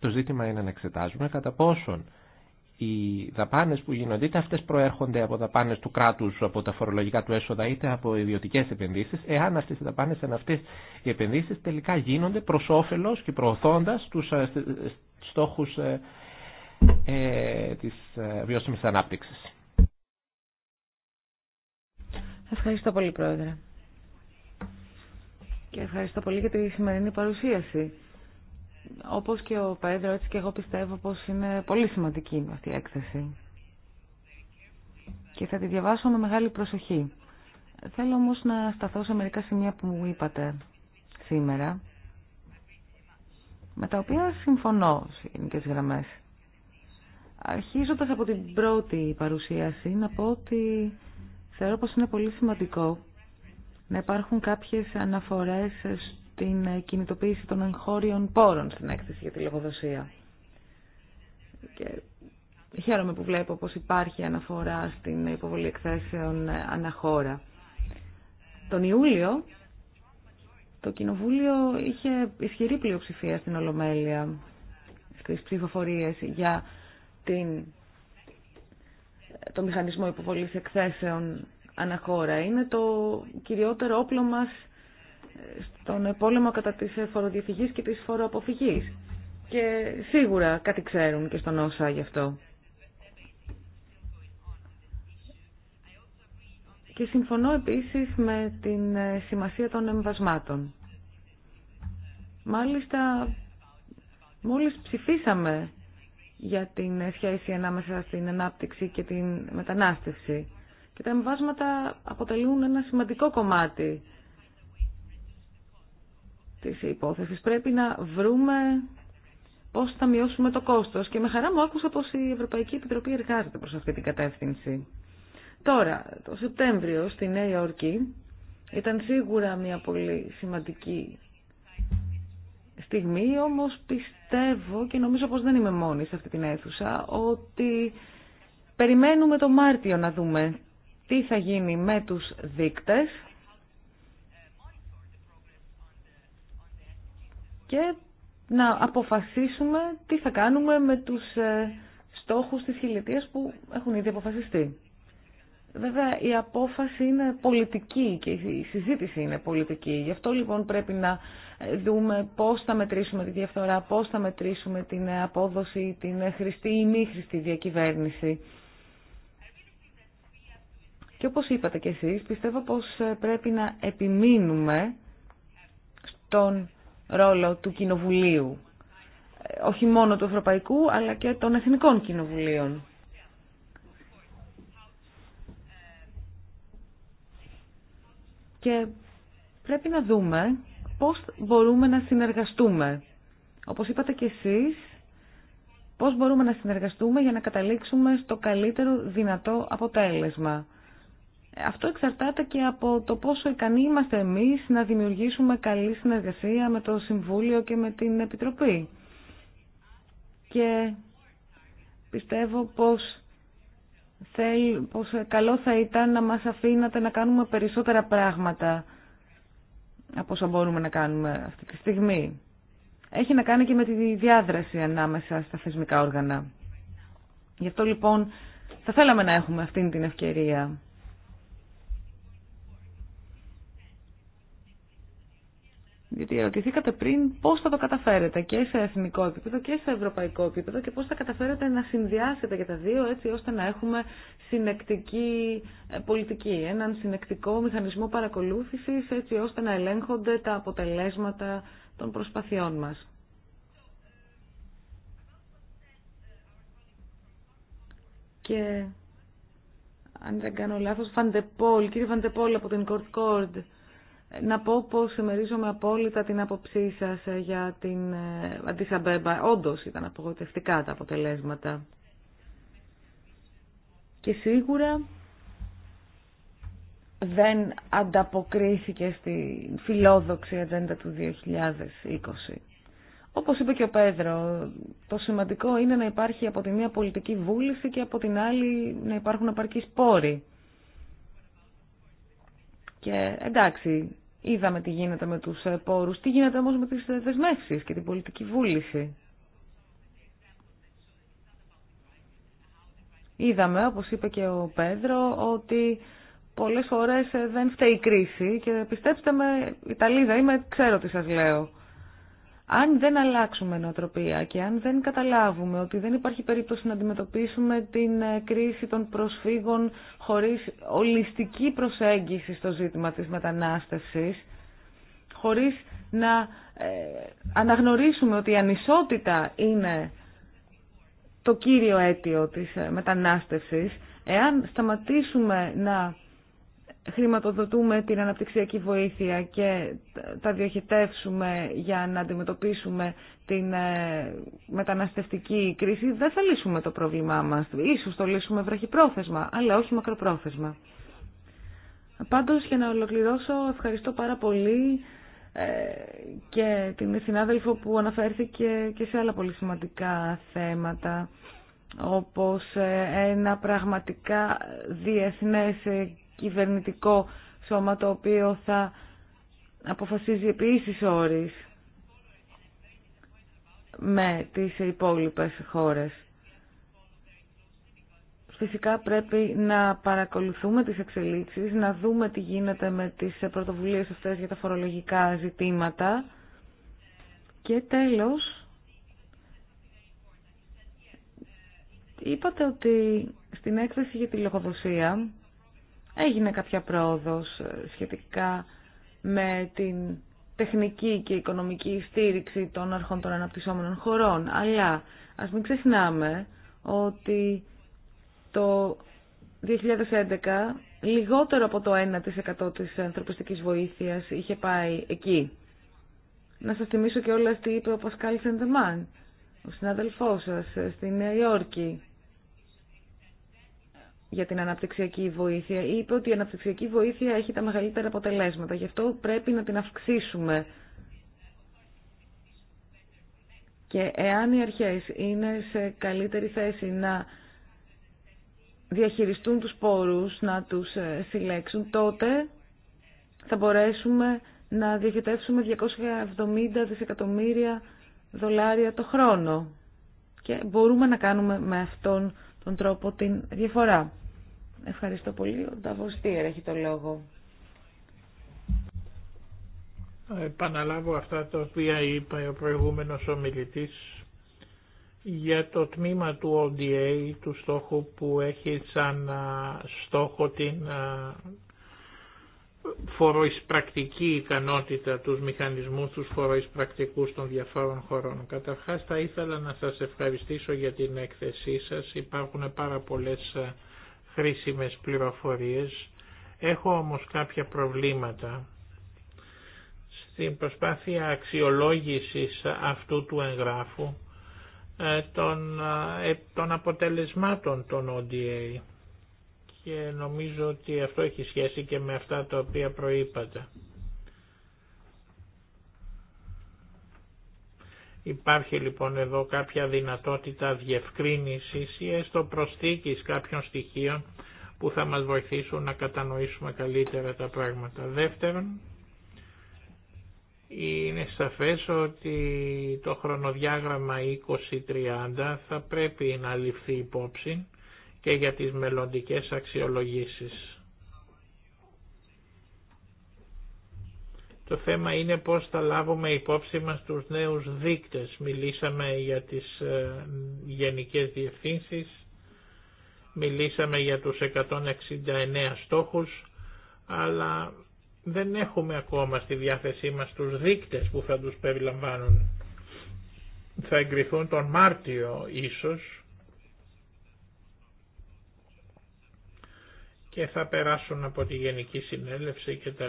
Το ζήτημα είναι να εξετάζουμε κατά πόσον οι δαπάνε που γίνονται είτε αυτέ προέρχονται από δαπάνες του κράτου από τα φορολογικά του έσοδα είτε από ιδιωτικέ επενδύσει. εάν αυτέ οι δαπάνες εάν αυτές οι επενδύσεις τελικά γίνονται προ όφελο και προωθώντα του ε, ε, στόχου ε, ε, της βιώσιμης ανάπτυξης. Ευχαριστώ πολύ Πρόεδρε. Και ευχαριστώ πολύ για τη σημερινή παρουσίαση όπως και ο Πέδρο, έτσι και εγώ πιστεύω πως είναι πολύ σημαντική αυτή η έκθεση. Και θα τη διαβάσω με μεγάλη προσοχή. Θέλω όμως να σταθώ σε μερικά σημεία που μου είπατε σήμερα, με τα οποία συμφωνώ σε γενικές γραμμές. Αρχίζοντας από την πρώτη παρουσίαση, να πω ότι θεωρώ πως είναι πολύ σημαντικό να υπάρχουν κάποιες αναφορές την κινητοποίηση των εγχώριων πόρων στην έκθεση για τη λογοδοσία. Και χαίρομαι που βλέπω πως υπάρχει αναφορά στην υποβολή εκθέσεων αναχώρα. Τον Ιούλιο το Κοινοβούλιο είχε ισχυρή πλειοψηφία στην Ολομέλεια στις ψηφοφορίες για την... το μηχανισμό υποβολής εκθέσεων αναχώρα. Είναι το κυριότερο όπλο μας στον πόλεμο κατά της φοροδιαφυγής και της φοροαποφυγής. Και σίγουρα κάτι ξέρουν και στον όσα γι' αυτό. Και συμφωνώ επίσης με την σημασία των εμβασμάτων. Μάλιστα, μόλις ψηφίσαμε για την σχέση ανάμεσα στην ανάπτυξη και την μετανάστευση. Και τα εμβάσματα αποτελούν ένα σημαντικό κομμάτι της υπόθεσης. Πρέπει να βρούμε πώς θα μειώσουμε το κόστος και με χαρά μου άκουσα πως η Ευρωπαϊκή Επιτροπή εργάζεται προς αυτή την κατεύθυνση. Τώρα, το Σεπτέμβριο στη Νέα Υόρκη ήταν σίγουρα μια πολύ σημαντική στιγμή, όμως πιστεύω και νομίζω πως δεν είμαι μόνη σε αυτή την αίθουσα, ότι περιμένουμε το Μάρτιο να δούμε τι θα γίνει με τους δείκτες και να αποφασίσουμε τι θα κάνουμε με τους ε, στόχους της χιλιετίας που έχουν ήδη αποφασιστεί. Βέβαια η απόφαση είναι πολιτική και η συζήτηση είναι πολιτική. Γι' αυτό λοιπόν πρέπει να δούμε πώς θα μετρήσουμε τη διαφθορά, πώς θα μετρήσουμε την απόδοση, την χρηστή ή μη χρηστή διακυβέρνηση. Και όπως είπατε κι εσείς, πιστεύω πως πρέπει να επιμείνουμε στον ρόλο του Κοινοβουλίου, ε, όχι μόνο του Ευρωπαϊκού αλλά και των Εθνικών Κοινοβουλίων. Και πρέπει να δούμε πώς μπορούμε να συνεργαστούμε. Όπως είπατε και εσείς, πώς μπορούμε να συνεργαστούμε για να καταλήξουμε στο καλύτερο δυνατό αποτέλεσμα. Αυτό εξαρτάται και από το πόσο ικανοί είμαστε εμείς να δημιουργήσουμε καλή συνεργασία με το Συμβούλιο και με την Επιτροπή. Και πιστεύω πως, θέλ, πως καλό θα ήταν να μας αφήνατε να κάνουμε περισσότερα πράγματα από όσα μπορούμε να κάνουμε αυτή τη στιγμή. Έχει να κάνει και με τη διάδραση ανάμεσα στα θεσμικά όργανα. Γι' αυτό λοιπόν θα θέλαμε να έχουμε αυτή την ευκαιρία. Γιατί ερωτηθήκατε πριν πώς θα το καταφέρετε και σε εθνικό επίπεδο και σε ευρωπαϊκό επίπεδο και πώς θα καταφέρετε να συνδυάσετε για τα δύο έτσι ώστε να έχουμε συνεκτική ε, πολιτική, έναν συνεκτικό μηχανισμό παρακολούθησης έτσι ώστε να ελέγχονται τα αποτελέσματα των προσπαθειών μα Και αν δεν κάνω λάθος, Φαντεπόλ, κύριε Φαντεπόλ από την Κορτ να πω πως συμμερίζομαι απόλυτα την άποψή σας ε, για την Αντισαμπέμπα. Ε, Όντως ήταν απογοητευτικά τα αποτελέσματα. Και σίγουρα δεν ανταποκρίθηκε στη φιλόδοξη ατζέντα του 2020. Όπως είπε και ο Πέδρο, το σημαντικό είναι να υπάρχει από τη μία πολιτική βούληση και από την άλλη να υπάρχουν απαρκείς πόροι. Και εντάξει, Είδαμε τι γίνεται με τους ε, πόρους, τι γίνεται όμως με τις ε, δεσμεύσεις και την πολιτική βούληση. Είδαμε, όπως είπε και ο Πέδρο, ότι πολλές φορές ε, δεν φταίει η κρίση και πιστέψτε με, Ιταλίδα είμαι, ξέρω τι σας λέω. Αν δεν αλλάξουμε νοοτροπία και αν δεν καταλάβουμε ότι δεν υπάρχει περίπτωση να αντιμετωπίσουμε την ε, κρίση των προσφύγων χωρίς ολιστική προσέγγιση στο ζήτημα της μετανάστευσης, χωρίς να ε, αναγνωρίσουμε ότι η ανισότητα είναι το κύριο αίτιο της ε, μετανάστευσης, εάν σταματήσουμε να χρηματοδοτούμε την αναπτυξιακή βοήθεια και τα διοχετεύσουμε για να αντιμετωπίσουμε την ε, μεταναστευτική κρίση, δεν θα λύσουμε το πρόβλημά μας. Ίσως το λύσουμε βραχυπρόθεσμα, αλλά όχι μακροπρόθεσμα. Πάντως, για να ολοκληρώσω, ευχαριστώ πάρα πολύ ε, και την συνάδελφο που αναφέρθηκε και σε άλλα πολύ σημαντικά θέματα όπως ε, ένα πραγματικά διεθνές κυβερνητικό σώμα το οποίο θα αποφασίζει επί όρις με τις υπόλοιπες χώρες. Φυσικά πρέπει να παρακολουθούμε τις εξελίξεις, να δούμε τι γίνεται με τις πρωτοβουλίες αυτές για τα φορολογικά ζητήματα. Και τέλος, είπατε ότι στην έκθεση για τη λογοδοσία έγινε κάποια πρόοδος ε, σχετικά με την τεχνική και οικονομική στήριξη των αρχών των αναπτυσσόμενων χωρών. Αλλά ας μην ξεχνάμε ότι το 2011 λιγότερο από το 1% της ανθρωπιστικής βοήθειας είχε πάει εκεί. Να σας θυμίσω και όλα τι είπε ο Πασκάλ Σεντεμάν, ο συνάδελφός σας ε, στη Νέα Υόρκη, για την αναπτυξιακή βοήθεια. Είπε ότι η αναπτυξιακή βοήθεια έχει τα μεγαλύτερα αποτελέσματα. Γι' αυτό πρέπει να την αυξήσουμε. Και εάν οι αρχές είναι σε καλύτερη θέση να διαχειριστούν τους πόρους, να τους ε, συλλέξουν, τότε θα μπορέσουμε να διοχετεύσουμε 270 δισεκατομμύρια δολάρια το χρόνο. Και μπορούμε να κάνουμε με αυτόν τον τρόπο την διαφορά. Ευχαριστώ πολύ. Ο Νταβοστήρ έχει το λόγο. Επαναλάβω αυτά τα οποία είπα ο προηγούμενος ομιλητής για το τμήμα του ODA, του στόχου που έχει σαν στόχο την φοροεισπρακτική ικανότητα, τους μηχανισμούς τους φοροεισπρακτικούς των διαφόρων χωρών. Καταρχάς θα ήθελα να σας ευχαριστήσω για την έκθεσή σας. Υπάρχουν πάρα πολλές χρήσιμες πληροφορίες. Έχω όμως κάποια προβλήματα στην προσπάθεια αξιολόγησης αυτού του εγγράφου ε, των, ε, ε, των αποτελεσμάτων των ODA και νομίζω ότι αυτό έχει σχέση και με αυτά τα οποία προείπατε. Υπάρχει λοιπόν εδώ κάποια δυνατότητα διευκρίνησης ή έστω προσθήκης κάποιων στοιχείων που θα μας βοηθήσουν να κατανοήσουμε καλύτερα τα πράγματα. Δεύτερον, είναι σαφές ότι το χρονοδιάγραμμα 2030 θα πρέπει να ληφθεί υπόψη και για τις μελλοντικές αξιολογήσεις. Το θέμα είναι πώς θα λάβουμε υπόψη μας τους νέους δείκτες. Μιλήσαμε για τις ε, γενικές διευθύνσεις, μιλήσαμε για τους 169 στόχους, αλλά δεν έχουμε ακόμα στη διάθεσή μας τους δείκτες που θα τους περιλαμβάνουν. Θα εγκριθούν τον Μάρτιο ίσως και θα περάσουν από τη Γενική Συνέλευση κτλ.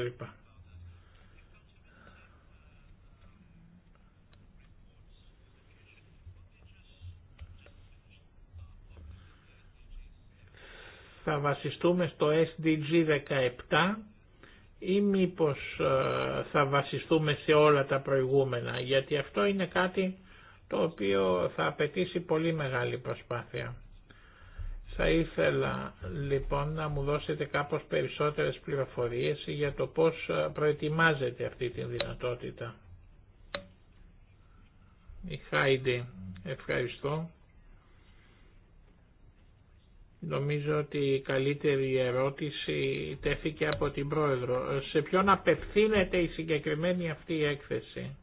θα βασιστούμε στο SDG 17 ή μήπως ε, θα βασιστούμε σε όλα τα προηγούμενα, γιατί αυτό είναι κάτι το οποίο θα απαιτήσει πολύ μεγάλη προσπάθεια. Θα ήθελα λοιπόν να μου δώσετε κάπως περισσότερες πληροφορίες για το πώς ε, προετοιμάζετε αυτή τη δυνατότητα. Η Χάιντι, ευχαριστώ. Νομίζω ότι η καλύτερη ερώτηση τέθηκε από την Πρόεδρο. Σε ποιον απευθύνεται η συγκεκριμένη αυτή η έκθεση.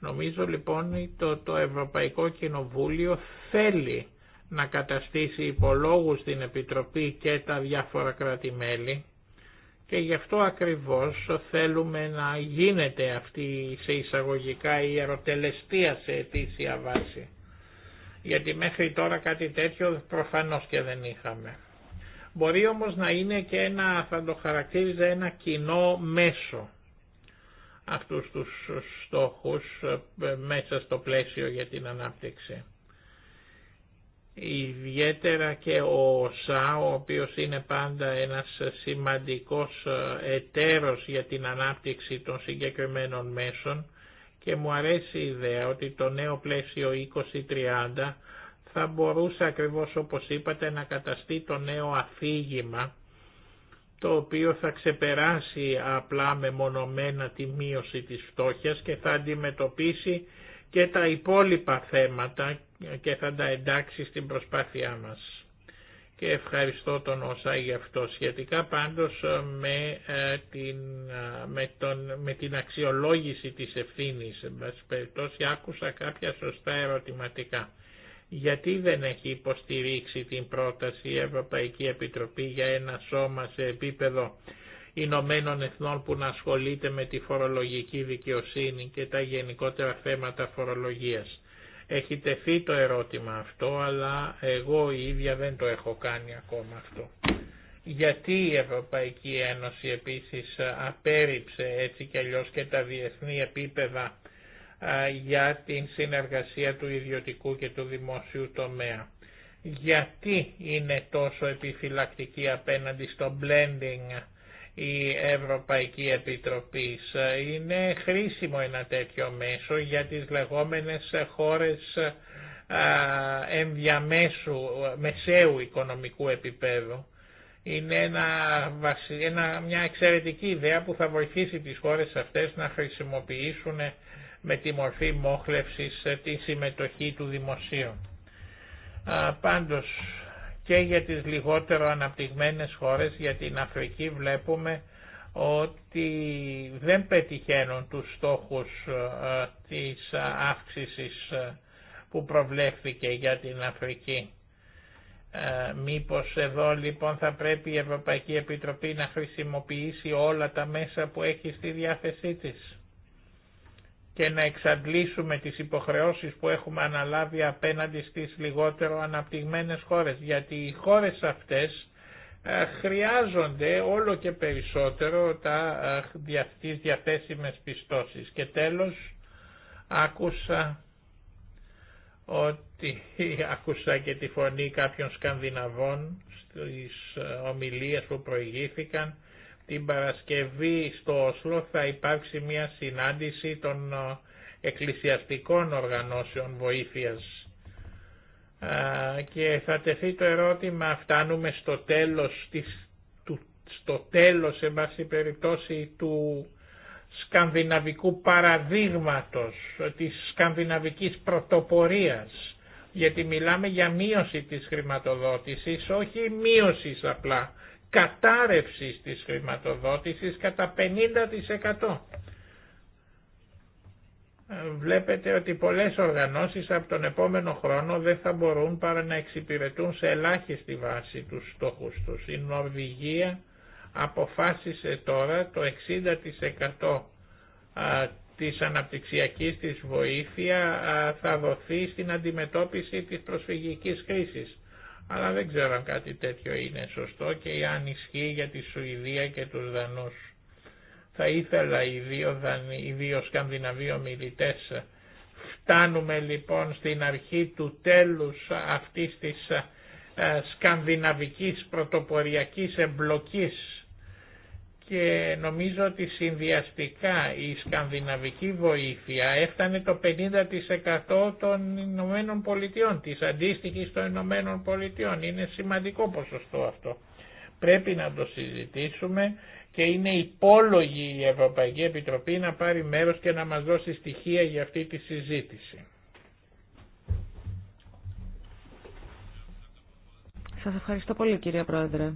Νομίζω λοιπόν το, το Ευρωπαϊκό Κοινοβούλιο θέλει να καταστήσει υπολόγους την Επιτροπή και τα διάφορα κράτη-μέλη και γι' αυτό ακριβώς θέλουμε να γίνεται αυτή σε εισαγωγικά η ερωτελεστία σε αιτήσια βάση γιατί μέχρι τώρα κάτι τέτοιο προφανώς και δεν είχαμε. Μπορεί όμως να είναι και ένα, θα το χαρακτήριζε ένα κοινό μέσο αυτούς τους στόχους ε, ε, μέσα στο πλαίσιο για την ανάπτυξη. Ιδιαίτερα και ο ΣΑΟ, ο οποίος είναι πάντα ένας σημαντικός ε, εταίρος για την ανάπτυξη των συγκεκριμένων μέσων, και μου αρέσει η ιδέα ότι το νέο πλαίσιο 2030 θα μπορούσε ακριβώς όπως είπατε να καταστεί το νέο αφήγημα το οποίο θα ξεπεράσει απλά με μονομένα τη μείωση της φτώχειας και θα αντιμετωπίσει και τα υπόλοιπα θέματα και θα τα εντάξει στην προσπάθειά μας και ευχαριστώ τον ΩΣΑ για αυτό. Σχετικά πάντως ε, με ε, την, ε, με τον, με την αξιολόγηση της ευθύνης, περιπτώσει άκουσα κάποια σωστά ερωτηματικά. Γιατί δεν έχει υποστηρίξει την πρόταση η Ευρωπαϊκή Επιτροπή για ένα σώμα σε επίπεδο Ηνωμένων Εθνών που να ασχολείται με τη φορολογική δικαιοσύνη και τα γενικότερα θέματα φορολογίας. Έχει τεθεί το ερώτημα αυτό, αλλά εγώ η ίδια δεν το έχω κάνει ακόμα αυτό. Γιατί η Ευρωπαϊκή Ένωση επίσης απέρριψε έτσι και αλλιώς και τα διεθνή επίπεδα για την συνεργασία του ιδιωτικού και του δημόσιου τομέα. Γιατί είναι τόσο επιφυλακτική απέναντι στο blending η Ευρωπαϊκή Επιτροπή. Είναι χρήσιμο ένα τέτοιο μέσο για τις λεγόμενες χώρες ενδιαμέσου, μεσαίου οικονομικού επίπεδου. Είναι ένα, ένα, μια εξαιρετική ιδέα που θα βοηθήσει τις χώρες αυτές να χρησιμοποιήσουν με τη μορφή μόχλευσης τη συμμετοχή του δημοσίου. Πάντως και για τις λιγότερο αναπτυγμένες χώρες, για την Αφρική βλέπουμε ότι δεν πετυχαίνουν τους στόχους ε, της αύξησης ε, που προβλέφθηκε για την Αφρική. Ε, μήπως εδώ λοιπόν θα πρέπει η Ευρωπαϊκή Επιτροπή να χρησιμοποιήσει όλα τα μέσα που έχει στη διάθεσή της και να εξαντλήσουμε τις υποχρεώσεις που έχουμε αναλάβει απέναντι στις λιγότερο αναπτυγμένες χώρες. Γιατί οι χώρες αυτές ε, χρειάζονται όλο και περισσότερο τα, ε, τις διαθέσιμες πιστώσεις. Και τέλος άκουσα ότι άκουσα και τη φωνή κάποιων Σκανδιναβών στις ε, ομιλίες που προηγήθηκαν την Παρασκευή στο Όσλο θα υπάρξει μια συνάντηση των ε, εκκλησιαστικών οργανώσεων βοήθειας και θα τεθεί το ερώτημα φτάνουμε στο τέλος της, του, στο τέλος σε βάση περιπτώσει του σκανδιναβικού παραδείγματος, της σκανδιναβικής πρωτοπορίας, γιατί μιλάμε για μείωση της χρηματοδότησης, όχι μείωση απλά κατάρρευσης της χρηματοδότησης κατά 50%. Βλέπετε ότι πολλές οργανώσεις από τον επόμενο χρόνο δεν θα μπορούν παρά να εξυπηρετούν σε ελάχιστη βάση τους στόχους τους. Η Νορβηγία αποφάσισε τώρα το 60% της αναπτυξιακής της βοήθεια θα δοθεί στην αντιμετώπιση της προσφυγικής κρίσης αλλά δεν ξέρω αν κάτι τέτοιο είναι σωστό και αν ισχύει για τη Σουηδία και τους Δανούς. Θα ήθελα οι δύο, δαν, οι δύο ομιλητές. Φτάνουμε λοιπόν στην αρχή του τέλους αυτής της ε, σκανδιναβικής πρωτοποριακής εμπλοκής και νομίζω ότι συνδυαστικά η σκανδιναβική βοήθεια έφτανε το 50% των Ηνωμένων Πολιτειών, της αντίστοιχης των Ηνωμένων Πολιτειών. Είναι σημαντικό ποσοστό αυτό. Πρέπει να το συζητήσουμε και είναι υπόλογη η Ευρωπαϊκή Επιτροπή να πάρει μέρος και να μας δώσει στοιχεία για αυτή τη συζήτηση. Σας ευχαριστώ πολύ κύριε Πρόεδρε.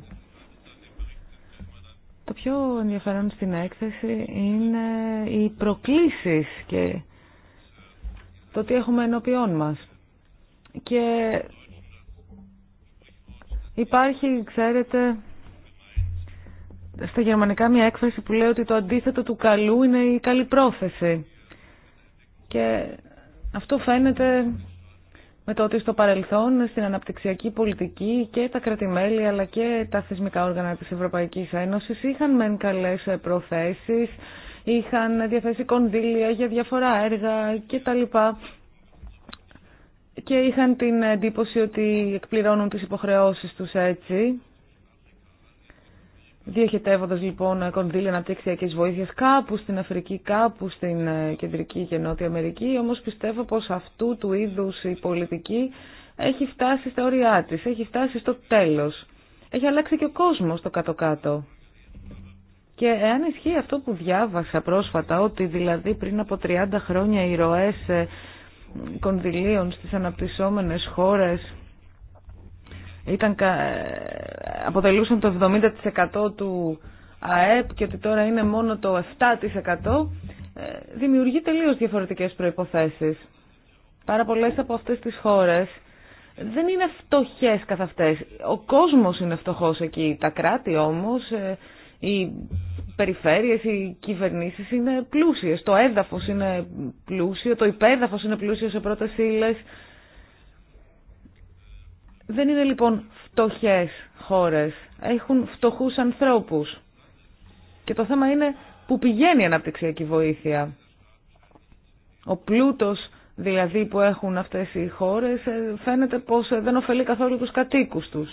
Το πιο ενδιαφέρον στην έκθεση είναι οι προκλήσεις και το τι έχουμε ενώπιόν μας. Και υπάρχει, ξέρετε, στα γερμανικά μια έκφραση που λέει ότι το αντίθετο του καλού είναι η καλή πρόθεση. Και αυτό φαίνεται με το ότι στο παρελθόν στην αναπτυξιακή πολιτική και τα κρατημέλη αλλά και τα θεσμικά όργανα της Ευρωπαϊκής Ένωσης είχαν μεν καλές προθέσεις, είχαν διαθέσει κονδύλια για διαφορά έργα κτλ. Και είχαν την εντύπωση ότι εκπληρώνουν τις υποχρεώσεις τους έτσι. Διοχετεύοντα λοιπόν κονδύλια αναπτυξιακή βοήθεια κάπου στην Αφρική, κάπου στην ε, Κεντρική και Νότια Αμερική, όμως πιστεύω πως αυτού του είδου η πολιτική έχει φτάσει στα όρια της, έχει φτάσει στο τέλος. Έχει αλλάξει και ο κόσμος το κάτω-κάτω. Και εάν ισχύει αυτό που διάβασα πρόσφατα, ότι δηλαδή πριν από 30 χρόνια οι ροέ ε, κονδυλίων στι αναπτυσσόμενε χώρε ήταν, αποτελούσαν το 70% του ΑΕΠ και ότι τώρα είναι μόνο το 7% ε, δημιουργεί τελείως διαφορετικές προϋποθέσεις. Πάρα πολλές από αυτές τις χώρες δεν είναι φτωχές καθ' αυτές. Ο κόσμος είναι φτωχός εκεί. Τα κράτη όμως, ε, οι περιφέρειες, οι κυβερνήσεις είναι πλούσιες. Το έδαφος είναι πλούσιο, το υπέδαφος είναι πλούσιο σε πρώτες ύλες, δεν είναι λοιπόν φτωχές χώρες, έχουν φτωχούς ανθρώπους. Και το θέμα είναι που πηγαίνει η αναπτυξιακή βοήθεια. Ο πλούτος δηλαδή που έχουν αυτές οι χώρες ε, φαίνεται πως ε, δεν ωφελεί καθόλου τους κατοίκους τους.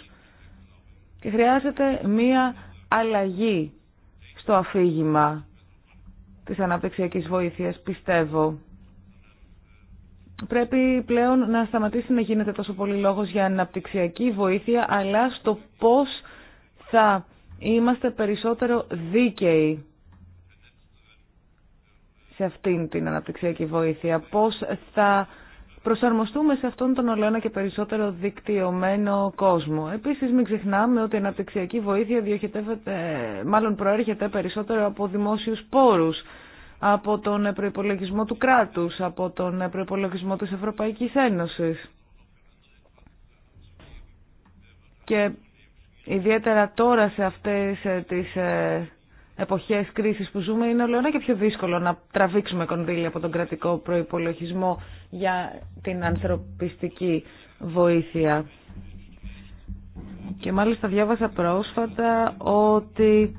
Και χρειάζεται μία αλλαγή στο αφήγημα της αναπτυξιακής βοήθειας, πιστεύω πρέπει πλέον να σταματήσει να γίνεται τόσο πολύ λόγος για αναπτυξιακή βοήθεια, αλλά στο πώς θα είμαστε περισσότερο δίκαιοι σε αυτήν την αναπτυξιακή βοήθεια, πώς θα προσαρμοστούμε σε αυτόν τον ολόνα και περισσότερο δικτυωμένο κόσμο. Επίσης μην ξεχνάμε ότι η αναπτυξιακή βοήθεια μάλλον προέρχεται περισσότερο από δημόσιους πόρους από τον προϋπολογισμό του κράτους, από τον προϋπολογισμό της Ευρωπαϊκής Ένωσης. Και ιδιαίτερα τώρα σε αυτές ε, τις ε, εποχές κρίσης που ζούμε είναι ολοένα και πιο δύσκολο να τραβήξουμε κονδύλια από τον κρατικό προϋπολογισμό για την ανθρωπιστική βοήθεια. Και μάλιστα διάβασα πρόσφατα ότι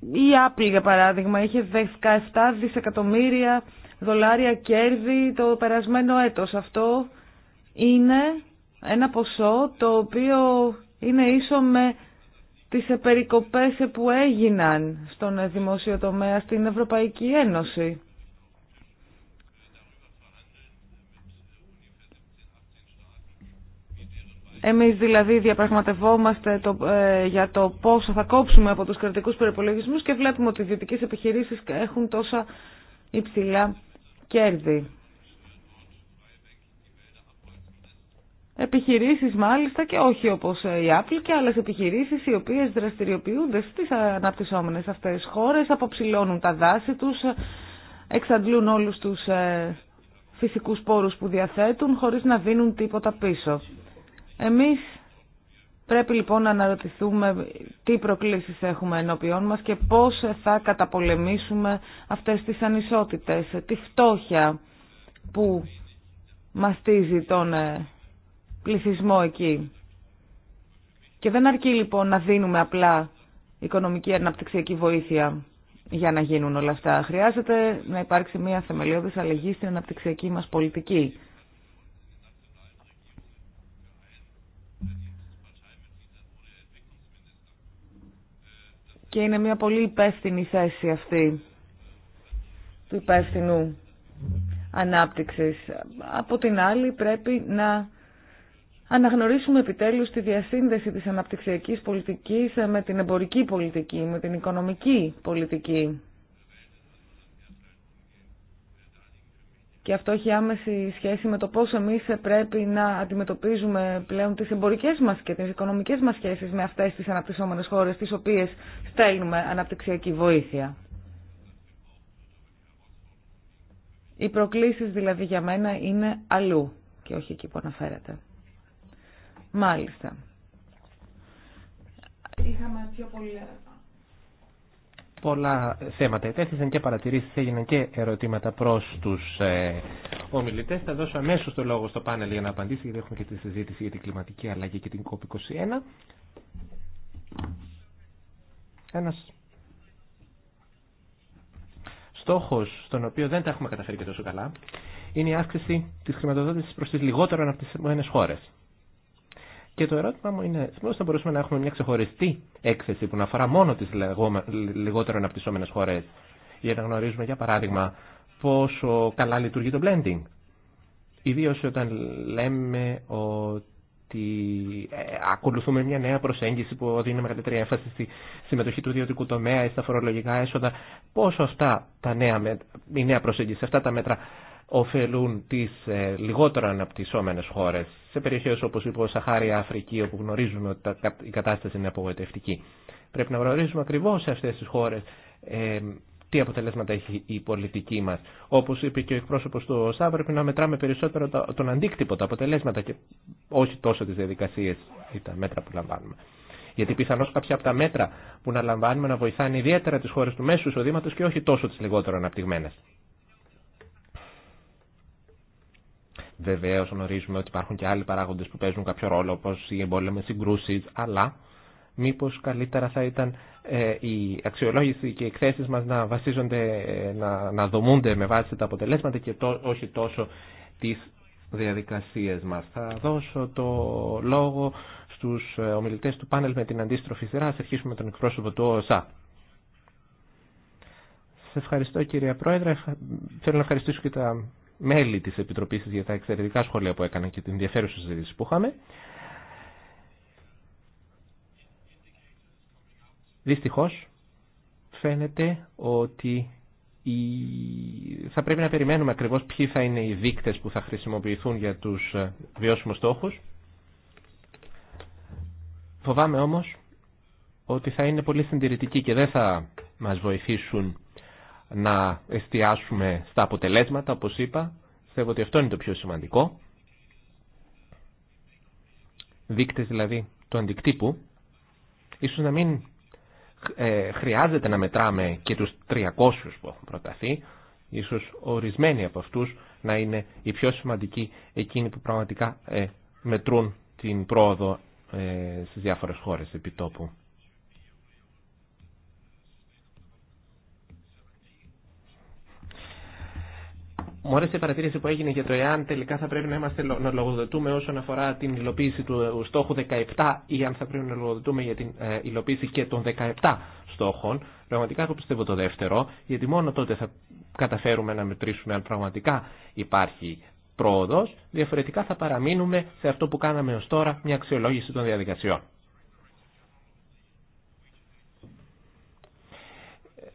η Apple για παράδειγμα είχε 17 δισεκατομμύρια δολάρια κέρδη το περασμένο έτος. Αυτό είναι ένα ποσό το οποίο είναι ίσο με τις επερικοπές που έγιναν στον δημόσιο τομέα στην Ευρωπαϊκή Ένωση. Εμείς δηλαδή διαπραγματευόμαστε το, ε, για το πόσο θα κόψουμε από τους κρατικούς περιπολογισμούς και βλέπουμε ότι οι ιδιωτικές επιχειρήσεις έχουν τόσα υψηλά κέρδη. Επιχειρήσεις μάλιστα και όχι όπως η Apple και άλλες επιχειρήσεις οι οποίες δραστηριοποιούνται στις αναπτυσσόμενες αυτές χώρες, αποψηλώνουν τα δάση τους, εξαντλούν όλους τους ε, φυσικούς πόρους που διαθέτουν χωρίς να δίνουν τίποτα πίσω. Εμείς πρέπει λοιπόν να αναρωτηθούμε τι προκλήσεις έχουμε ενώπιόν μας και πώς θα καταπολεμήσουμε αυτές τις ανισότητες, τη φτώχεια που μαστίζει τον ε, πληθυσμό εκεί. Και δεν αρκεί λοιπόν να δίνουμε απλά οικονομική αναπτυξιακή βοήθεια για να γίνουν όλα αυτά. Χρειάζεται να υπάρξει μια θεμελιώδης αλλαγή στην αναπτυξιακή μας πολιτική. και είναι μια πολύ υπεύθυνη θέση αυτή του υπεύθυνου ανάπτυξης. Από την άλλη πρέπει να αναγνωρίσουμε επιτέλους τη διασύνδεση της αναπτυξιακής πολιτικής με την εμπορική πολιτική, με την οικονομική πολιτική. Και αυτό έχει άμεση σχέση με το πώς εμείς πρέπει να αντιμετωπίζουμε πλέον τις εμπορικές μας και τις οικονομικές μας σχέσεις με αυτές τις αναπτυσσόμενες χώρες, τις οποίες στέλνουμε αναπτυξιακή βοήθεια. Οι προκλήσεις δηλαδή για μένα είναι αλλού και όχι εκεί που αναφέρεται. Μάλιστα. Είχαμε πιο πολλά θέματα ετέθησαν και παρατηρήσεις έγιναν και ερωτήματα προς τους ε, ομιλητές. Θα δώσω αμέσως το λόγο στο πάνελ για να απαντήσει γιατί έχουμε και τη συζήτηση για την κλιματική αλλαγή και την COP21. Ένας στόχος, στον οποίο δεν τα έχουμε καταφέρει και τόσο καλά, είναι η άσκηση της χρηματοδότησης προς τις λιγότερο αναπτυσμένες χώρες. Και το ερώτημα μου είναι, πώ θα μπορούσαμε να έχουμε μια ξεχωριστή έκθεση που να αφορά μόνο τις λιγότερο αναπτυσσόμενες χώρε για να γνωρίζουμε, για παράδειγμα, πόσο καλά λειτουργεί το blending. Ιδίω όταν λέμε ότι ε, ακολουθούμε μια νέα προσέγγιση που δίνει μεγαλύτερη έμφαση στη συμμετοχή του ιδιωτικού τομέα ή στα φορολογικά έσοδα, πόσο αυτά τα νέα, η νέα προσέγγιση, αυτά τα μέτρα ωφελούν τις ε, λιγότερο αναπτυσσόμενες χώρες σε περιοχές όπως η λοιπόν Σαχάρη Αφρική όπου γνωρίζουμε ότι η κατάσταση είναι απογοητευτική. Πρέπει να γνωρίζουμε ακριβώς σε αυτές τις χώρες ε, τι αποτελέσματα έχει η πολιτική μας. Όπως είπε και ο εκπρόσωπος του ΩΣΑ πρέπει να μετράμε περισσότερο τον αντίκτυπο, τα αποτελέσματα και όχι τόσο τις διαδικασίες ή τα μέτρα που λαμβάνουμε. Γιατί πιθανώ κάποια από τα μέτρα που να λαμβάνουμε να βοηθάνε ιδιαίτερα τι χώρε του μέσου εισοδήματο και όχι τόσο τι λιγότερο αναπτυγμένε. Βεβαίω γνωρίζουμε ότι υπάρχουν και άλλοι παράγοντε που παίζουν κάποιο ρόλο, όπω οι εμπόλεμε συγκρούσει, αλλά μήπω καλύτερα θα ήταν ε, η αξιολόγηση και οι εκθέσει μα να βασίζονται, ε, να, να δομούνται με βάση τα αποτελέσματα και όχι τόσο τι διαδικασίε μα. Θα δώσω το λόγο στου ε, ομιλητέ του πάνελ με την αντίστροφη σειρά. Α αρχίσουμε τον εκπρόσωπο του ΩΣΑ. Σα ευχαριστώ κύριε Πρόεδρε. Θέλω να ευχαριστήσω και τα μέλη της Επιτροπής για τα εξαιρετικά σχόλια που έκαναν και την ενδιαφέρουσα συζήτηση που είχαμε. Δυστυχώς φαίνεται ότι θα πρέπει να περιμένουμε ακριβώς ποιοι θα είναι οι δείκτες που θα χρησιμοποιηθούν για τους ε, βιώσιμους στόχους. Φοβάμαι όμως ότι θα είναι πολύ συντηρητικοί και δεν θα μας βοηθήσουν να εστιάσουμε στα αποτελέσματα, όπως είπα. Πιστεύω ότι αυτό είναι το πιο σημαντικό. Δείκτες δηλαδή του αντικτύπου. Ίσως να μην ε, χρειάζεται να μετράμε και τους 300 που έχουν προταθεί. Ίσως ορισμένοι από αυτούς να είναι οι πιο σημαντικοί εκείνοι που πραγματικά ε, μετρούν την πρόοδο ε, στις διάφορες χώρες επιτόπου. μου αρέσει η παρατήρηση που έγινε για το εάν τελικά θα πρέπει να είμαστε να λογοδοτούμε όσον αφορά την υλοποίηση του ε, στόχου 17 ή αν θα πρέπει να λογοδοτούμε για την ε, υλοποίηση και των 17 στόχων. Πραγματικά εγώ πιστεύω το δεύτερο, γιατί μόνο τότε θα καταφέρουμε να μετρήσουμε αν πραγματικά υπάρχει πρόοδος, διαφορετικά θα παραμείνουμε σε αυτό που κάναμε ως τώρα, μια αξιολόγηση των διαδικασιών.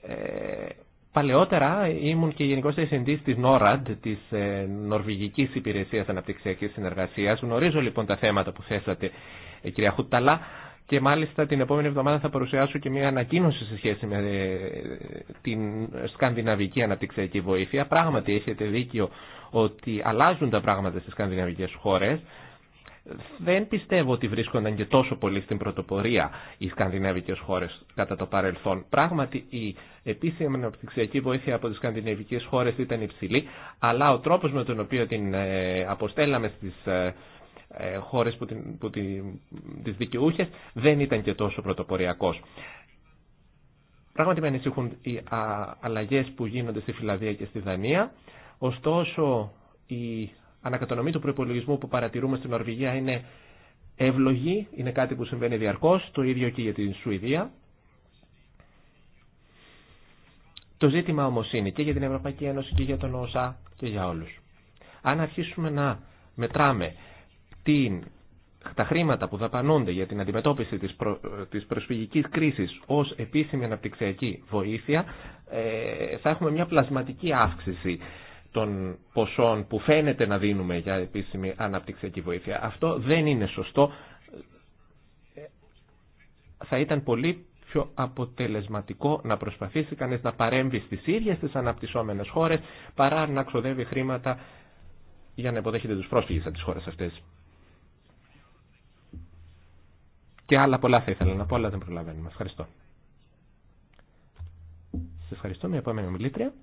Ε, Παλαιότερα ήμουν και γενικό διευθυντή τη NORAD, τη ε, Νορβηγική Υπηρεσία Αναπτυξιακή Συνεργασία. Γνωρίζω λοιπόν τα θέματα που θέσατε, ε, κυρία Χούταλα, και μάλιστα την επόμενη εβδομάδα θα παρουσιάσω και μια ανακοίνωση σε σχέση με ε, την σκανδιναβική αναπτυξιακή βοήθεια. Πράγματι έχετε δίκιο ότι αλλάζουν τα πράγματα στι σκανδιναβικέ χώρε δεν πιστεύω ότι βρίσκονταν και τόσο πολύ στην πρωτοπορία οι σκανδιναβικέ χώρες κατά το παρελθόν. Πράγματι η επίσημη αναπτυξιακή βοήθεια από τις σκανδιναβικέ χώρες ήταν υψηλή, αλλά ο τρόπος με τον οποίο την ε, αποστέλαμε στις ε, ε, χώρες που, την, που δεν ήταν και τόσο πρωτοποριακός. Πράγματι με ανησυχούν οι αλλαγές που γίνονται στη Φιλανδία και στη Δανία. Ωστόσο, η ανακατονομή του προπολογισμού που παρατηρούμε στην Νορβηγία είναι εύλογη, είναι κάτι που συμβαίνει διαρκώς, το ίδιο και για την Σουηδία. Το ζήτημα όμω είναι και για την Ευρωπαϊκή Ένωση και για τον ΟΣΑ και για όλους. Αν αρχίσουμε να μετράμε την, τα χρήματα που δαπανούνται για την αντιμετώπιση της, προ, της προσφυγικής κρίσης ως επίσημη αναπτυξιακή βοήθεια, ε, θα έχουμε μια πλασματική αύξηση των ποσών που φαίνεται να δίνουμε για επίσημη αναπτυξιακή βοήθεια. Αυτό δεν είναι σωστό. Θα ήταν πολύ πιο αποτελεσματικό να προσπαθήσει κανείς να παρέμβει στις ίδιες τις αναπτυσσόμενες χώρες παρά να ξοδεύει χρήματα για να υποδέχεται τους πρόσφυγες από τις χώρες αυτές. Και άλλα πολλά θα ήθελα να πω, αλλά δεν προλαβαίνουμε. Ευχαριστώ. Σας ευχαριστώ. Μια επόμενη ομιλήτρια.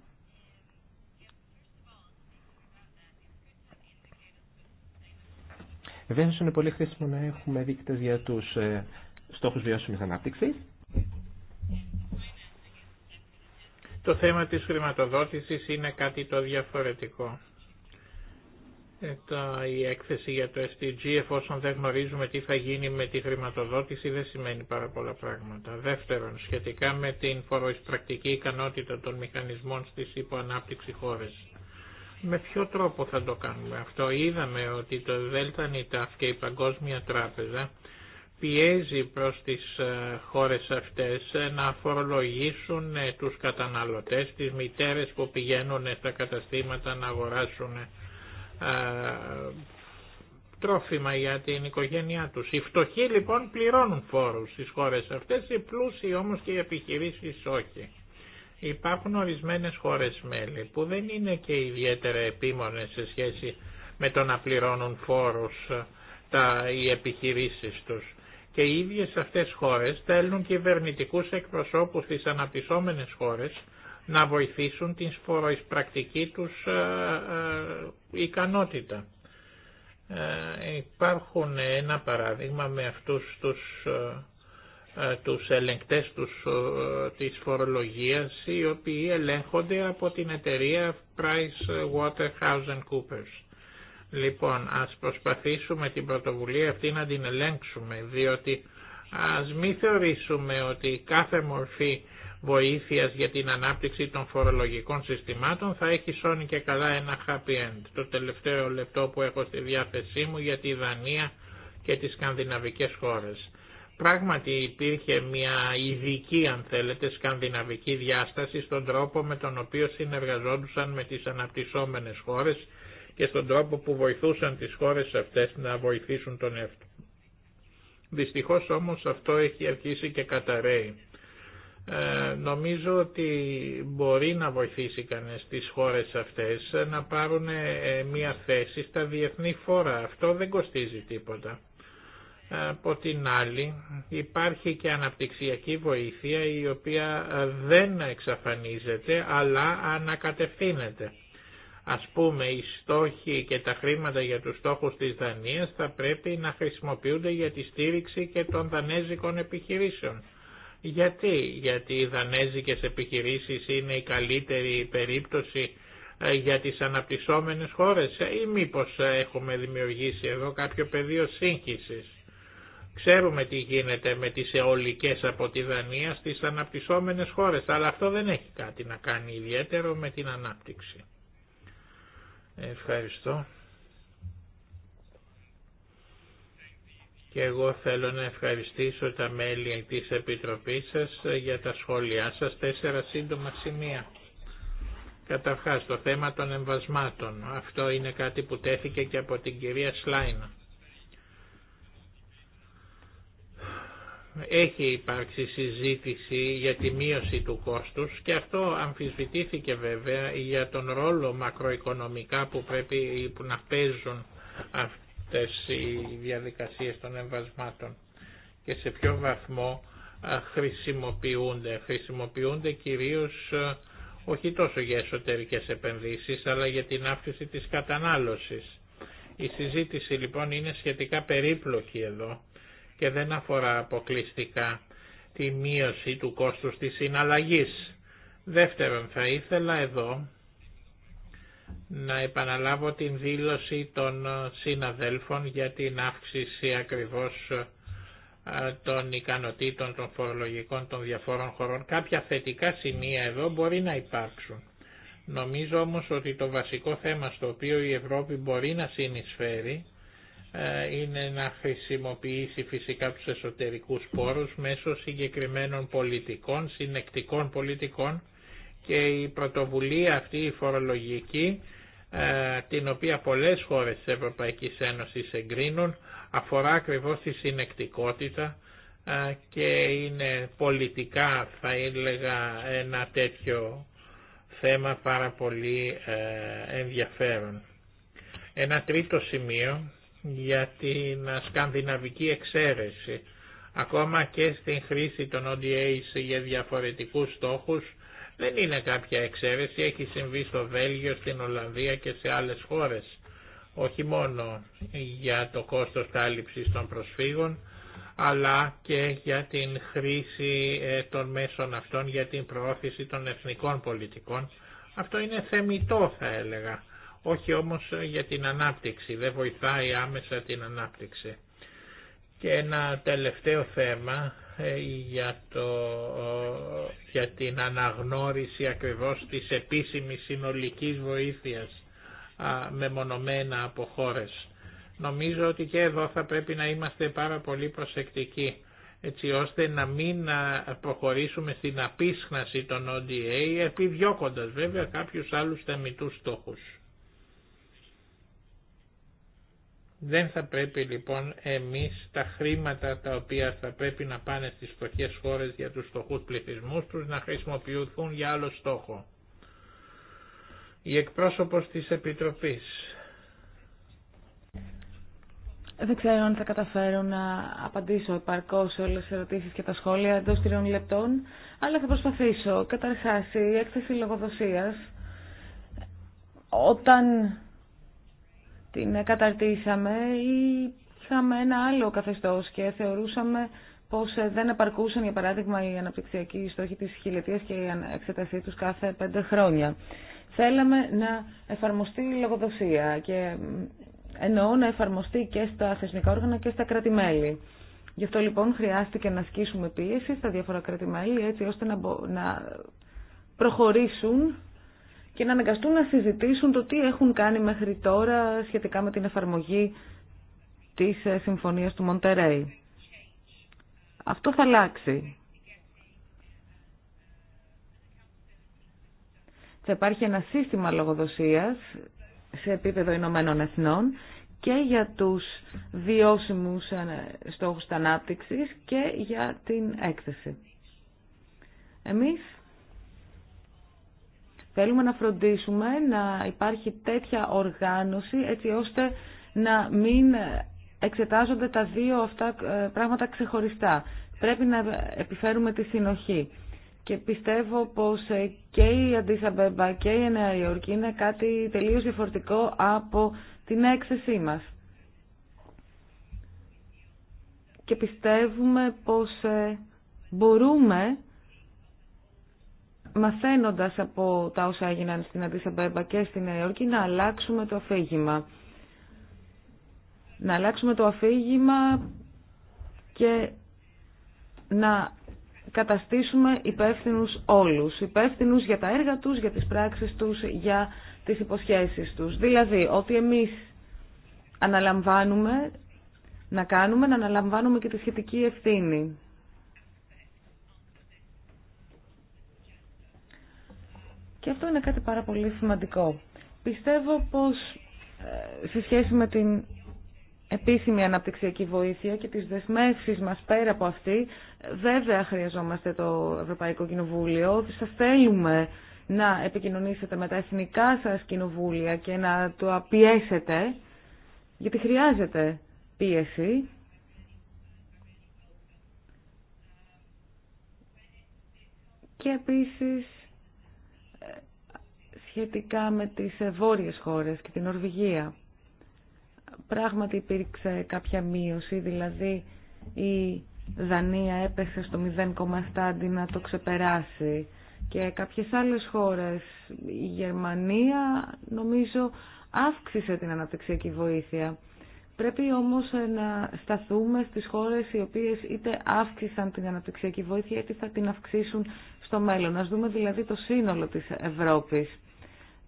Βέβαια, είναι πολύ χρήσιμο να έχουμε δείκτε για του ε, στόχου βιώσιμη ανάπτυξη. Το θέμα της χρηματοδότησης είναι κάτι το διαφορετικό. Ε, το, η έκθεση για το SDG, εφόσον δεν γνωρίζουμε τι θα γίνει με τη χρηματοδότηση, δεν σημαίνει πάρα πολλά πράγματα. Δεύτερον, σχετικά με την φοροεισπρακτική ικανότητα των μηχανισμών στις υποανάπτυξη χώρες. Με ποιο τρόπο θα το κάνουμε αυτό. Είδαμε ότι το Δέλτα Ταφ και η Παγκόσμια Τράπεζα πιέζει προς τις ε, χώρες αυτές ε, να φορολογήσουν ε, τους καταναλωτές, τις μητέρες που πηγαίνουν στα καταστήματα να αγοράσουν τρόφιμα για την οικογένειά τους. Οι φτωχοί λοιπόν πληρώνουν φόρους στις χώρες αυτές, οι πλούσιοι όμως και οι επιχειρήσεις όχι. Υπάρχουν ορισμένες χώρες μέλη που δεν είναι και ιδιαίτερα επίμονες σε σχέση με το να πληρώνουν φόρους ε, τα, οι επιχειρήσεις τους. Και οι ίδιες αυτές χώρες στέλνουν κυβερνητικούς εκπροσώπους στις αναπτυσσόμενες χώρες να βοηθήσουν την σφοροεισπρακτική τους ε, ε, ικανότητα. υπάρχουν ένα παράδειγμα με αυτούς τους ε, τους ελεγκτές τους, ε, της φορολογίας οι οποίοι ελέγχονται από την εταιρεία PricewaterhouseCoopers. Λοιπόν, ας προσπαθήσουμε την πρωτοβουλία αυτή να την ελέγξουμε, διότι ας μη θεωρήσουμε ότι κάθε μορφή βοήθειας για την ανάπτυξη των φορολογικών συστημάτων θα έχει σώνει και καλά ένα happy end. Το τελευταίο λεπτό που έχω στη διάθεσή μου για τη Δανία και τις σκανδιναβικές χώρες. Πράγματι υπήρχε μια ειδική, αν θέλετε, σκανδιναβική διάσταση στον τρόπο με τον οποίο συνεργαζόντουσαν με τις αναπτυσσόμενες χώρες και στον τρόπο που βοηθούσαν τις χώρες αυτές να βοηθήσουν τον εαυτό. Δυστυχώς όμως αυτό έχει αρχίσει και καταραίει. Ε, νομίζω ότι μπορεί να βοηθήσει κανένας τις χώρες αυτές να πάρουν ε, μια θέση στα διεθνή φόρα. Αυτό δεν κοστίζει τίποτα. Από την άλλη υπάρχει και αναπτυξιακή βοήθεια η οποία δεν εξαφανίζεται αλλά ανακατευθύνεται. Ας πούμε οι στόχοι και τα χρήματα για τους στόχους της Δανίας θα πρέπει να χρησιμοποιούνται για τη στήριξη και των δανέζικων επιχειρήσεων. Γιατί, γιατί οι δανέζικες επιχειρήσεις είναι η καλύτερη περίπτωση ε, για τις αναπτυσσόμενες χώρες ε, ή μήπως ε, έχουμε δημιουργήσει εδώ κάποιο πεδίο σύγχυσης. Ξέρουμε τι γίνεται με τις αιωλικές από τη Δανία στις αναπτυσσόμενες χώρες, αλλά αυτό δεν έχει κάτι να κάνει ιδιαίτερο με την ανάπτυξη. Ευχαριστώ. Και εγώ θέλω να ευχαριστήσω τα μέλη της Επιτροπής σας για τα σχόλιά σας, τέσσερα σύντομα σημεία. Καταρχάς, το θέμα των εμβασμάτων. Αυτό είναι κάτι που τέθηκε και από την κυρία Σλάινα έχει υπάρξει συζήτηση για τη μείωση του κόστους και αυτό αμφισβητήθηκε βέβαια για τον ρόλο μακροοικονομικά που πρέπει που να παίζουν αυτές οι διαδικασίες των εμβασμάτων και σε ποιο βαθμό χρησιμοποιούνται. Χρησιμοποιούνται κυρίως όχι τόσο για εσωτερικές επενδύσεις αλλά για την αύξηση της κατανάλωσης. Η συζήτηση λοιπόν είναι σχετικά περίπλοκη εδώ και δεν αφορά αποκλειστικά τη μείωση του κόστους της συναλλαγής. Δεύτερον, θα ήθελα εδώ να επαναλάβω την δήλωση των συναδέλφων για την αύξηση ακριβώς ε, των ικανοτήτων των φορολογικών των διαφόρων χωρών. Κάποια θετικά σημεία εδώ μπορεί να υπάρξουν. Νομίζω όμως ότι το βασικό θέμα στο οποίο η Ευρώπη μπορεί να συνεισφέρει ε, είναι να χρησιμοποιήσει φυσικά τους εσωτερικούς πόρους μέσω συγκεκριμένων πολιτικών, συνεκτικών πολιτικών και η πρωτοβουλία αυτή η φορολογική ε, την οποία πολλές χώρες της Ευρωπαϊκής Ένωσης εγκρίνουν αφορά ακριβώς τη συνεκτικότητα ε, και είναι πολιτικά θα έλεγα ένα τέτοιο θέμα πάρα πολύ ενδιαφέρον. Ένα τρίτο σημείο για την σκανδιναβική εξαίρεση. Ακόμα και στην χρήση των ODA για διαφορετικούς στόχους δεν είναι κάποια εξαίρεση, έχει συμβεί στο Βέλγιο, στην Ολλανδία και σε άλλες χώρες. Όχι μόνο για το κόστος κάλυψης των προσφύγων, αλλά και για την χρήση ε, των μέσων αυτών για την προώθηση των εθνικών πολιτικών. Αυτό είναι θεμητό θα έλεγα όχι όμως για την ανάπτυξη, δεν βοηθάει άμεσα την ανάπτυξη. Και ένα τελευταίο θέμα ε, για, το, για την αναγνώριση ακριβώς της επίσημης συνολικής βοήθειας μεμονωμένα από χώρες. Νομίζω ότι και εδώ θα πρέπει να είμαστε πάρα πολύ προσεκτικοί έτσι ώστε να μην προχωρήσουμε στην απίσχναση των ODA επιδιώκοντας βέβαια κάποιους άλλους θεμητούς στόχους. Δεν θα πρέπει λοιπόν εμείς τα χρήματα τα οποία θα πρέπει να πάνε στις φτωχές χώρες για τους φτωχούς πληθυσμούς τους να χρησιμοποιηθούν για άλλο στόχο. Η εκπρόσωπος της Επιτροπής. Δεν ξέρω αν θα καταφέρω να απαντήσω επαρκώ σε όλε τι ερωτήσει και τα σχόλια εντό τριών λεπτών, αλλά θα προσπαθήσω. Καταρχά, η έκθεση λογοδοσία. Όταν την καταρτήσαμε ή είχαμε ένα άλλο καθεστώς και θεωρούσαμε πως δεν επαρκούσαν, για παράδειγμα, οι αναπτυξιακοί στόχοι της χιλιετίας και η εξετασή τους κάθε πέντε χρόνια. Θέλαμε να εφαρμοστεί η λογοδοσία και εννοώ να εφαρμοστεί και στα θεσμικά όργανα και στα κρατημέλη. Γι' αυτό λοιπόν χρειάστηκε να ασκήσουμε πίεση στα διάφορα κρατημέλη έτσι ώστε να προχωρήσουν και να αναγκαστούν να συζητήσουν το τι έχουν κάνει μέχρι τώρα σχετικά με την εφαρμογή της ε, Συμφωνίας του Μοντερέι. Αυτό θα αλλάξει. Θα υπάρχει ένα σύστημα λογοδοσίας σε επίπεδο Ηνωμένων Εθνών και για τους βιώσιμους ε, στόχους της ανάπτυξης και για την έκθεση. Εμείς Θέλουμε να φροντίσουμε να υπάρχει τέτοια οργάνωση έτσι ώστε να μην εξετάζονται τα δύο αυτά ε, πράγματα ξεχωριστά. Πρέπει να επιφέρουμε τη συνοχή. Και πιστεύω πως ε, και η Αντίσαμπεμπα και η Νέα Υόρκη είναι κάτι τελείως διαφορετικό από την έξεσή μας. Και πιστεύουμε πως ε, μπορούμε μαθαίνοντας από τα όσα έγιναν στην Αντίσαμπέμπα και στη Νέα Υόρκη να αλλάξουμε το αφήγημα. Να αλλάξουμε το αφήγημα και να καταστήσουμε υπεύθυνους όλους. Υπεύθυνους για τα έργα τους, για τις πράξεις τους, για τις υποσχέσεις τους. Δηλαδή ότι εμείς αναλαμβάνουμε να κάνουμε, να αναλαμβάνουμε και τη σχετική ευθύνη. Και αυτό είναι κάτι πάρα πολύ σημαντικό. Πιστεύω πως ε, σε σχέση με την επίσημη αναπτυξιακή βοήθεια και τις δεσμεύσεις μας πέρα από αυτή, βέβαια χρειαζόμαστε το Ευρωπαϊκό Κοινοβούλιο. Σας θέλουμε να επικοινωνήσετε με τα εθνικά σας κοινοβούλια και να το απιέσετε, γιατί χρειάζεται πίεση. Και επίσης σχετικά με τις ε, βόρειες χώρες και την Ορβηγία. Πράγματι υπήρξε κάποια μείωση, δηλαδή η Δανία έπεσε στο 0,7 αντί να το ξεπεράσει και κάποιες άλλες χώρες, η Γερμανία νομίζω αύξησε την αναπτυξιακή βοήθεια. Πρέπει όμως ε, να σταθούμε στις χώρες οι οποίες είτε αύξησαν την αναπτυξιακή βοήθεια είτε θα την αυξήσουν στο μέλλον. Ας δούμε δηλαδή το σύνολο της Ευρώπης.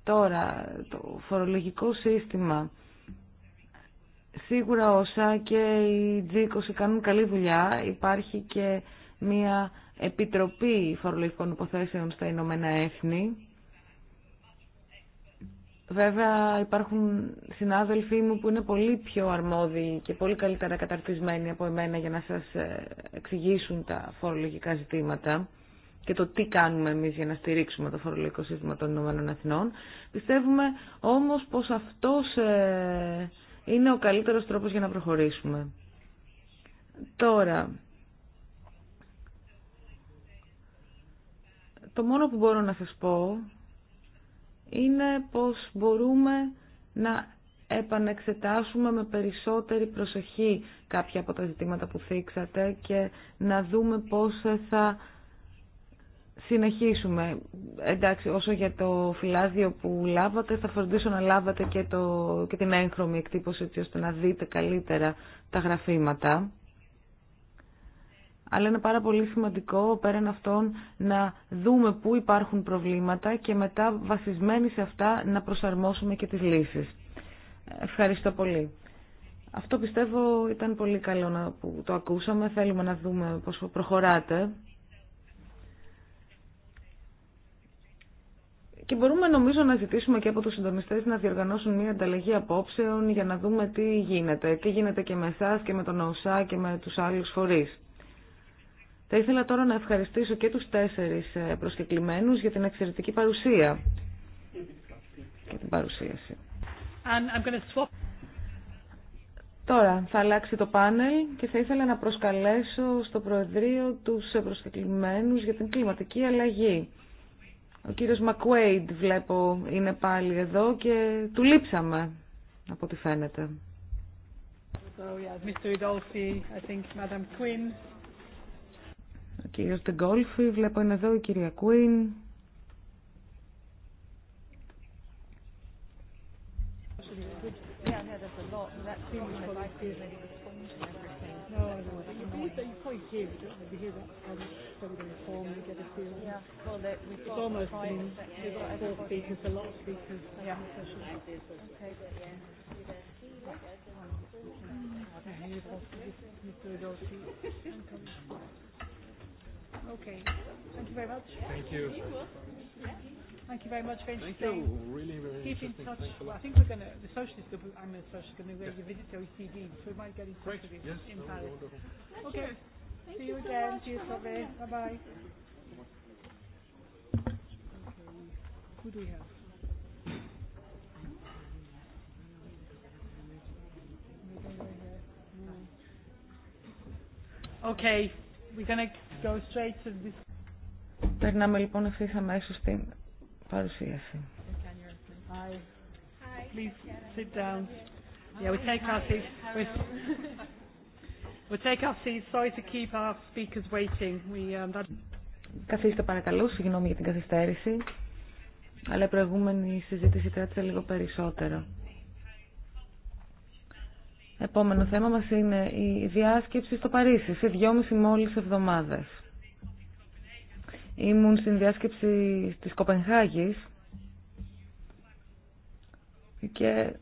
Τώρα, το φορολογικό σύστημα. Σίγουρα όσα και οι g κάνουν καλή δουλειά. Υπάρχει και μια επιτροπή φορολογικών υποθέσεων στα Ηνωμένα Έθνη. Βέβαια υπάρχουν συνάδελφοί μου που είναι πολύ πιο αρμόδιοι και πολύ καλύτερα καταρτισμένοι από εμένα για να σας ε, εξηγήσουν τα φορολογικά ζητήματα και το τι κάνουμε εμείς για να στηρίξουμε το φορολογικό σύστημα των Ηνωμένων Εθνών. Πιστεύουμε όμως πως αυτός ε, είναι ο καλύτερος τρόπος για να προχωρήσουμε. Τώρα, το μόνο που μπορώ να σας πω είναι πως μπορούμε να επανεξετάσουμε με περισσότερη προσοχή κάποια από τα ζητήματα που θίξατε και να δούμε πώς θα συνεχίσουμε. Εντάξει, όσο για το φυλάδιο που λάβατε, θα φροντίσω να λάβατε και, το, και την έγχρωμη εκτύπωση, έτσι ώστε να δείτε καλύτερα τα γραφήματα. Αλλά είναι πάρα πολύ σημαντικό, πέραν αυτών, να δούμε πού υπάρχουν προβλήματα και μετά, βασισμένοι σε αυτά, να προσαρμόσουμε και τις λύσεις. Ευχαριστώ πολύ. Αυτό πιστεύω ήταν πολύ καλό να, που το ακούσαμε. Θέλουμε να δούμε πώς προχωράτε. Και μπορούμε νομίζω να ζητήσουμε και από τους συντονιστές να διοργανώσουν μια ανταλλαγή απόψεων για να δούμε τι γίνεται. Τι γίνεται και με εσά και με τον ΟΣΑ και με τους άλλους φορείς. Θα ήθελα τώρα να ευχαριστήσω και τους τέσσερις ε, προσκεκλημένους για την εξαιρετική παρουσία Τώρα θα αλλάξει το πάνελ και θα ήθελα να προσκαλέσω στο Προεδρείο τους προσκεκλημένους για την κλιματική αλλαγή. Ο κύριος Μακουέιντ βλέπω είναι πάλι εδώ και του λείψαμε από ό,τι φαίνεται. Ο κύριος Τεγκόλφι βλέπω είναι εδώ η κυρία Κουίν that you probably hear, don't hear that form, a Yeah, that it's almost, I got four speakers, a lot of speakers. Yeah. Okay, Okay. Thank you very much. Thank you. Thank you very much for Thank you. Really, really Keep in touch. Well I think we're going to, the socialist group, I'm a socialist, going to yes. visit OECD, so we might get in touch with you yes, in Paris. Okay. See you again. Cheers, Bye bye. Who do we have? Okay, we're going to Περνάμε λοιπόν ευθύ αμέσω στην παρουσίαση. Um, Καθίστε παρακαλώ, συγγνώμη για την καθυστέρηση, αλλά η προηγούμενη συζήτηση κράτησε λίγο περισσότερο. Επόμενο θέμα μας είναι η διάσκεψη στο Παρίσι, σε δυόμιση μόλις εβδομάδες. Ήμουν στην διάσκεψη της Κοπενχάγης και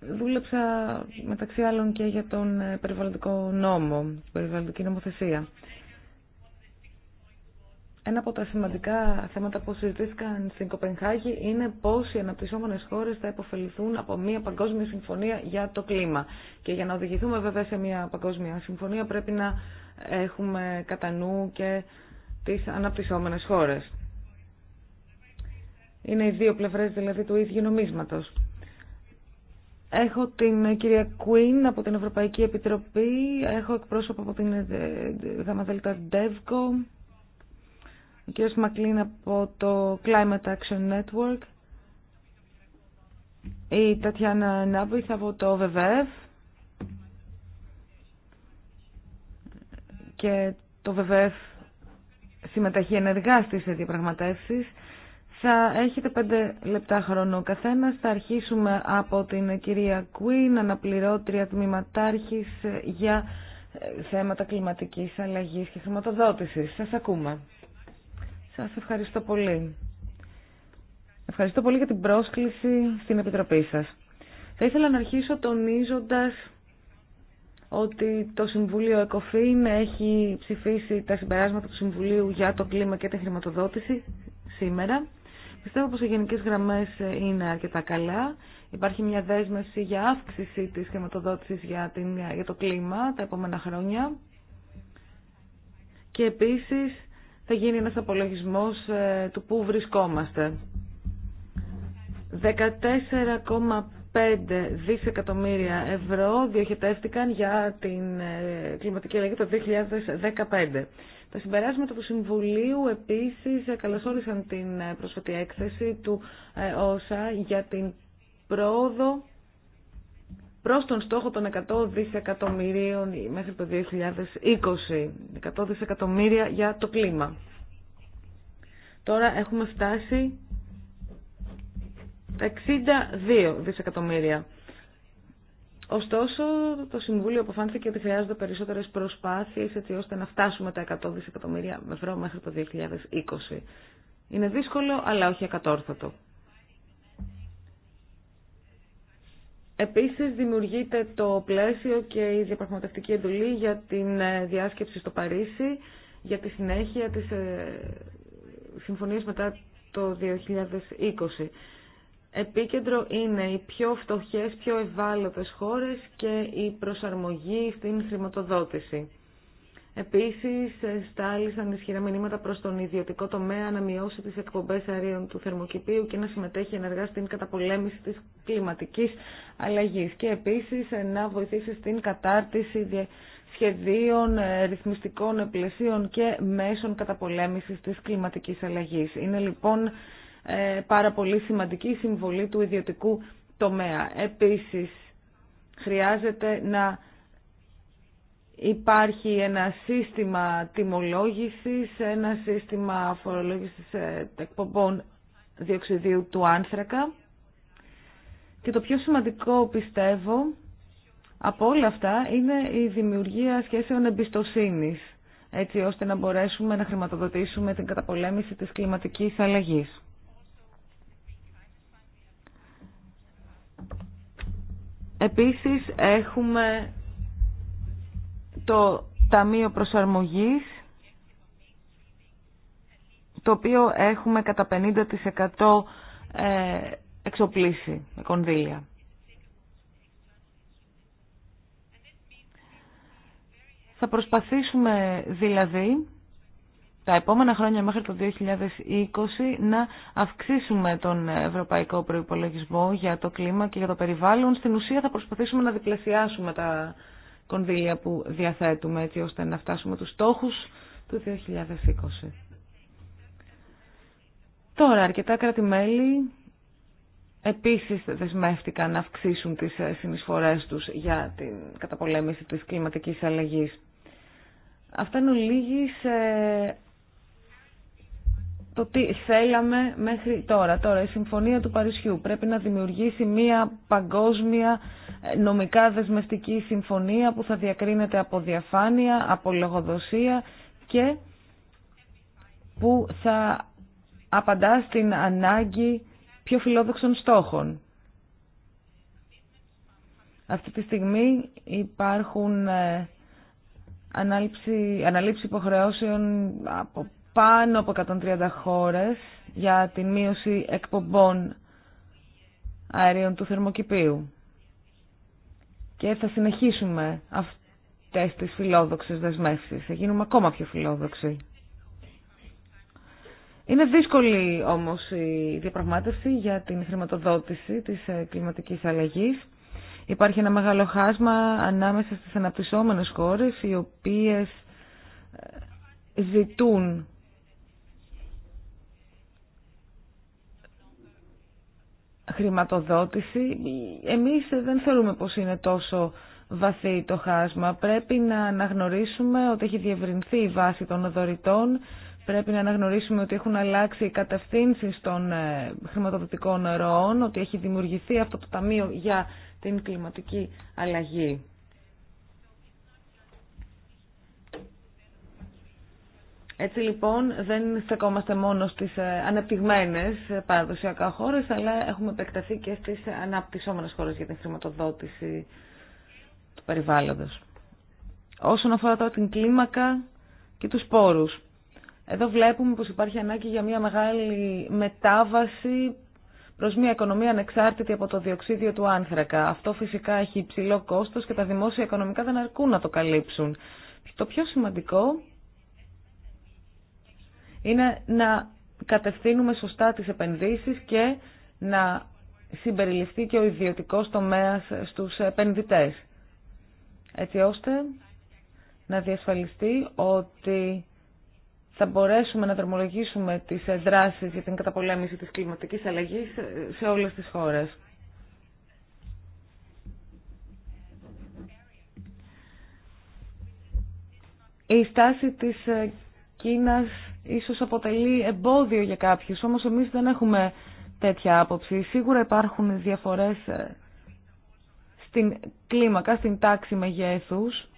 δούλεψα μεταξύ άλλων και για τον περιβαλλοντικό νόμο, την περιβαλλοντική νομοθεσία. Ένα από τα σημαντικά θέματα που συζητήθηκαν στην Κοπενχάγη είναι πώς οι αναπτυσσόμενες χώρε θα υποφεληθούν από μια παγκόσμια συμφωνία για το κλίμα. Και για να οδηγηθούμε βέβαια σε μια παγκόσμια συμφωνία πρέπει να έχουμε κατά νου και τις αναπτυσσόμενες χώρε. Είναι οι δύο πλευρέ δηλαδή του ίδιου νομίσματος. Έχω την κυρία Κουίν από την Ευρωπαϊκή Επιτροπή, έχω εκπρόσωπο από την ε, ε, ΓΔ ο κ. Μακλίν από το Climate Action Network. Η Τατιάνα Νάμπης από το ΒΒΕΒ. Και το ΒΒΕΒ συμμεταχεί ενεργά στις διαπραγματεύσεις. Θα έχετε πέντε λεπτά χρόνο καθένα. Θα αρχίσουμε από την κυρία Κουίν, αναπληρώτρια τμήματάρχης για ε, θέματα κλιματικής αλλαγής και χρηματοδότησης. Σας ακούμε. Σας ευχαριστώ πολύ. Ευχαριστώ πολύ για την πρόσκληση στην Επιτροπή σας. Θα ήθελα να αρχίσω τονίζοντας ότι το Συμβούλιο ΕΚΟΦΗΝ έχει ψηφίσει τα συμπεράσματα του Συμβουλίου για το κλίμα και τη χρηματοδότηση σήμερα. Πιστεύω πως οι γενικές γραμμές είναι αρκετά καλά. Υπάρχει μια δέσμευση για αύξηση της χρηματοδότησης για, την, για το κλίμα τα επόμενα χρόνια. Και επίσης θα γίνει ένας απολογισμός ε, του πού βρισκόμαστε. 14,5 δισεκατομμύρια ευρώ διοχετεύτηκαν για την ε, κλιματική αλλαγή το 2015. Τα συμπεράσματα του Συμβουλίου επίσης καλωσόρισαν την ε, προσφατή έκθεση του ΩΣΑ για την πρόοδο προς τον στόχο των 100 δισεκατομμυρίων μέχρι το 2020. 100 δισεκατομμύρια για το κλίμα. Τώρα έχουμε φτάσει τα 62 δισεκατομμύρια. Ωστόσο, το Συμβούλιο αποφάνθηκε ότι χρειάζονται περισσότερες προσπάθειες έτσι ώστε να φτάσουμε τα 100 δισεκατομμύρια ευρώ μέχρι το 2020. Είναι δύσκολο, αλλά όχι ακατόρθωτο. Επίσης δημιουργείται το πλαίσιο και η διαπραγματευτική εντολή για την ε, διάσκεψη στο Παρίσι για τη συνέχεια της ε, συμφωνίας μετά το 2020. Επίκεντρο είναι οι πιο φτωχές, πιο ευάλωτες χώρες και η προσαρμογή στην χρηματοδότηση. Επίσης, στάλησαν ισχυρά μηνύματα προς τον ιδιωτικό τομέα να μειώσει τις εκπομπέ αερίων του θερμοκηπίου και να συμμετέχει ενεργά στην καταπολέμηση της κλιματικής αλλαγή. Και επίσης, να βοηθήσει στην κατάρτιση σχεδίων, ε, ρυθμιστικών πλαισίων και μέσων καταπολέμησης της κλιματικής αλλαγής. Είναι λοιπόν ε, πάρα πολύ σημαντική η συμβολή του ιδιωτικού τομέα. Επίσης, χρειάζεται να υπάρχει ένα σύστημα τιμολόγησης, ένα σύστημα φορολόγησης ε, εκπομπών διοξιδίου του άνθρακα. Και το πιο σημαντικό πιστεύω από όλα αυτά είναι η δημιουργία σχέσεων εμπιστοσύνης, έτσι ώστε να μπορέσουμε να χρηματοδοτήσουμε την καταπολέμηση της κλιματικής αλλαγής. Επίσης έχουμε το Ταμείο Προσαρμογής, το οποίο έχουμε κατά 50% ε, εξοπλίσει με κονδύλια. Θα προσπαθήσουμε δηλαδή τα επόμενα χρόνια μέχρι το 2020 να αυξήσουμε τον ευρωπαϊκό προϋπολογισμό για το κλίμα και για το περιβάλλον. Στην ουσία θα προσπαθήσουμε να διπλασιάσουμε τα κονδύλια που διαθέτουμε έτσι ώστε να φτάσουμε τους στόχους του 2020. Τώρα, αρκετά κράτη-μέλη επίσης δεσμεύτηκαν να αυξήσουν τις συνεισφορές τους για την καταπολέμηση της κλιματικής αλλαγής. Αυτά είναι λίγοι σε το τι θέλαμε μέχρι τώρα. Τώρα, η Συμφωνία του Παρισιού πρέπει να δημιουργήσει μία παγκόσμια ε, νομικά δεσμευτική συμφωνία που θα διακρίνεται από διαφάνεια, από λογοδοσία και που θα απαντά στην ανάγκη πιο φιλόδοξων στόχων. Αυτή τη στιγμή υπάρχουν ε, ανάληψη, αναλήψη υποχρεώσεων από πάνω από 130 χώρες για την μείωση εκπομπών αερίων του θερμοκηπίου. Και θα συνεχίσουμε αυτές τις φιλόδοξες δεσμεύσεις. Θα γίνουμε ακόμα πιο φιλόδοξοι. Είναι δύσκολη όμως η διαπραγμάτευση για την χρηματοδότηση της ε, κλιματικής αλλαγής. Υπάρχει ένα μεγάλο χάσμα ανάμεσα στις αναπτυσσόμενες χώρες οι οποίες ε, ζητούν χρηματοδότηση, εμείς δεν θέλουμε πως είναι τόσο βαθύ το χάσμα. Πρέπει να αναγνωρίσουμε ότι έχει διευρυνθεί η βάση των δωρητών, πρέπει να αναγνωρίσουμε ότι έχουν αλλάξει οι κατευθύνσει των ε, χρηματοδοτικών ροών, ότι έχει δημιουργηθεί αυτό το Ταμείο για την κλιματική αλλαγή. Έτσι λοιπόν δεν στεκόμαστε μόνο στις ε, αναπτυγμένες ε, παραδοσιακά χώρες, αλλά έχουμε επεκταθεί και στις αναπτυσσόμενες χώρες για την χρηματοδότηση του περιβάλλοντος. Όσον αφορά τώρα την κλίμακα και τους πόρους, εδώ βλέπουμε πως υπάρχει ανάγκη για μια μεγάλη μετάβαση προς μια οικονομία ανεξάρτητη από το διοξίδιο του άνθρακα. Αυτό φυσικά έχει υψηλό κόστος και τα δημόσια οικονομικά δεν αρκούν να το καλύψουν. Το πιο σημαντικό είναι να κατευθύνουμε σωστά τις επενδύσεις και να συμπεριληφθεί και ο ιδιωτικός τομέας στους επενδυτές. Έτσι ώστε να διασφαλιστεί ότι θα μπορέσουμε να δρομολογήσουμε τις δράσεις για την καταπολέμηση της κλιματικής αλλαγής σε όλες τις χώρες. Η στάση της Κίνας ίσως αποτελεί εμπόδιο για κάποιους, όμως εμείς δεν έχουμε τέτοια άποψη. Σίγουρα υπάρχουν διαφορές ε, στην κλίμακα, στην τάξη μεγέθους,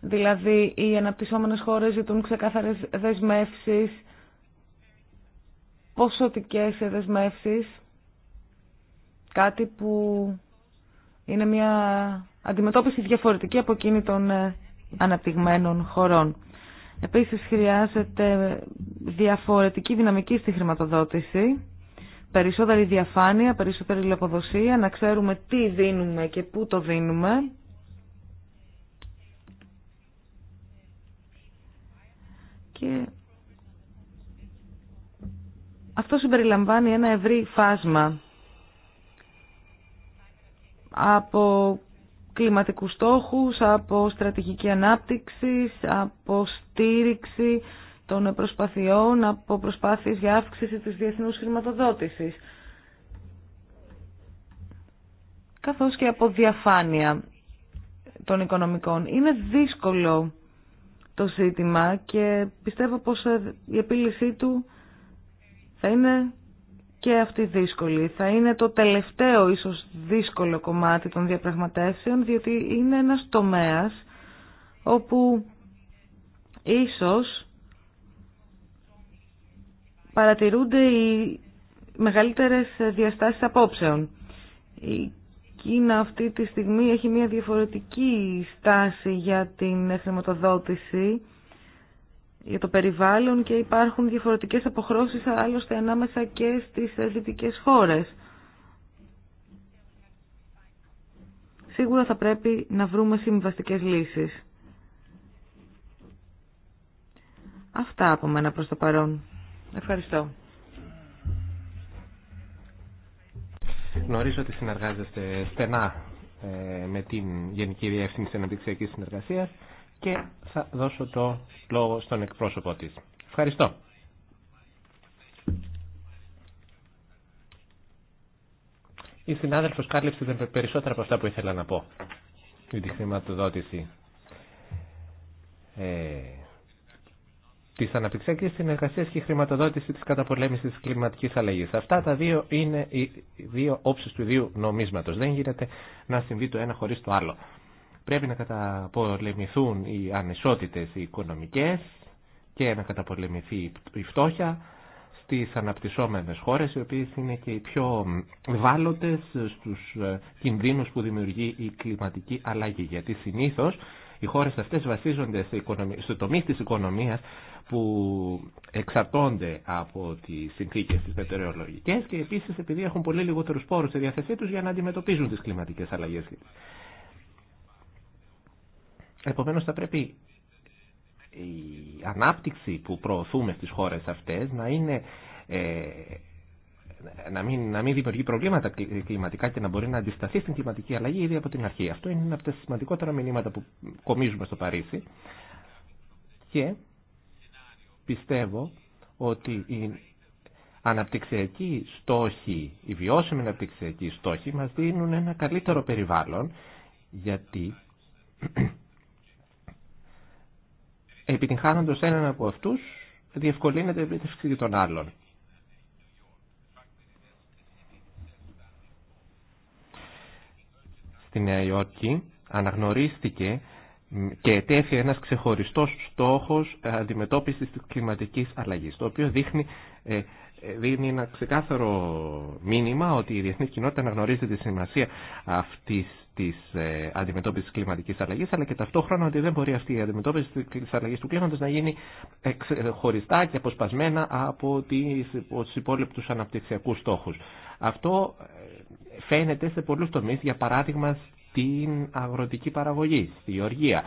δηλαδή οι αναπτυσσόμενες χώρες ζητούν ξεκάθαρες δεσμεύσεις, ποσοτικές δεσμεύσεις, κάτι που είναι μια αντιμετώπιση διαφορετική από εκείνη των ε, αναπτυγμένων χωρών. Επίσης χρειάζεται διαφορετική δυναμική στη χρηματοδότηση, περισσότερη διαφάνεια, περισσότερη λεποδοσία, να ξέρουμε τι δίνουμε και πού το δίνουμε. Και αυτό συμπεριλαμβάνει ένα ευρύ φάσμα από κλιματικούς στόχους, από στρατηγική ανάπτυξη, από στήριξη των προσπαθειών, από προσπάθειες για αύξηση της διεθνούς χρηματοδότησης. Καθώς και από διαφάνεια των οικονομικών. Είναι δύσκολο το ζήτημα και πιστεύω πως η επίλυσή του θα είναι και αυτή δύσκολη. Θα είναι το τελευταίο ίσως δύσκολο κομμάτι των διαπραγματεύσεων διότι είναι ένας τομέας όπου ίσως παρατηρούνται οι μεγαλύτερες διαστάσεις απόψεων. Η Κίνα αυτή τη στιγμή έχει μια διαφορετική στάση για την χρηματοδότηση για το περιβάλλον και υπάρχουν διαφορετικές αποχρώσεις άλλωστε ανάμεσα και στις δυτικέ χώρες. Σίγουρα θα πρέπει να βρούμε συμβαστικές λύσεις. Αυτά από μένα προς το παρόν. Ευχαριστώ. Γνωρίζω ότι συνεργάζεστε στενά ε, με την Γενική Διεύθυνση Αναπτυξιακής Συνεργασίας και θα δώσω το λόγο στον εκπρόσωπό της. Ευχαριστώ. Η συνάδελφος κάλυψε περισσότερα από αυτά που ήθελα να πω για τη χρηματοδότηση ε, τη αναπτυξιακή και η χρηματοδότηση της καταπολέμησης τη κλιματική αλλαγή. Αυτά τα δύο είναι οι δύο όψει του ίδιου νομίσματος. Δεν γίνεται να συμβεί το ένα χωρί το άλλο. Πρέπει να καταπολεμηθούν οι ανισότητες οι οικονομικές και να καταπολεμηθεί η φτώχεια στις αναπτυσσόμενες χώρες, οι οποίες είναι και οι πιο βάλλοντες στους κινδύνους που δημιουργεί η κλιματική αλλαγή. Γιατί συνήθως οι χώρες αυτές βασίζονται στο τομεί της οικονομίας που εξαρτώνται από τις συνθήκες τις μετεωρολογικές και επίσης επειδή έχουν πολύ λιγότερους πόρους στη διάθεσή τους για να αντιμετωπίζουν τις κλιματικές αλλαγές Επομένως θα πρέπει η ανάπτυξη που προωθούμε στις χώρες αυτές να είναι ε, να μην, να μην δημιουργεί προβλήματα κλιματικά και να μπορεί να αντισταθεί στην κλιματική αλλαγή ήδη από την αρχή. Αυτό είναι ένα από τα σημαντικότερα μηνύματα που κομίζουμε στο Παρίσι και πιστεύω ότι η αναπτυξιακοί στόχοι, οι βιώσιμοι αναπτυξιακοί στόχοι μας δίνουν ένα καλύτερο περιβάλλον γιατί επιτυγχάνοντας έναν από αυτούς, διευκολύνεται η επίτευξη των άλλων. Στη Νέα Υόρκη αναγνωρίστηκε και ετέθη ένας ξεχωριστός στόχος αντιμετώπισης της κλιματικής αλλαγής, το οποίο δείχνει, ε, δίνει ένα ξεκάθαρο μήνυμα ότι η διεθνή κοινότητα αναγνωρίζει τη σημασία αυτής της ε, αντιμετώπισης τη κλιματικής αλλαγής, αλλά και ταυτόχρονα ότι δεν μπορεί αυτή η αντιμετώπιση της αλλαγή του κλίματο να γίνει ε, χωριστά και αποσπασμένα από του υπόλοιπου αναπτυξιακούς στόχους. Αυτό ε, φαίνεται σε πολλούς τομείς, για παράδειγμα στην αγροτική παραγωγή, στη Γεωργία.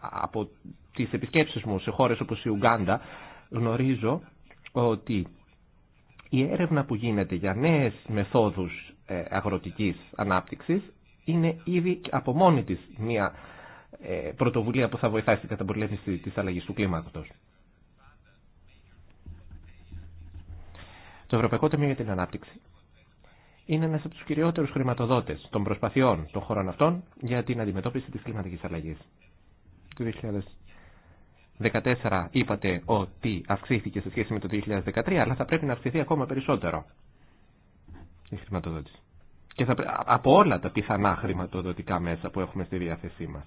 από τι επισκέψει μου σε χώρε όπω η Ουγγάντα γνωρίζω ότι η έρευνα που γίνεται για νέες μεθόδους ε, αγροτικής ανάπτυξης είναι ήδη από μόνη της μια ε, πρωτοβουλία που θα βοηθάει στην καταπολέμηση της αλλαγής του κλίματος. Το Ευρωπαϊκό Ταμείο για την Ανάπτυξη είναι ένας από τους κυριότερους χρηματοδότες των προσπαθειών των χωρών αυτών για την αντιμετώπιση της κλιματικής αλλαγής. Το 2014 είπατε ότι αυξήθηκε σε σχέση με το 2013, αλλά θα πρέπει να αυξηθεί ακόμα περισσότερο η χρηματοδότηση. Και θα, από όλα τα πιθανά χρηματοδοτικά μέσα που έχουμε στη διάθεσή μας.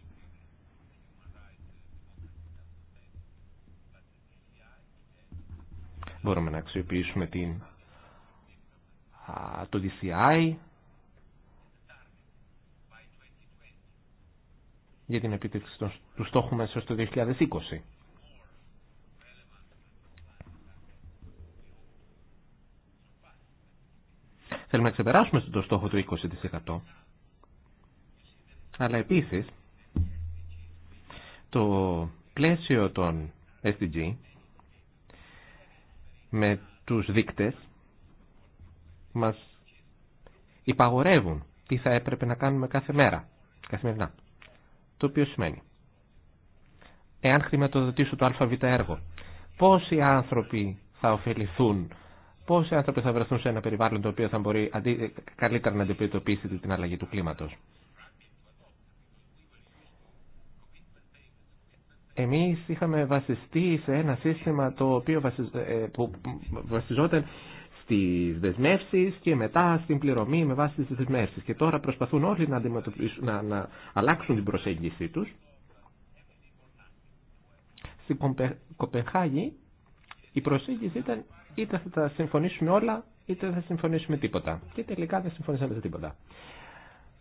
Μπορούμε να αξιοποιήσουμε την, το DCI για την επίτευξη του στόχου μέσα στο 2020. Θέλουμε να ξεπεράσουμε στον στόχο του 20%. Αλλά επίσης, το πλαίσιο των SDG με τους δείκτες μας υπαγορεύουν τι θα έπρεπε να κάνουμε κάθε μέρα, καθημερινά. Το οποίο σημαίνει, εάν χρηματοδοτήσω το ΑΒ έργο, πόσοι άνθρωποι θα ωφεληθούν πόσοι άνθρωποι θα βρεθούν σε ένα περιβάλλον το οποίο θα μπορεί καλύτερα να αντιμετωπίσει την αλλαγή του κλίματος. Εμείς είχαμε βασιστεί σε ένα σύστημα το οποίο ε, που βασιζόταν στις δεσμεύσεις και μετά στην πληρωμή με βάση τις δεσμεύσεις. Και τώρα προσπαθούν όλοι να, να, να αλλάξουν την προσέγγιση τους. Στην Κοπεχάγη η προσέγγιση ήταν είτε θα τα συμφωνήσουμε όλα, είτε θα συμφωνήσουμε τίποτα. Και τελικά δεν συμφωνήσαμε σε τίποτα.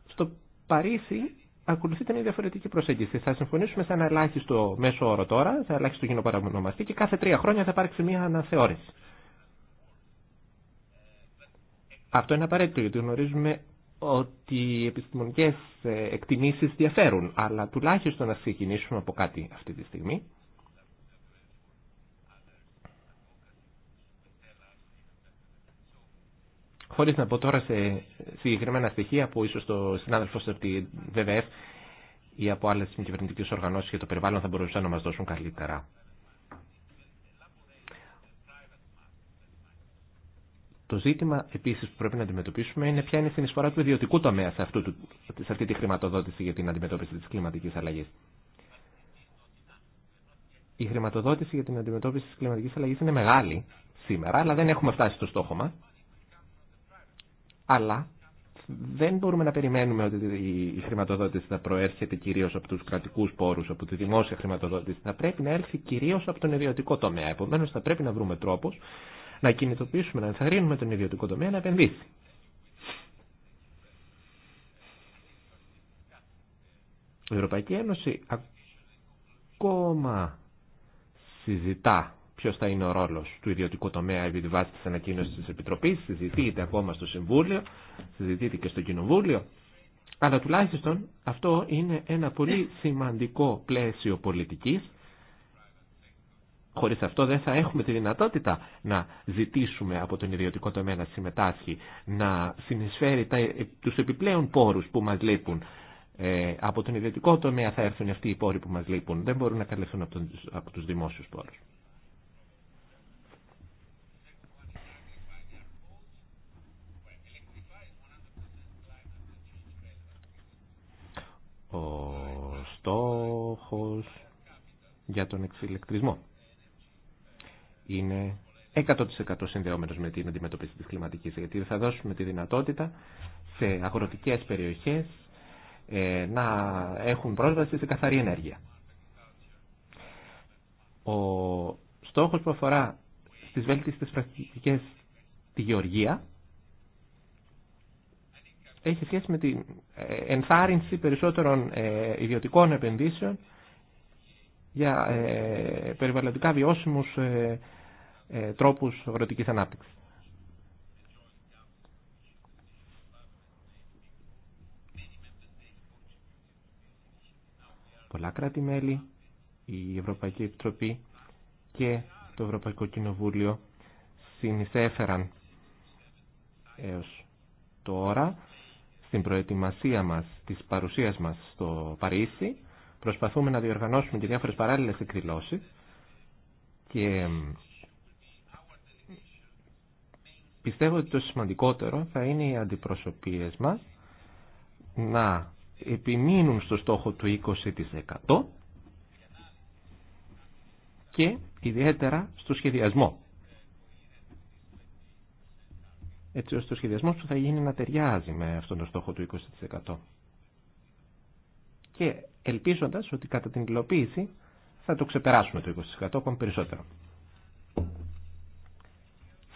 Στο Παρίσι ακολουθείται μια διαφορετική προσέγγιση. Θα συμφωνήσουμε σε ένα ελάχιστο μέσο όρο τώρα, σε ένα ελάχιστο κοινό και κάθε τρία χρόνια θα υπάρξει μια αναθεώρηση. Αυτό είναι απαραίτητο γιατί γνωρίζουμε ότι οι επιστημονικές ε, εκτιμήσεις διαφέρουν, αλλά τουλάχιστον να ξεκινήσουμε από κάτι αυτή τη στιγμή. Χωρίς να πω τώρα σε συγκεκριμένα στοιχεία που ίσως το συνάδελφος από τη ΒΒΕΦ ή από άλλες κυβερνητικέ οργανώσεις για το περιβάλλον θα μπορούσαν να μας δώσουν καλύτερα. Το ζήτημα επίση που πρέπει να αντιμετωπίσουμε είναι ποια είναι η συνεισφορά του ιδιωτικού τομέα σε, αυτού, σε αυτή τη χρηματοδότηση για την αντιμετώπιση τη κλιματική αλλαγή. Η χρηματοδότηση για την αντιμετώπιση τη κλιματική αλλαγή είναι μεγάλη σήμερα, αλλά δεν έχουμε φτάσει στο στόχο μα αλλά δεν μπορούμε να περιμένουμε ότι η χρηματοδότηση θα προέρχεται κυρίως από τους κρατικούς πόρους, από τη δημόσια χρηματοδότηση. Θα πρέπει να έρθει κυρίως από τον ιδιωτικό τομέα. Επομένως θα πρέπει να βρούμε τρόπους να κινητοποιήσουμε, να ενθαρρύνουμε τον ιδιωτικό τομέα να επενδύσει. Η Ευρωπαϊκή Ένωση ακόμα συζητά ποιο θα είναι ο ρόλο του ιδιωτικού τομέα επί τη βάση τη ανακοίνωση τη Επιτροπή. Συζητείται ακόμα στο Συμβούλιο, συζητείται και στο Κοινοβούλιο. Αλλά τουλάχιστον αυτό είναι ένα πολύ σημαντικό πλαίσιο πολιτική. Χωρί αυτό δεν θα έχουμε τη δυνατότητα να ζητήσουμε από τον ιδιωτικό τομέα να συμμετάσχει, να συνεισφέρει του επιπλέον πόρου που μα λείπουν ε, από τον ιδιωτικό τομέα θα έρθουν αυτοί οι πόροι που μας λείπουν. Δεν μπορούν να καλυφθούν από, τον, από τους δημόσιους πόρους. ο στόχος για τον εξηλεκτρισμό. Είναι 100% συνδεόμενος με την αντιμετωπίση της κλιματικής, γιατί θα δώσουμε τη δυνατότητα σε αγροτικές περιοχές ε, να έχουν πρόσβαση σε καθαρή ενέργεια. Ο στόχος που αφορά στις βέλτιστες πρακτικές τη γεωργία έχει σχέση με την ε, ενθάρρυνση περισσότερων ε, ιδιωτικών επενδύσεων για ε, περιβαλλοντικά βιώσιμους τρόπους αγροτικής ανάπτυξης. Πολλά κράτη-μέλη, η Ευρωπαϊκή Επιτροπή και το Ευρωπαϊκό Κοινοβούλιο συνεισέφεραν έως τώρα στην προετοιμασία μας, της παρουσίας μας στο Παρίσι, προσπαθούμε να διοργανώσουμε και διάφορες παράλληλες εκδηλώσεις και πιστεύω ότι το σημαντικότερο θα είναι οι αντιπροσωπείες μας να επιμείνουν στο στόχο του 20% και ιδιαίτερα στο σχεδιασμό έτσι ώστε ο σχεδιασμός που θα γίνει να ταιριάζει με αυτόν τον στόχο του 20%. Και ελπίζοντας ότι κατά την υλοποίηση θα το ξεπεράσουμε το 20% ακόμα περισσότερο.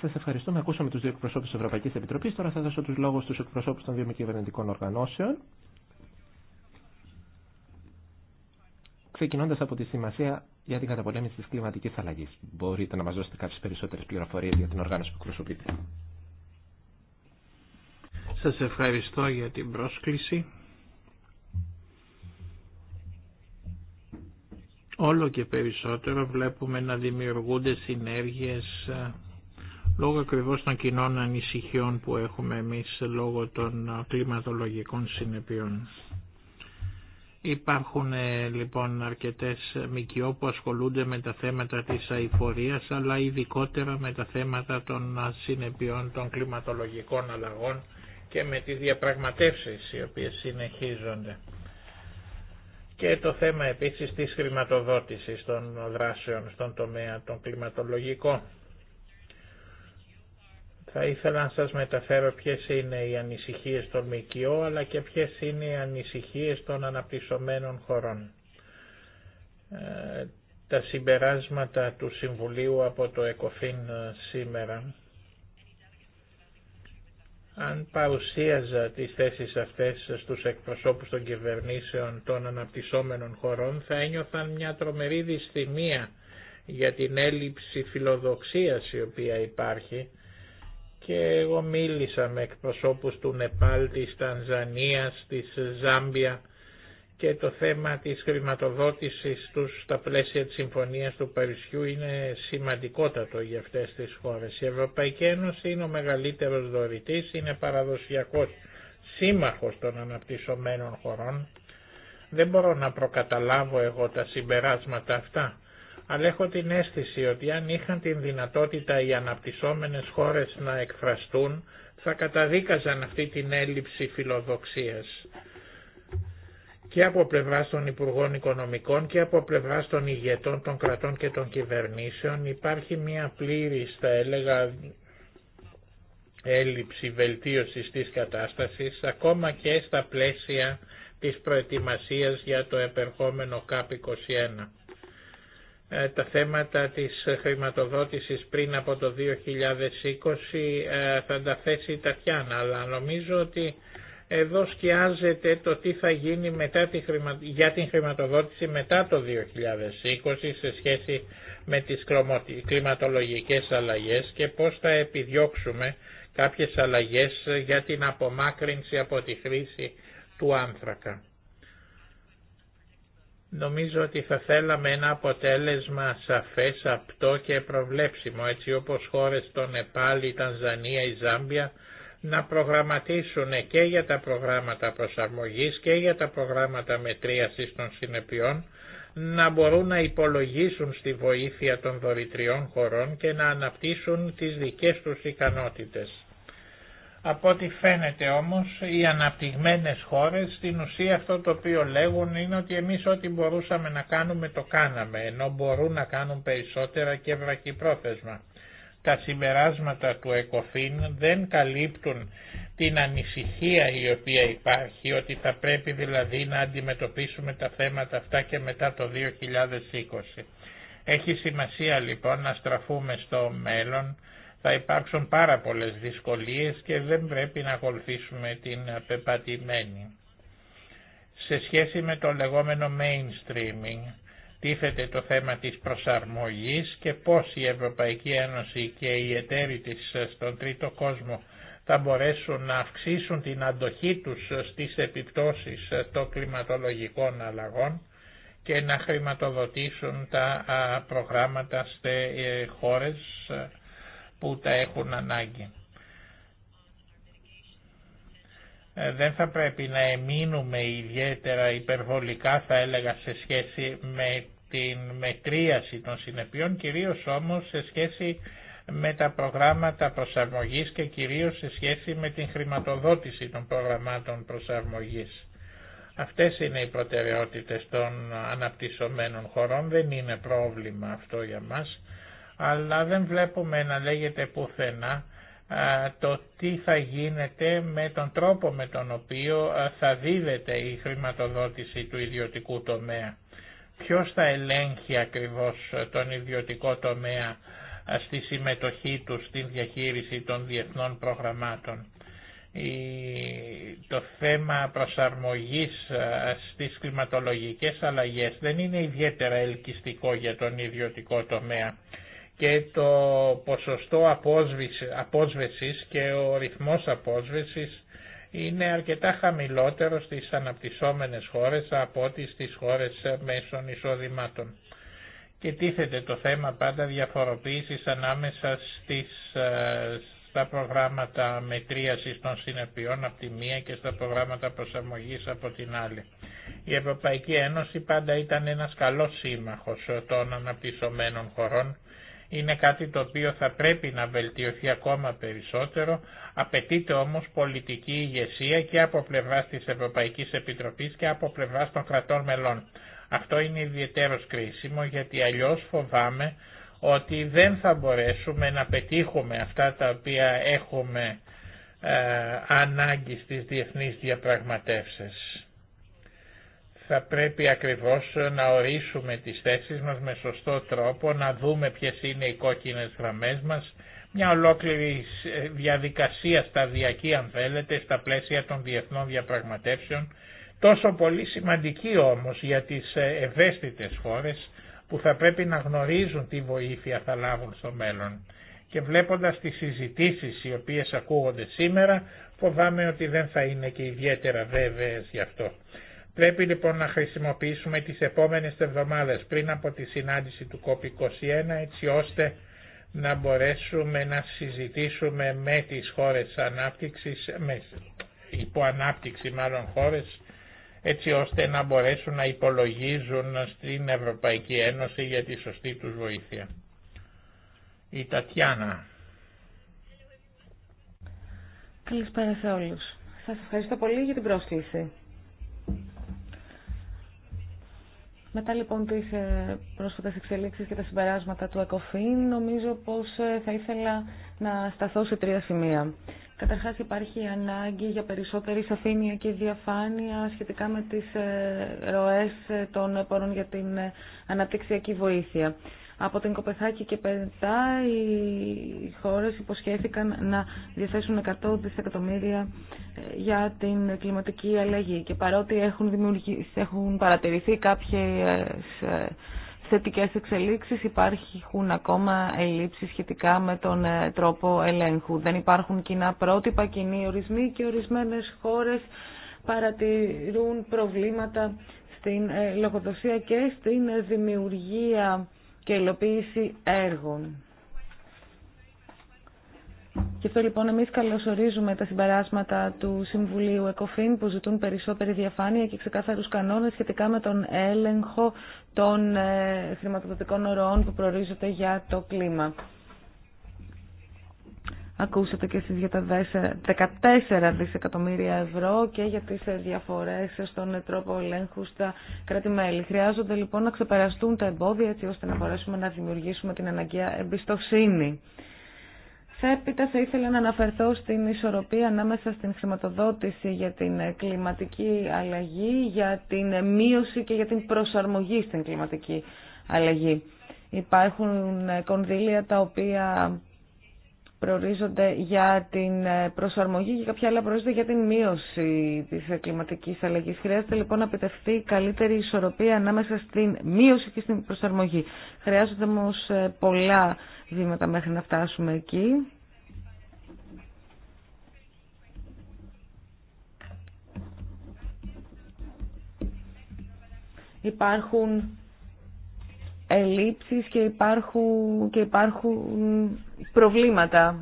Σα ευχαριστώ να ακούσαμε του δύο εκπροσώπου τη Ευρωπαϊκή Επιτροπή. Τώρα θα δώσω του λόγου στου εκπροσώπου των δύο μη οργανώσεων. Ξεκινώντα από τη σημασία για την καταπολέμηση τη κλιματική αλλαγή. Μπορείτε να μα δώσετε κάποιε περισσότερε πληροφορίε για την οργάνωση που εκπροσωπείτε. Σας ευχαριστώ για την πρόσκληση. Όλο και περισσότερο βλέπουμε να δημιουργούνται συνέργειες ε, λόγω ακριβώς των κοινών ανησυχιών που έχουμε εμείς λόγω των ε, κλιματολογικών συνεπειών. Υπάρχουν ε, λοιπόν αρκετές μικιό που ασχολούνται με τα θέματα της αηφορίας αλλά ειδικότερα με τα θέματα των συνεπειών των κλιματολογικών αλλαγών και με τις διαπραγματεύσεις οι οποίες συνεχίζονται. Και το θέμα επίσης της χρηματοδότησης των δράσεων στον τομέα των κλιματολογικών. Θα ήθελα να σας μεταφέρω ποιες είναι οι ανησυχίες των ΜΚΟ αλλά και ποιες είναι οι ανησυχίες των αναπτυσσομένων χωρών. Ε, τα συμπεράσματα του Συμβουλίου από το ΕΚΟΦΗΝ ε, σήμερα αν παρουσίαζα τις θέσεις αυτές στους εκπροσώπους των κυβερνήσεων των αναπτυσσόμενων χωρών θα ένιωθαν μια τρομερή δυστημία για την έλλειψη φιλοδοξίας η οποία υπάρχει και εγώ μίλησα με εκπροσώπους του Νεπάλ, της Τανζανίας, της Ζάμπια και το θέμα της χρηματοδότησης τους στα πλαίσια της Συμφωνίας του Παρισιού είναι σημαντικότατο για αυτές τις χώρες. Η Ευρωπαϊκή Ένωση είναι ο μεγαλύτερος δωρητής, είναι παραδοσιακός σύμμαχος των αναπτυσσομένων χωρών. Δεν μπορώ να προκαταλάβω εγώ τα συμπεράσματα αυτά, αλλά έχω την αίσθηση ότι αν είχαν την δυνατότητα οι αναπτυσσόμενες χώρες να εκφραστούν, θα καταδίκαζαν αυτή την έλλειψη φιλοδοξίας και από πλευρά των Υπουργών Οικονομικών και από πλευρά των ηγετών των κρατών και των κυβερνήσεων υπάρχει μια πλήρης θα έλεγα έλλειψη βελτίωσης της κατάστασης ακόμα και στα πλαίσια της προετοιμασίας για το επερχόμενο ΚΑΠ21. Ε, τα θέματα της χρηματοδότησης πριν από το 2020 ε, θα τα θέσει η Τατιάνα, αλλά νομίζω ότι εδώ σκιάζεται το τι θα γίνει μετά τη χρημα... για την χρηματοδότηση μετά το 2020 σε σχέση με τις κλιματολογικές αλλαγές και πώς θα επιδιώξουμε κάποιες αλλαγές για την απομάκρυνση από τη χρήση του άνθρακα. Νομίζω ότι θα θέλαμε ένα αποτέλεσμα σαφές, απτό και προβλέψιμο, έτσι όπως χώρες των Νεπάλ, η Τανζανία, η Ζάμπια, να προγραμματίσουν και για τα προγράμματα προσαρμογής και για τα προγράμματα μετρίασης των συνεπειών, να μπορούν να υπολογίσουν στη βοήθεια των δωρητριών χωρών και να αναπτύσσουν τις δικές τους ικανότητες. Από ό,τι φαίνεται όμως οι αναπτυγμένες χώρες στην ουσία αυτό το οποίο λέγουν είναι ότι εμείς ό,τι μπορούσαμε να κάνουμε το κάναμε ενώ μπορούν να κάνουν περισσότερα και βραχυπρόθεσμα τα συμπεράσματα του ΕΚΟΦΗΝ δεν καλύπτουν την ανησυχία η οποία υπάρχει ότι θα πρέπει δηλαδή να αντιμετωπίσουμε τα θέματα αυτά και μετά το 2020. Έχει σημασία λοιπόν να στραφούμε στο μέλλον, θα υπάρξουν πάρα πολλές δυσκολίες και δεν πρέπει να ακολουθήσουμε την πεπατημένη. Σε σχέση με το λεγόμενο mainstreaming, τίθεται το θέμα της προσαρμογής και πώς η Ευρωπαϊκή Ένωση και οι εταίροι της στον τρίτο κόσμο θα μπορέσουν να αυξήσουν την αντοχή τους στις επιπτώσεις των κλιματολογικών αλλαγών και να χρηματοδοτήσουν τα προγράμματα σε ε, χώρες ε, που τα έχουν ανάγκη. Ε, δεν θα πρέπει να εμείνουμε ιδιαίτερα υπερβολικά θα έλεγα σε σχέση με την μετρίαση των συνεπειών, κυρίως όμως σε σχέση με τα προγράμματα προσαρμογής και κυρίως σε σχέση με την χρηματοδότηση των προγραμμάτων προσαρμογής. Αυτές είναι οι προτεραιότητες των αναπτυσσομένων χωρών, δεν είναι πρόβλημα αυτό για μας, αλλά δεν βλέπουμε να λέγεται πουθενά το τι θα γίνεται με τον τρόπο με τον οποίο θα δίδεται η χρηματοδότηση του ιδιωτικού τομέα. Ποιος θα ελέγχει ακριβώς τον ιδιωτικό τομέα στη συμμετοχή του στην διαχείριση των διεθνών προγραμμάτων. Το θέμα προσαρμογής στις κλιματολογικές αλλαγές δεν είναι ιδιαίτερα ελκυστικό για τον ιδιωτικό τομέα και το ποσοστό απόσβεσης και ο ρυθμός απόσβεσης είναι αρκετά χαμηλότερο στις αναπτυσσόμενες χώρες από ό,τι στις χώρες μέσων εισόδημάτων. Και τίθεται το θέμα πάντα διαφοροποίησης ανάμεσα στις, ε, στα προγράμματα μετρίασης των συνεπειών από τη μία και στα προγράμματα προσαρμογής από την άλλη. Η Ευρωπαϊκή Ένωση πάντα ήταν ένας καλός σύμμαχος των αναπτυσσομένων χωρών είναι κάτι το οποίο θα πρέπει να βελτιωθεί ακόμα περισσότερο, απαιτείται όμως πολιτική ηγεσία και από πλευράς της Ευρωπαϊκής Επιτροπής και από πλευράς των κρατών μελών. Αυτό είναι ιδιαίτερος κρίσιμο γιατί αλλιώς φοβάμαι ότι δεν θα μπορέσουμε να πετύχουμε αυτά τα οποία έχουμε ε, ανάγκη στις διεθνείς διαπραγματεύσεις θα πρέπει ακριβώς να ορίσουμε τις θέσεις μας με σωστό τρόπο, να δούμε ποιες είναι οι κόκκινες γραμμές μας, μια ολόκληρη διαδικασία σταδιακή αν θέλετε στα πλαίσια των διεθνών διαπραγματεύσεων, τόσο πολύ σημαντική όμως για τις ευαίσθητες χώρες που θα πρέπει να γνωρίζουν τι βοήθεια θα λάβουν στο μέλλον. Και βλέποντας τις συζητήσεις οι οποίες ακούγονται σήμερα, φοβάμαι ότι δεν θα είναι και ιδιαίτερα βέβαιες γι' αυτό. Πρέπει λοιπόν να χρησιμοποιήσουμε τις επόμενες εβδομάδες πριν από τη συνάντηση του COP21 έτσι ώστε να μπορέσουμε να συζητήσουμε με τις χώρες ανάπτυξης, με υποανάπτυξη μάλλον χώρες, έτσι ώστε να μπορέσουν να υπολογίζουν στην Ευρωπαϊκή Ένωση για τη σωστή τους βοήθεια. Η Τατιάνα. Καλησπέρα σε όλους. Σας ευχαριστώ πολύ για την πρόσκληση. Μετά λοιπόν τις ε, πρόσφατες εξελίξεις και τα συμπεράσματα του ΕΚΟΦΗΝ, νομίζω πως ε, θα ήθελα να σταθώ σε τρία σημεία. Καταρχάς υπάρχει ανάγκη για περισσότερη σαφήνεια και διαφάνεια σχετικά με τις ε, ροές των πόρων για την αναπτυξιακή βοήθεια. Από την Κοπεθάκη και πεντά οι χώρες υποσχέθηκαν να διαθέσουν 100 δισεκατομμύρια ε, για την κλιματική αλλαγή και παρότι έχουν, έχουν παρατηρηθεί κάποιες ε, θετικές εξελίξεις υπάρχουν ακόμα ελλείψεις σχετικά με τον ε, τρόπο ελέγχου. Δεν υπάρχουν κοινά πρότυπα, κοινοί ορισμοί και ορισμένες χώρες παρατηρούν προβλήματα στην λογοδοσία και στην δημιουργία και υλοποίηση έργων. Και αυτό λοιπόν εμείς καλωσορίζουμε τα συμπεράσματα του Συμβουλίου ΕΚΟΦΗΝ που ζητούν περισσότερη διαφάνεια και ξεκάθαρους κανόνες σχετικά με τον έλεγχο των ε, χρηματοδοτικών ορών που προορίζονται για το κλίμα. Ακούσατε και εσείς για τα 14 δισεκατομμύρια ευρώ και για τις ε, διαφορές στον τρόπο ελέγχου στα κράτη-μέλη. Χρειάζονται λοιπόν να ξεπεραστούν τα εμπόδια έτσι ώστε να μπορέσουμε να δημιουργήσουμε την αναγκαία εμπιστοσύνη. Θα θα ήθελα να αναφερθώ στην ισορροπία ανάμεσα στην χρηματοδότηση για την ε, κλιματική αλλαγή, για την ε, μείωση και για την προσαρμογή στην κλιματική αλλαγή. Υπάρχουν κονδύλια τα οποία προορίζονται για την ε, προσαρμογή και κάποια άλλα προορίζονται για την μείωση της ε, κλιματικής αλλαγής. Χρειάζεται λοιπόν να επιτευχθεί καλύτερη ισορροπία ανάμεσα στην μείωση και στην προσαρμογή. Χρειάζονται όμω ε, πολλά βήματα μέχρι να φτάσουμε εκεί. Υπάρχουν ελλείψεις και υπάρχουν, και υπάρχουν προβλήματα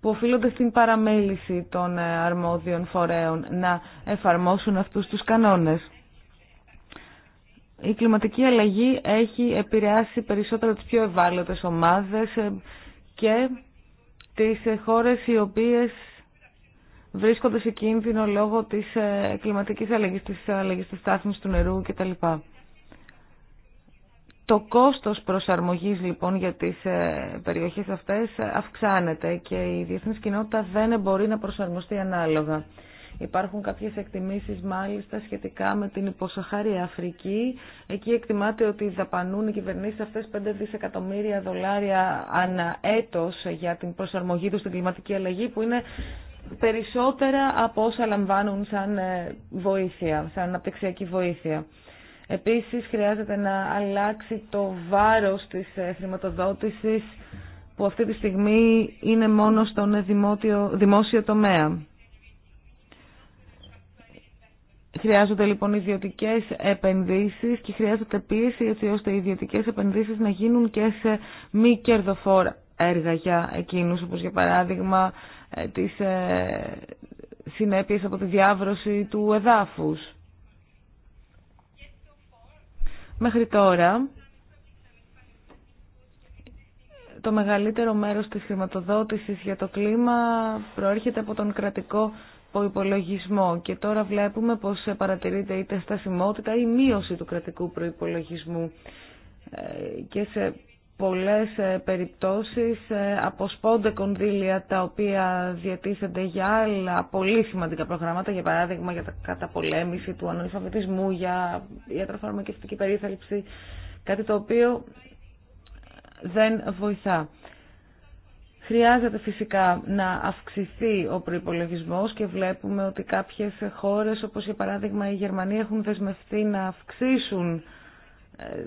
που οφείλονται στην παραμέληση των ε, αρμόδιων φορέων να εφαρμόσουν αυτούς τους κανόνες. Η κλιματική αλλαγή έχει επηρεάσει περισσότερο τις πιο ευάλωτες ομάδες ε, και τις ε, χώρες οι οποίες βρίσκονται σε κίνδυνο λόγω της κλιματικής αλλαγής, της αλλαγής της στάθμης του νερού κτλ. Το κόστος προσαρμογής λοιπόν για τις ε, περιοχές αυτές αυξάνεται και η διεθνής κοινότητα δεν μπορεί να προσαρμοστεί ανάλογα. Υπάρχουν κάποιες εκτιμήσεις μάλιστα σχετικά με την υποσαχάρια Αφρική. Εκεί εκτιμάται ότι δαπανούν οι κυβερνήσεις αυτές 5 δισεκατομμύρια δολάρια ανά έτος για την προσαρμογή τους στην κλιματική αλλαγή που είναι περισσότερα από όσα λαμβάνουν σαν ε, βοήθεια, σαν αναπτυξιακή βοήθεια. Επίσης χρειάζεται να αλλάξει το βάρος της ε, χρηματοδότησης που αυτή τη στιγμή είναι μόνο στον δημότιο, δημόσιο τομέα. Χρειάζονται λοιπόν ιδιωτικέ επενδύσεις και χρειάζεται πίεση έτσι ώστε οι ιδιωτικές επενδύσεις να γίνουν και σε μη κερδοφόρα έργα για εκείνους, όπως για παράδειγμα ε, τις ε, συνέπειες από τη διάβρωση του εδάφους. Μέχρι τώρα, το μεγαλύτερο μέρος της χρηματοδότησης για το κλίμα προέρχεται από τον κρατικό προϋπολογισμό και τώρα βλέπουμε πως παρατηρείται είτε στασιμότητα ή μείωση του κρατικού προϋπολογισμού ε, και σε πολλές ε, περιπτώσεις ε, αποσπώνται κονδύλια τα οποία διατίθενται για άλλα πολύ σημαντικά προγράμματα, για παράδειγμα για τα καταπολέμηση του αναλφαβητισμού, για ιατροφαρμακευτική περίθαλψη, κάτι το οποίο δεν βοηθά. Χρειάζεται φυσικά να αυξηθεί ο προπολογισμό και βλέπουμε ότι κάποιες χώρες όπως για παράδειγμα η Γερμανία έχουν δεσμευτεί να αυξήσουν ε,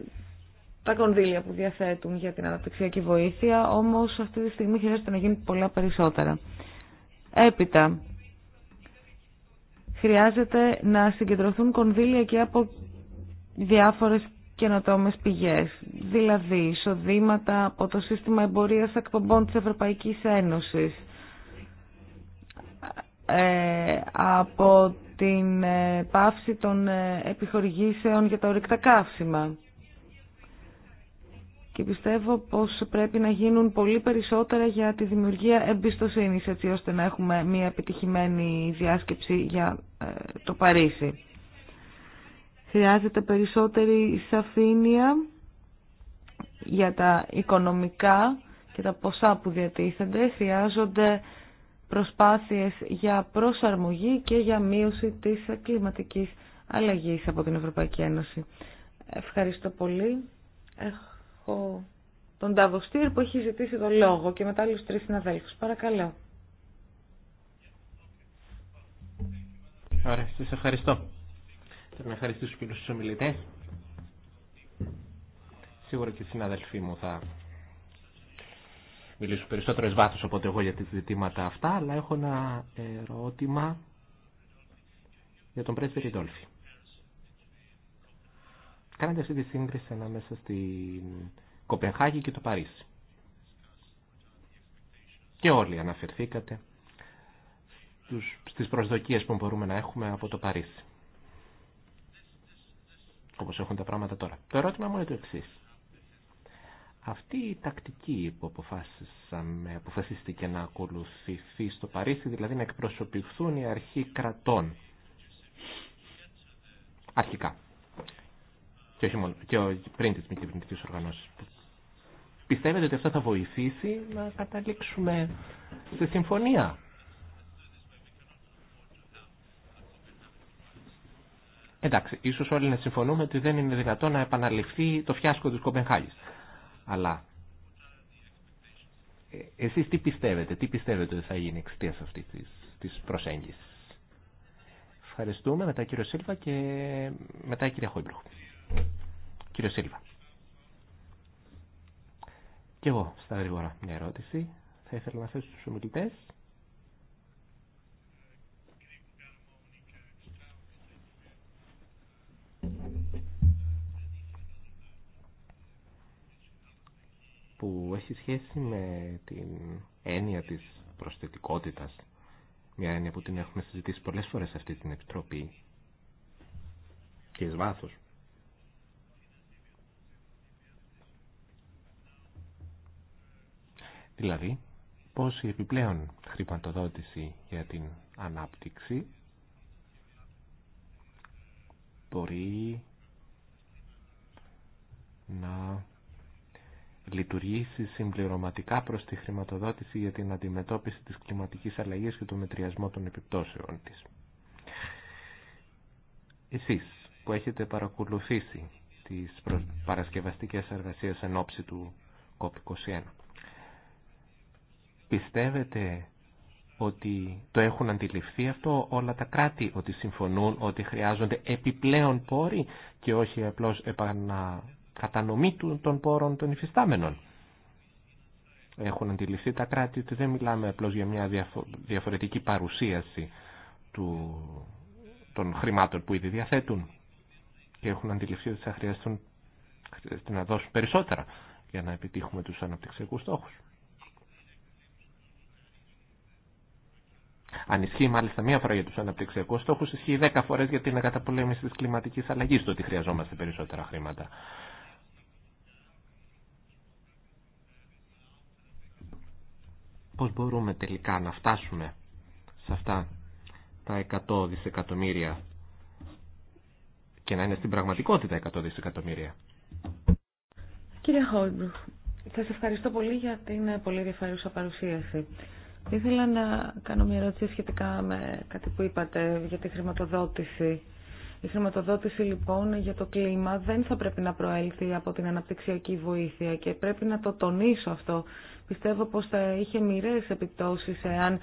τα κονδύλια που διαθέτουν για την αναπτυξιακή βοήθεια, όμως αυτή τη στιγμή χρειάζεται να γίνει πολλά περισσότερα. Έπειτα, χρειάζεται να συγκεντρωθούν κονδύλια και από διάφορες καινοτόμες πηγές, δηλαδή εισοδήματα από το σύστημα εμπορίας εκπομπών της Ευρωπαϊκής Ένωσης, ε, από την ε, πάυση των ε, επιχορηγήσεων για τα ορυκτά καύσιμα και πιστεύω πως πρέπει να γίνουν πολύ περισσότερα για τη δημιουργία εμπιστοσύνης έτσι ώστε να έχουμε μια επιτυχημένη διάσκεψη για ε, το Παρίσι. Χρειάζεται περισσότερη σαφήνεια για τα οικονομικά και τα ποσά που διατίθενται. Χρειάζονται προσπάθειες για προσαρμογή και για μείωση της κλιματικής αλλαγής από την Ευρωπαϊκή Ένωση. Ευχαριστώ πολύ έχω τον Ταβοστήρ που έχει ζητήσει τον λόγο και μετά άλλους τρεις συναδέλφους. Παρακαλώ. Ωραία, σας ευχαριστώ. Θέλω να ευχαριστήσω και τους ομιλητές. Σίγουρα και οι συναδελφοί μου θα μιλήσουν περισσότερο εις βάθος από εγώ για τις ζητήματα αυτά, αλλά έχω ένα ερώτημα για τον πρέσβη Ριντόλφη κάνετε αυτή τη σύγκριση ανάμεσα στην Κοπενχάγη και το Παρίσι. Και όλοι αναφερθήκατε στις προσδοκίες που μπορούμε να έχουμε από το Παρίσι. Όπως έχουν τα πράγματα τώρα. Το ερώτημα μου είναι το εξή. Αυτή η τακτική που αποφάσισαμε, αποφασίστηκε να ακολουθηθεί στο Παρίσι, δηλαδή να εκπροσωπηθούν οι αρχοί κρατών. Αρχικά και, όχι μόνο, και πριν τις μη κυβερνητικέ οργανώσεις. Πιστεύετε ότι αυτό θα βοηθήσει να καταλήξουμε σε συμφωνία. Εντάξει, ίσως όλοι να συμφωνούμε ότι δεν είναι δυνατό να επαναληφθεί το φιάσκο της Κοπενχάγης. Αλλά ε, εσείς τι πιστεύετε, τι πιστεύετε ότι θα γίνει εξαιτίας αυτής της, της προσέγγισης. Ευχαριστούμε. Μετά κύριο Σίλβα και μετά κύριε κυρία Κύριο Σίλβα. Και εγώ στα γρήγορα μια ερώτηση. Θα ήθελα να θέσω στους ομιλητές. που έχει σχέση με την έννοια της προσθετικότητας μια έννοια που την έχουμε συζητήσει πολλές φορές σε αυτή την Επιτροπή και εις βάθος Δηλαδή, πως η επιπλέον χρηματοδότηση για την ανάπτυξη μπορεί να λειτουργήσει συμπληρωματικά προς τη χρηματοδότηση για την αντιμετώπιση της κλιματικής αλλαγής και του μετριασμό των επιπτώσεων της. Εσείς που έχετε παρακολουθήσει τις παρασκευαστικές εργασίες εν ώψη του COP21, Πιστεύετε ότι το έχουν αντιληφθεί αυτό όλα τα κράτη, ότι συμφωνούν ότι χρειάζονται επιπλέον πόροι και όχι απλώς επανακατανομή των πόρων των υφιστάμενων. Έχουν αντιληφθεί τα κράτη ότι δεν μιλάμε απλώς για μια διαφορετική παρουσίαση του, των χρημάτων που ήδη διαθέτουν και έχουν αντιληφθεί ότι θα χρειαστούν να δώσουν περισσότερα για να επιτύχουμε τους αναπτυξιακούς στόχους. Αν ισχύει μάλιστα μία φορά για του αναπτυξιακού στόχου, ισχύει δέκα φορέ για την καταπολέμηση τη κλιματική αλλαγή, το ότι χρειαζόμαστε περισσότερα χρήματα. Πώς μπορούμε τελικά να φτάσουμε σε αυτά τα 100 δισεκατομμύρια και να είναι στην πραγματικότητα 100 δισεκατομμύρια. Κύριε θα σας ευχαριστώ πολύ για την πολύ ενδιαφέρουσα παρουσίαση. Ήθελα να κάνω μια ερώτηση σχετικά με κάτι που είπατε για τη χρηματοδότηση. Η χρηματοδότηση λοιπόν για το κλίμα δεν θα πρέπει να προέλθει από την αναπτυξιακή βοήθεια και πρέπει να το τονίσω αυτό. Πιστεύω πως θα είχε μοιραίες επιπτώσεις εάν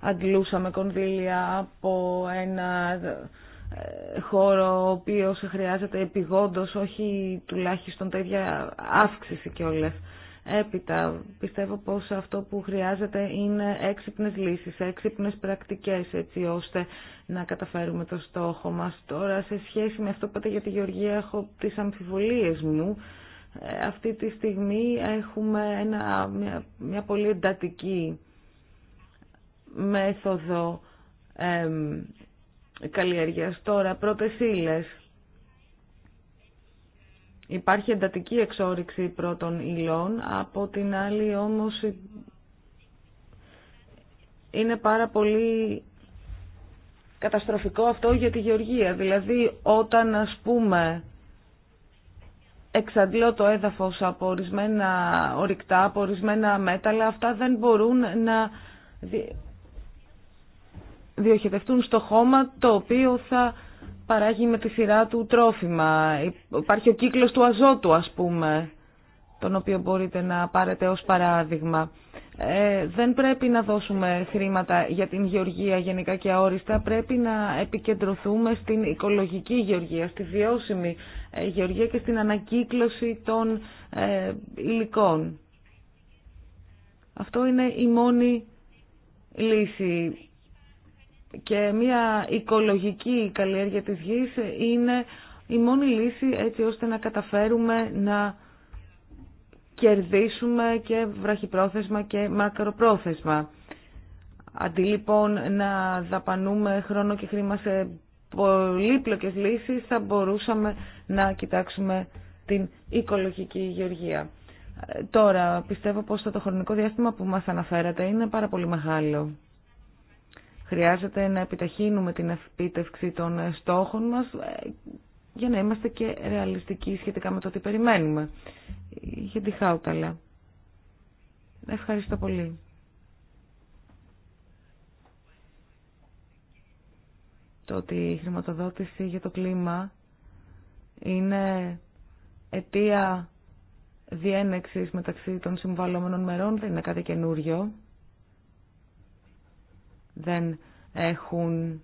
αντλούσαμε κονδύλια από ένα ε, χώρο ο οποίος χρειάζεται επιγόντως όχι τουλάχιστον τα ίδια αύξηση και όλες. Έπειτα, πιστεύω πως αυτό που χρειάζεται είναι έξυπνες λύσεις, έξυπνες πρακτικές, έτσι ώστε να καταφέρουμε το στόχο μας. Τώρα, σε σχέση με αυτό που είπατε για τη Γεωργία, έχω τις αμφιβολίες μου. Ε, αυτή τη στιγμή έχουμε ένα, μια, μια πολύ εντατική μέθοδο ε, καλλιέργειας. Τώρα, πρώτες ύλες. Υπάρχει εντατική εξόριξη πρώτων υλών, από την άλλη όμως είναι πάρα πολύ καταστροφικό αυτό για τη γεωργία. Δηλαδή όταν ας πούμε εξαντλώ το έδαφος από ορισμένα ορυκτά, από ορισμένα μέταλλα, αυτά δεν μπορούν να διοχετευτούν στο χώμα το οποίο θα παράγει με τη σειρά του τρόφιμα. Υπάρχει ο κύκλος του αζότου ας πούμε, τον οποίο μπορείτε να πάρετε ως παράδειγμα. Ε, δεν πρέπει να δώσουμε χρήματα για την γεωργία γενικά και αόριστα. Πρέπει να επικεντρωθούμε στην οικολογική γεωργία, στη βιώσιμη ε, γεωργία και στην ανακύκλωση των ε, υλικών. Αυτό είναι η μόνη λύση και μια οικολογική καλλιέργεια της γης είναι η μόνη λύση έτσι ώστε να καταφέρουμε να κερδίσουμε και βραχυπρόθεσμα και μακροπρόθεσμα. Αντί λοιπόν να δαπανούμε χρόνο και χρήμα σε πολύπλοκες λύσεις θα μπορούσαμε να κοιτάξουμε την οικολογική γεωργία. Ε, τώρα πιστεύω πως το χρονικό διάστημα που μας αναφέρατε είναι πάρα πολύ μεγάλο. Χρειάζεται να επιταχύνουμε την επίτευξη των στόχων μας ε, για να είμαστε και ρεαλιστικοί σχετικά με το τι περιμένουμε. Για τη χάουταλα. Ευχαριστώ πολύ. Το ότι η χρηματοδότηση για το κλίμα είναι αιτία διένεξης μεταξύ των συμβαλλόμενων μερών δεν είναι κάτι καινούριο δεν έχουν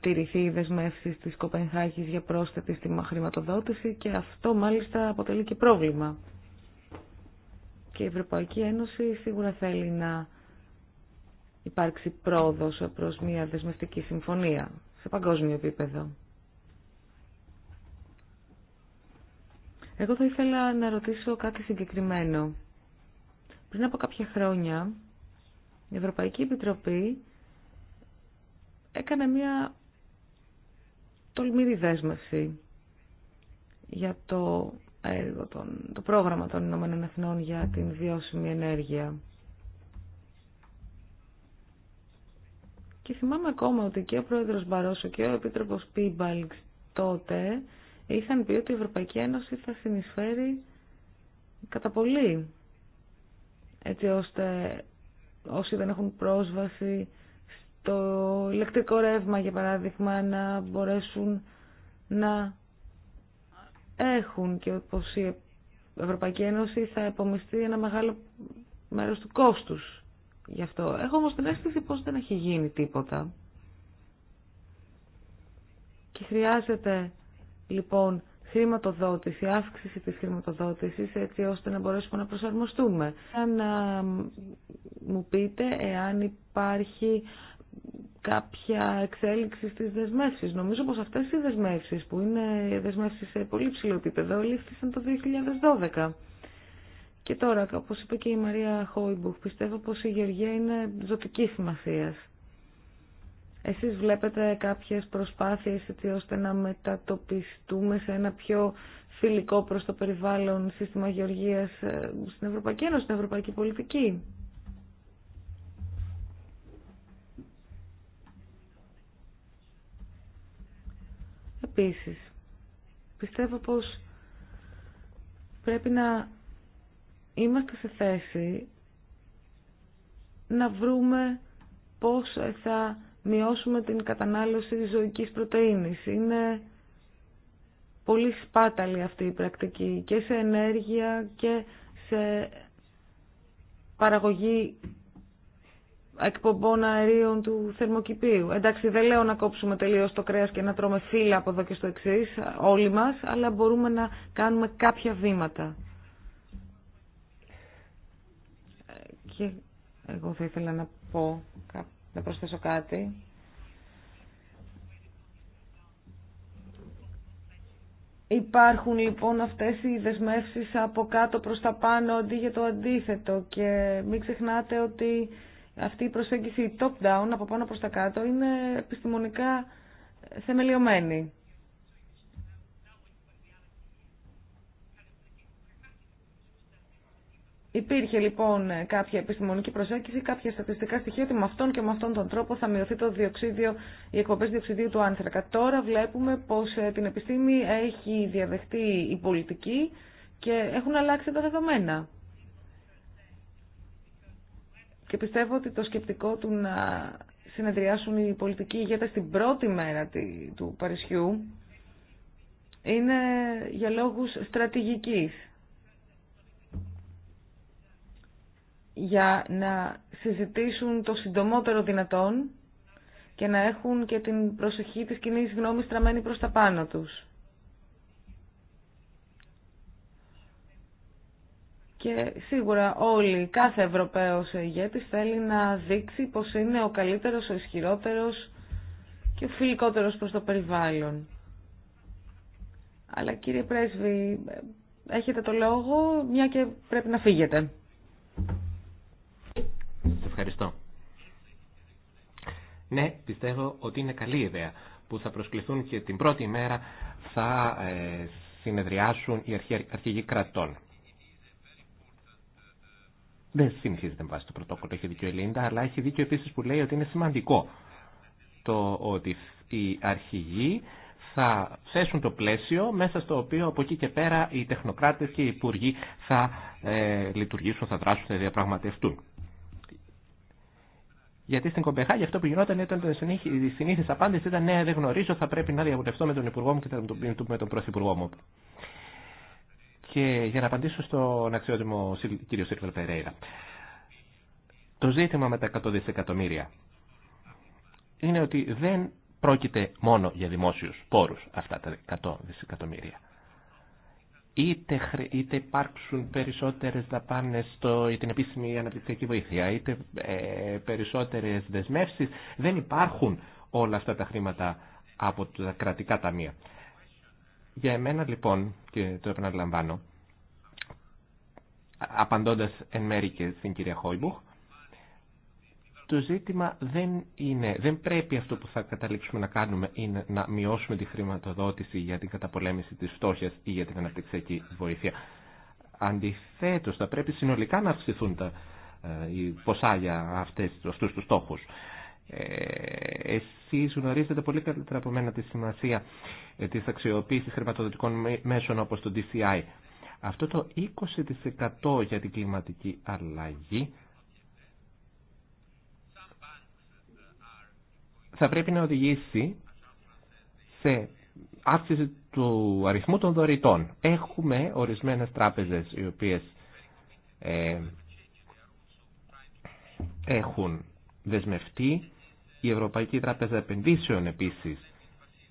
τηρηθεί οι δεσμεύσει τη Κοπενχάγη για πρόσθετη χρηματοδότηση και αυτό μάλιστα αποτελεί και πρόβλημα. Και η Ευρωπαϊκή Ένωση σίγουρα θέλει να υπάρξει πρόοδος προς μια δεσμευτική συμφωνία σε παγκόσμιο επίπεδο. Εγώ θα ήθελα να ρωτήσω κάτι συγκεκριμένο. Πριν από κάποια χρόνια, η Ευρωπαϊκή Επιτροπή έκανε μια τολμηρή δέσμευση για το έργο, των, το πρόγραμμα των Ηνωμένων Εθνών για την βιώσιμη ενέργεια. Και θυμάμαι ακόμα ότι και ο πρόεδρος Μπαρόσο και ο επίτροπος Πίμπαλξ τότε είχαν πει ότι η Ευρωπαϊκή Ένωση θα συνεισφέρει κατά πολύ έτσι ώστε όσοι δεν έχουν πρόσβαση το ηλεκτρικό ρεύμα για παράδειγμα να μπορέσουν να έχουν και πως η Ευρωπαϊκή Ένωση θα επομιστεί ένα μεγάλο μέρος του κόστους γι' αυτό. Έχω όμως την αίσθηση πως δεν έχει γίνει τίποτα. Και χρειάζεται λοιπόν χρηματοδότηση, αύξηση της χρηματοδότησης έτσι ώστε να μπορέσουμε να προσαρμοστούμε. Αν μου πείτε εάν υπάρχει κάποια εξέλιξη στις δεσμεύσεις. Νομίζω πως αυτές οι δεσμεύσεις που είναι δεσμεύσεις σε πολύ ψηλό επίπεδο λήφθησαν το 2012. Και τώρα, όπως είπε και η Μαρία Χόιμπουχ, πιστεύω πως η Γεωργία είναι ζωτική σημασία. Εσείς βλέπετε κάποιες προσπάθειες έτσι ώστε να μετατοπιστούμε σε ένα πιο φιλικό προς το περιβάλλον σύστημα γεωργίας ε, στην Ευρωπαϊκή Ένωση, στην Ευρωπαϊκή Πολιτική. Επίσης, πιστεύω πως πρέπει να είμαστε σε θέση να βρούμε πώς θα μειώσουμε την κατανάλωση ζωικής πρωτεΐνης. Είναι πολύ σπάταλη αυτή η πρακτική και σε ενέργεια και σε παραγωγή εκπομπών αερίων του θερμοκηπίου. Εντάξει, δεν λέω να κόψουμε τελείως το κρέας και να τρώμε φύλλα από εδώ και στο εξή όλοι μας, αλλά μπορούμε να κάνουμε κάποια βήματα. Και εγώ θα ήθελα να πω, να προσθέσω κάτι. Υπάρχουν λοιπόν αυτές οι δεσμεύσεις από κάτω προς τα πάνω αντί για το αντίθετο και μην ξεχνάτε ότι αυτή η προσέγγιση top-down, από πάνω προς τα κάτω, είναι επιστημονικά θεμελιωμένη. Υπήρχε λοιπόν κάποια επιστημονική προσέγγιση, κάποια στατιστικά στοιχεία ότι με αυτόν και με αυτόν τον τρόπο θα μειωθεί το διοξίδιο, οι εκπομπέ διοξιδίου του άνθρακα. Τώρα βλέπουμε πω ε, την επιστήμη έχει διαδεχτεί η πολιτική και έχουν αλλάξει τα δεδομένα. Και πιστεύω ότι το σκεπτικό του να συνεδριάσουν οι πολιτικοί ηγέτες την πρώτη μέρα του Παρισιού είναι για λόγους στρατηγικής. Για να συζητήσουν το συντομότερο δυνατόν και να έχουν και την προσοχή της κοινή γνώμης τραμμένη προς τα πάνω τους. Και σίγουρα όλοι, κάθε Ευρωπαίος ηγέτης θέλει να δείξει πως είναι ο καλύτερος, ο ισχυρότερος και ο φιλικότερος προς το περιβάλλον. Αλλά κύριε Πρέσβη, έχετε το λόγο, μια και πρέπει να φύγετε. Ευχαριστώ. Ναι, πιστεύω ότι είναι καλή ιδέα που θα προσκληθούν και την πρώτη μέρα θα ε, συνεδριάσουν οι αρχηγοί κρατών δεν συνηθίζεται με βάση το πρωτόκολλο, έχει δίκιο η Λίντα, αλλά έχει δίκιο επίση που λέει ότι είναι σημαντικό το ότι οι αρχηγοί θα θέσουν το πλαίσιο μέσα στο οποίο από εκεί και πέρα οι τεχνοκράτες και οι υπουργοί θα ε, λειτουργήσουν, θα δράσουν, θα διαπραγματευτούν. Γιατί στην Κομπεχάγη αυτό που γινόταν ήταν η συνήθι απάντηση ήταν ναι, δεν γνωρίζω, θα πρέπει να διαβουλευτώ με τον Υπουργό μου και με τον Πρωθυπουργό μου. Και για να απαντήσω στον αξιότιμο κύριο Σίρβελ Περέιρα. Το ζήτημα με τα 100 δισεκατομμύρια είναι ότι δεν πρόκειται μόνο για δημόσιους πόρους αυτά τα 100 δισεκατομμύρια. Είτε, είτε υπάρξουν περισσότερες δαπάνες στο, την επίσημη αναπτυξιακή βοήθεια, είτε ε, περισσότερες δεσμεύσεις, δεν υπάρχουν όλα αυτά τα χρήματα από τα κρατικά ταμεία. Για εμένα λοιπόν, και το επαναλαμβάνω, απαντώντας εν μέρη και στην κυρία Χόιμπουχ, το ζήτημα δεν είναι, δεν πρέπει αυτό που θα καταλήξουμε να κάνουμε είναι να μειώσουμε τη χρηματοδότηση για την καταπολέμηση της φτώχειας ή για την αναπτυξιακή βοήθεια. Αντιθέτως, θα πρέπει συνολικά να αυξηθούν τα, ε, οι ποσά για αυτές, αυτούς τους στόχους. Ε, εσείς γνωρίζετε πολύ καλύτερα από μένα τη σημασία ε, της αξιοποίησης χρηματοδοτικών μέσων όπως το DCI. Αυτό το 20% για την κλιματική αλλαγή θα πρέπει να οδηγήσει σε αύξηση του αριθμού των δωρητών. Έχουμε ορισμένες τράπεζες οι οποίες ε, έχουν δεσμευτεί η Ευρωπαϊκή Τράπεζα Επενδύσεων επίσης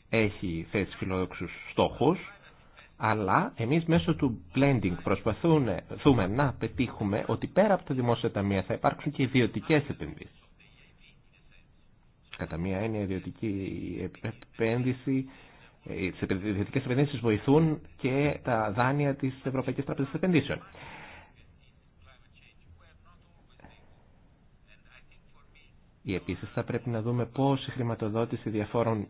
έχει θέσει φιλόδοξους στόχους, αλλά εμείς μέσω του blending προσπαθούμε να πετύχουμε ότι πέρα από τα δημόσια ταμεία θα υπάρξουν και ιδιωτικέ επενδύσεις. Κατά μία έννοια ιδιωτική επένδυση, οι ε, ιδιωτικές επενδύσεις βοηθούν και τα δάνεια της Ευρωπαϊκής Τράπεζας Επενδύσεων. Ή επίσης θα πρέπει να δούμε πώς η χρηματοδότηση διαφόρων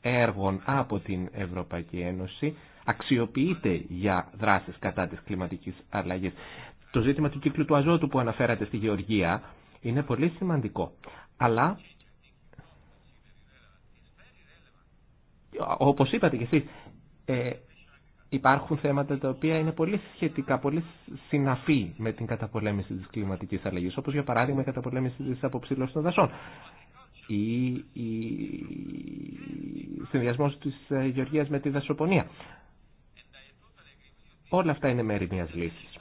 έργων από την Ευρωπαϊκή Ένωση αξιοποιείται για δράσεις κατά της κλιματικής αλλαγής. Το ζήτημα του κύκλου του αζότου που αναφέρατε στη Γεωργία είναι πολύ σημαντικό. Αλλά, όπως είπατε και εσείς, ε, υπάρχουν θέματα τα οποία είναι πολύ σχετικά, πολύ συναφή με την καταπολέμηση της κλιματικής αλλαγής, όπως για παράδειγμα η καταπολέμηση της αποψήλωσης των δασών ή η συνδυασμός της ε, γεωργίας με τη δασοπονία. Όλα αυτά είναι μέρη μιας λύσης.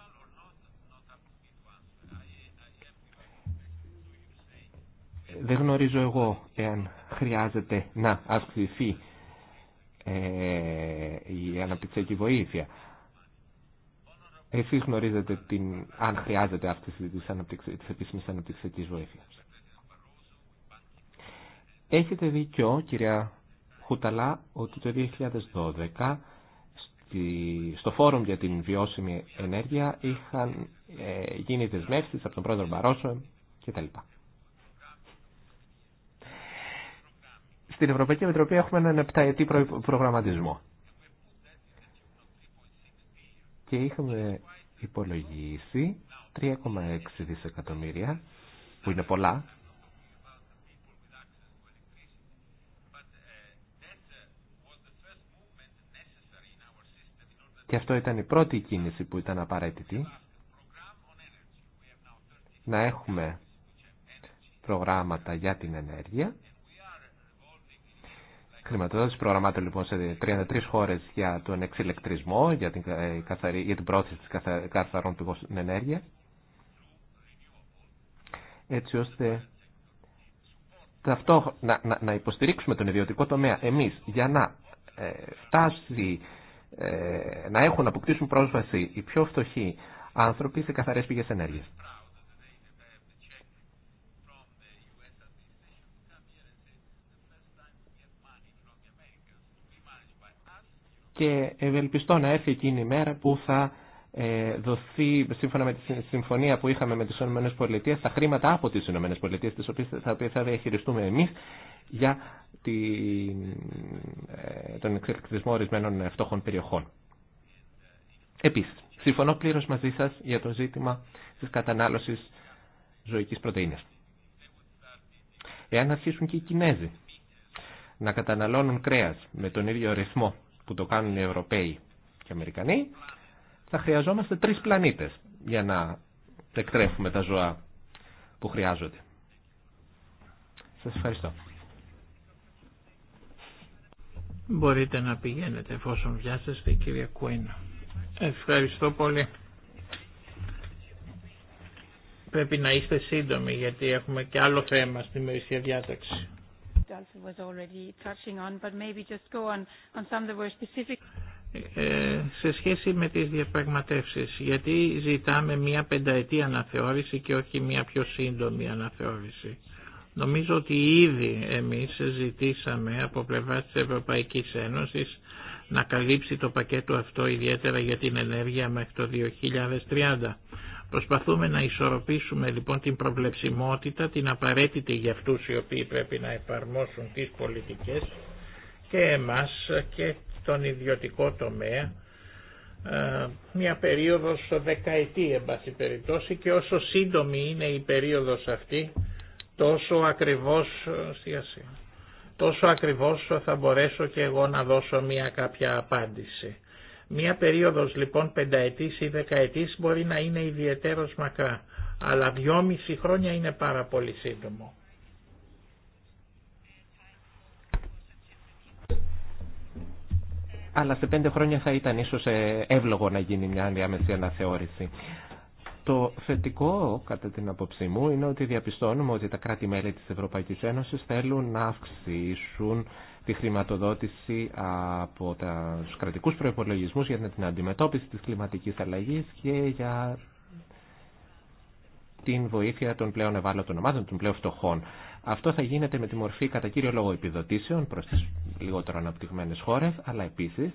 Δεν γνωρίζω εγώ εάν χρειάζεται να αυξηθεί ε, η αναπτυξιακή βοήθεια. Εσείς γνωρίζετε την, αν χρειάζεται αυτή τη επίσημη αναπτυξιακή βοήθεια. βοήθειας. Έχετε δίκιο, κυρία Χουταλά, ότι το 2012 στο Φόρουμ για την Βιώσιμη Ενέργεια είχαν ε, γίνει δεσμεύσεις από τον πρόεδρο Μπαρόσο κτλ. στην Ευρωπαϊκή Επιτροπή έχουμε έναν επταετή προγραμματισμό. Και είχαμε υπολογίσει 3,6 δισεκατομμύρια, που είναι πολλά, Και αυτό ήταν η πρώτη κίνηση που ήταν απαραίτητη. Να έχουμε προγράμματα για την ενέργεια χρηματοδότηση προγραμμάτων λοιπόν σε 33 χώρε για τον εξηλεκτρισμό, για την, ε, καθαρή, για την πρόθεση της καθαρών πηγών ενέργεια, έτσι ώστε αυτό, να, να, να, υποστηρίξουμε τον ιδιωτικό τομέα εμείς για να ε, φτάσει, ε, να έχουν, αποκτήσουν πρόσβαση οι πιο φτωχοί άνθρωποι σε καθαρές πηγές ενέργειας. και ευελπιστώ να έρθει εκείνη η μέρα που θα ε, δοθεί, σύμφωνα με τη συμφωνία που είχαμε με τις ΗΠΑ, τα χρήματα από τις ΗΠΑ, τις οποίες θα, θα διαχειριστούμε εμείς για ε, τον εξελικτισμό ορισμένων φτώχων περιοχών. Επίσης, συμφωνώ πλήρως μαζί σας για το ζήτημα της κατανάλωσης ζωικής πρωτεΐνης. Εάν αρχίσουν και οι Κινέζοι να καταναλώνουν κρέας με τον ίδιο ρυθμό που το κάνουν οι Ευρωπαίοι και οι Αμερικανοί, θα χρειαζόμαστε τρεις πλανήτες για να εκτρέφουμε τα ζώα που χρειάζονται. Σας ευχαριστώ. Μπορείτε να πηγαίνετε εφόσον βιάσεστε κυρία Κουέν. Ευχαριστώ πολύ. Πρέπει να είστε σύντομοι γιατί έχουμε και άλλο θέμα στη μερίσια διάταξη was already touching on, but maybe just go on, some specific. Ε, σε σχέση με τις διαπραγματεύσεις, γιατί ζητάμε μια πενταετή αναθεώρηση και όχι μια πιο σύντομη αναθεώρηση. Νομίζω ότι ήδη εμείς ζητήσαμε από πλευρά της Ευρωπαϊκής Ένωσης να καλύψει το πακέτο αυτό ιδιαίτερα για την ενέργεια μέχρι το 2030. Προσπαθούμε να ισορροπήσουμε λοιπόν την προβλεψιμότητα, την απαραίτητη για αυτούς οι οποίοι πρέπει να εφαρμόσουν τις πολιτικές και εμάς και τον ιδιωτικό τομέα ε, μια περίοδος δεκαετή εν περιπτώσει και όσο σύντομη είναι η περίοδος αυτή τόσο ακριβώς, ε, τόσο ακριβώς θα μπορέσω και εγώ να δώσω μια κάποια απάντηση. Μία περίοδος λοιπόν πενταετής ή δεκαετής μπορεί να είναι ιδιαίτερος μακρά, αλλά δυόμιση χρόνια είναι πάρα πολύ σύντομο. Αλλά σε πέντε χρόνια θα ήταν ίσως ε, εύλογο να γίνει μια διάμεση αναθεώρηση. Το θετικό, κατά την απόψη μου, είναι ότι διαπιστώνουμε ότι τα κράτη-μέλη της Ευρωπαϊκής Ένωσης θέλουν να ειναι ιδιαιτερως μακρα αλλα δυομιση χρονια ειναι παρα πολυ συντομο αλλα σε πεντε χρονια θα ηταν ισως ευλογο να γινει μια διαμεση αναθεωρηση το θετικο κατα την αποψη μου ειναι οτι διαπιστωνουμε οτι τα κρατη μελη της ευρωπαικης ενωσης θελουν να αυξησουν τη χρηματοδότηση από του κρατικού προπολογισμού για την αντιμετώπιση της κλιματικής αλλαγή και για την βοήθεια των πλέον ευάλωτων ομάδων, των πλέον φτωχών. Αυτό θα γίνεται με τη μορφή κατά κύριο λόγο επιδοτήσεων προ τι λιγότερο αναπτυγμένε χώρες, αλλά επίσης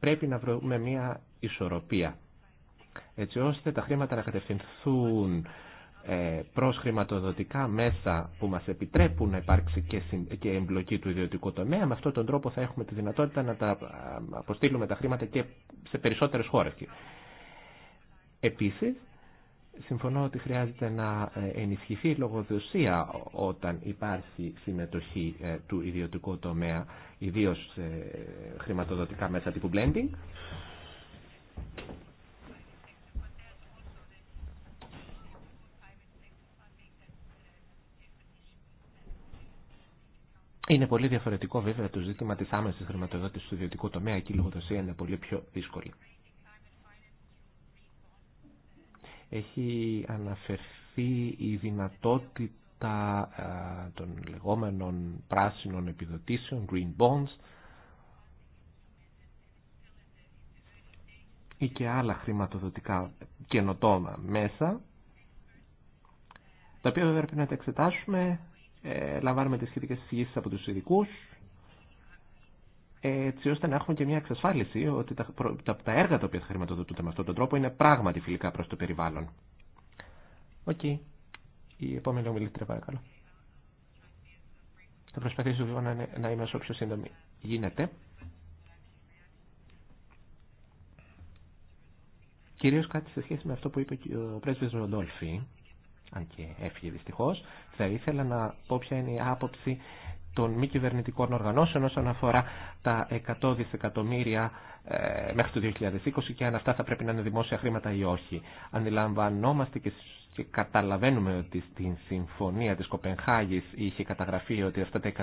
πρέπει να βρούμε μια ισορροπία έτσι ώστε τα χρήματα να κατευθυνθούν ε, χρηματοδοτικά μέσα που μας επιτρέπουν να υπάρξει και εμπλοκή του ιδιωτικού τομέα. Με αυτόν τον τρόπο θα έχουμε τη δυνατότητα να τα αποστείλουμε τα χρήματα και σε περισσότερες χώρες. Επίσης, συμφωνώ ότι χρειάζεται να ε, ενισχυθεί η λογοδοσία όταν υπάρχει συμμετοχή ε, του ιδιωτικού τομέα, ιδίως χρηματοδοτικά μέσα τύπου blending. Είναι πολύ διαφορετικό βέβαια το ζήτημα της άμεσης χρηματοδότησης του ιδιωτικού τομέα, και η λογοδοσία είναι πολύ πιο δύσκολη. Έχει αναφερθεί η δυνατότητα των λεγόμενων πράσινων επιδοτήσεων, green bonds, ή και άλλα χρηματοδοτικά καινοτόμα μέσα, τα οποία βέβαια πρέπει να τα εξετάσουμε ε, λαμβάνουμε τις σχετικές εισηγήσεις από τους ειδικού, έτσι ώστε να έχουμε και μια εξασφάλιση ότι τα, έργα τα οποία θα χρηματοδοτούνται με αυτόν τον τρόπο είναι πράγματι φιλικά προς το περιβάλλον. Οκ. Η επόμενη ομιλήτρια παρακαλώ. Θα προσπαθήσω λοιπόν να, να είμαι όσο πιο σύντομη γίνεται. Κυρίως κάτι σε σχέση με αυτό που είπε ο πρέσβης Ροντόλφη, αν και έφυγε δυστυχώ, θα ήθελα να πω ποια είναι η άποψη των μη κυβερνητικών οργανώσεων όσον αφορά τα 100 δισεκατομμύρια ε, μέχρι το 2020 και αν αυτά θα πρέπει να είναι δημόσια χρήματα ή όχι. Αντιλαμβανόμαστε και και καταλαβαίνουμε ότι στην συμφωνία της Κοπενχάγης είχε καταγραφεί ότι αυτά τα 100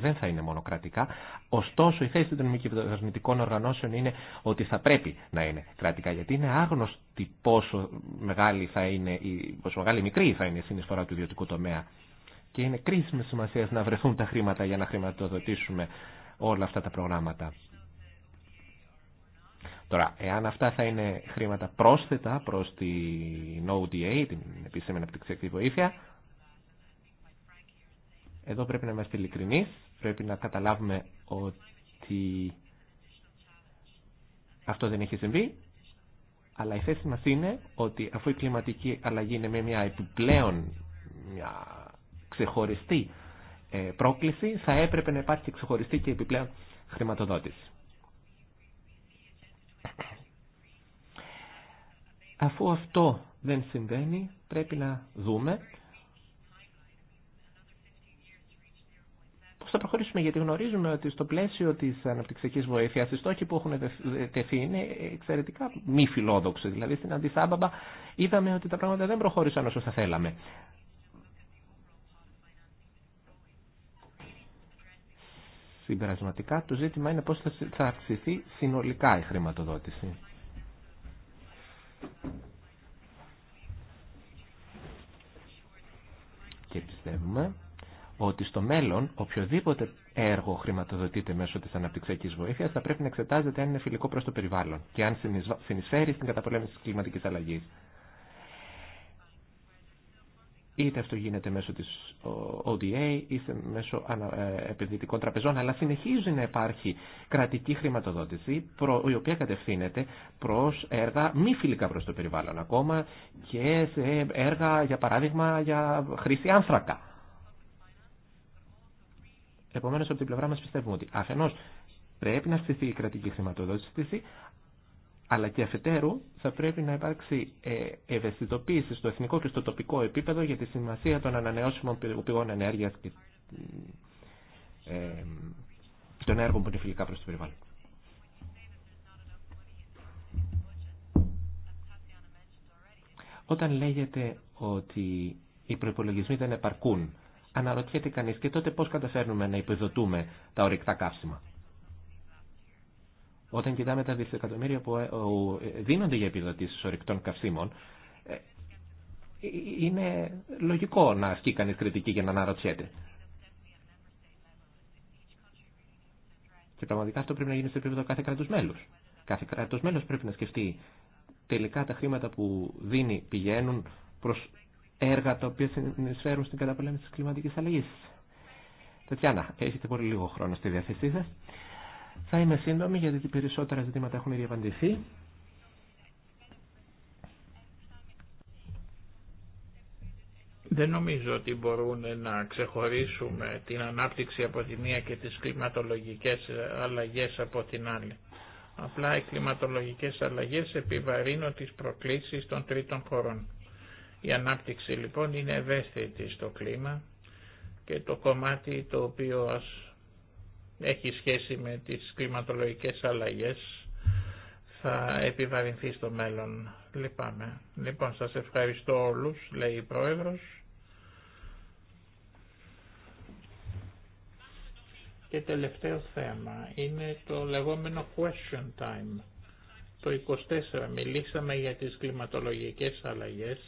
δεν θα είναι μονοκρατικά, ωστόσο η θέση των μη κυβερνητικών οργανώσεων είναι ότι θα πρέπει να είναι κρατικά, γιατί είναι άγνωστη πόσο μεγάλη, θα είναι, πόσο μεγάλη μικρή θα είναι η συνεισφορά του ιδιωτικού τομέα. Και είναι κρίσιμη σημασία να βρεθούν τα χρήματα για να χρηματοδοτήσουμε όλα αυτά τα προγράμματα. Τώρα, εάν αυτά θα είναι χρήματα πρόσθετα προς την ODA, την επίσημη αναπτυξιακή βοήθεια, εδώ πρέπει να είμαστε ειλικρινεί, πρέπει να καταλάβουμε ότι αυτό δεν έχει συμβεί, αλλά η θέση μας είναι ότι αφού η κλιματική αλλαγή είναι μια επιπλέον, μια ξεχωριστή ε, πρόκληση, θα έπρεπε να υπάρχει ξεχωριστή και επιπλέον χρηματοδότηση. Αφού αυτό δεν συμβαίνει, πρέπει να δούμε πώς θα προχωρήσουμε, γιατί γνωρίζουμε ότι στο πλαίσιο της αναπτυξιακής βοήθειας οι στόχοι που έχουν τεθεί είναι εξαιρετικά μη φιλόδοξοι. Δηλαδή στην Αντισάμπαμπα είδαμε ότι τα πράγματα δεν προχώρησαν όσο θα θέλαμε. Συμπερασματικά το ζήτημα είναι πώς θα αυξηθεί συνολικά η χρηματοδότηση. Και πιστεύουμε ότι στο μέλλον οποιοδήποτε έργο χρηματοδοτείται μέσω της αναπτυξιακής βοήθειας θα πρέπει να εξετάζεται αν είναι φιλικό προς το περιβάλλον και αν συνεισφέρει στην καταπολέμηση της κλιματικής αλλαγής. Είτε αυτό γίνεται μέσω της ODA, είτε μέσω ε, επενδυτικών τραπεζών, αλλά συνεχίζει να υπάρχει κρατική χρηματοδότηση, η οποία κατευθύνεται προς έργα μη φιλικά προς το περιβάλλον ακόμα και σε έργα, για παράδειγμα, για χρήση άνθρακα. Επομένως, από την πλευρά μας πιστεύουμε ότι αφενός πρέπει να στηθεί η κρατική χρηματοδότηση, αλλά και αφετέρου θα πρέπει να υπάρξει ε, ευαισθητοποίηση στο εθνικό και στο τοπικό επίπεδο για τη σημασία των ανανεώσιμων πηγών ενέργειας και ε, των έργων που είναι φιλικά προς το περιβάλλον. Όταν λέγεται ότι οι προπολογισμοί δεν επαρκούν, αναρωτιέται κανείς και τότε πώς καταφέρνουμε να υποδοτούμε τα ορυκτά καύσιμα. Όταν κοιτάμε τα δισεκατομμύρια που ε, δίνονται για επιδοτήσει ορεικτών καυσίμων, ε, είναι λογικό να ασκεί κανεί κριτική για να αναρωτιέται. Και πραγματικά αυτό πρέπει να γίνει σε επίπεδο κάθε κράτου μέλου. Κάθε κράτο μέλο πρέπει να σκεφτεί τελικά τα χρήματα που δίνει πηγαίνουν προ έργα τα οποία συνεισφέρουν στην καταπολέμηση τη κλιματική αλλαγή. Τετιάνα, έχετε πολύ λίγο χρόνο στη διαθέσή σα. Θα είμαι σύντομη γιατί περισσότερα ζητήματα έχουν ήδη απαντηθεί. Δεν νομίζω ότι μπορούν να ξεχωρίσουμε την ανάπτυξη από τη μία και τις κλιματολογικές αλλαγές από την άλλη. Απλά οι κλιματολογικές αλλαγές επιβαρύνουν τις προκλήσεις των τρίτων χωρών. Η ανάπτυξη λοιπόν είναι ευαίσθητη στο κλίμα και το κομμάτι το οποίο ας έχει σχέση με τις κλιματολογικές αλλαγές θα επιβαρυνθεί στο μέλλον. Λυπάμαι. Λοιπόν, σας ευχαριστώ όλους, λέει η Πρόεδρος. Και τελευταίο θέμα είναι το λεγόμενο question time. Το 24 μιλήσαμε για τις κλιματολογικές αλλαγές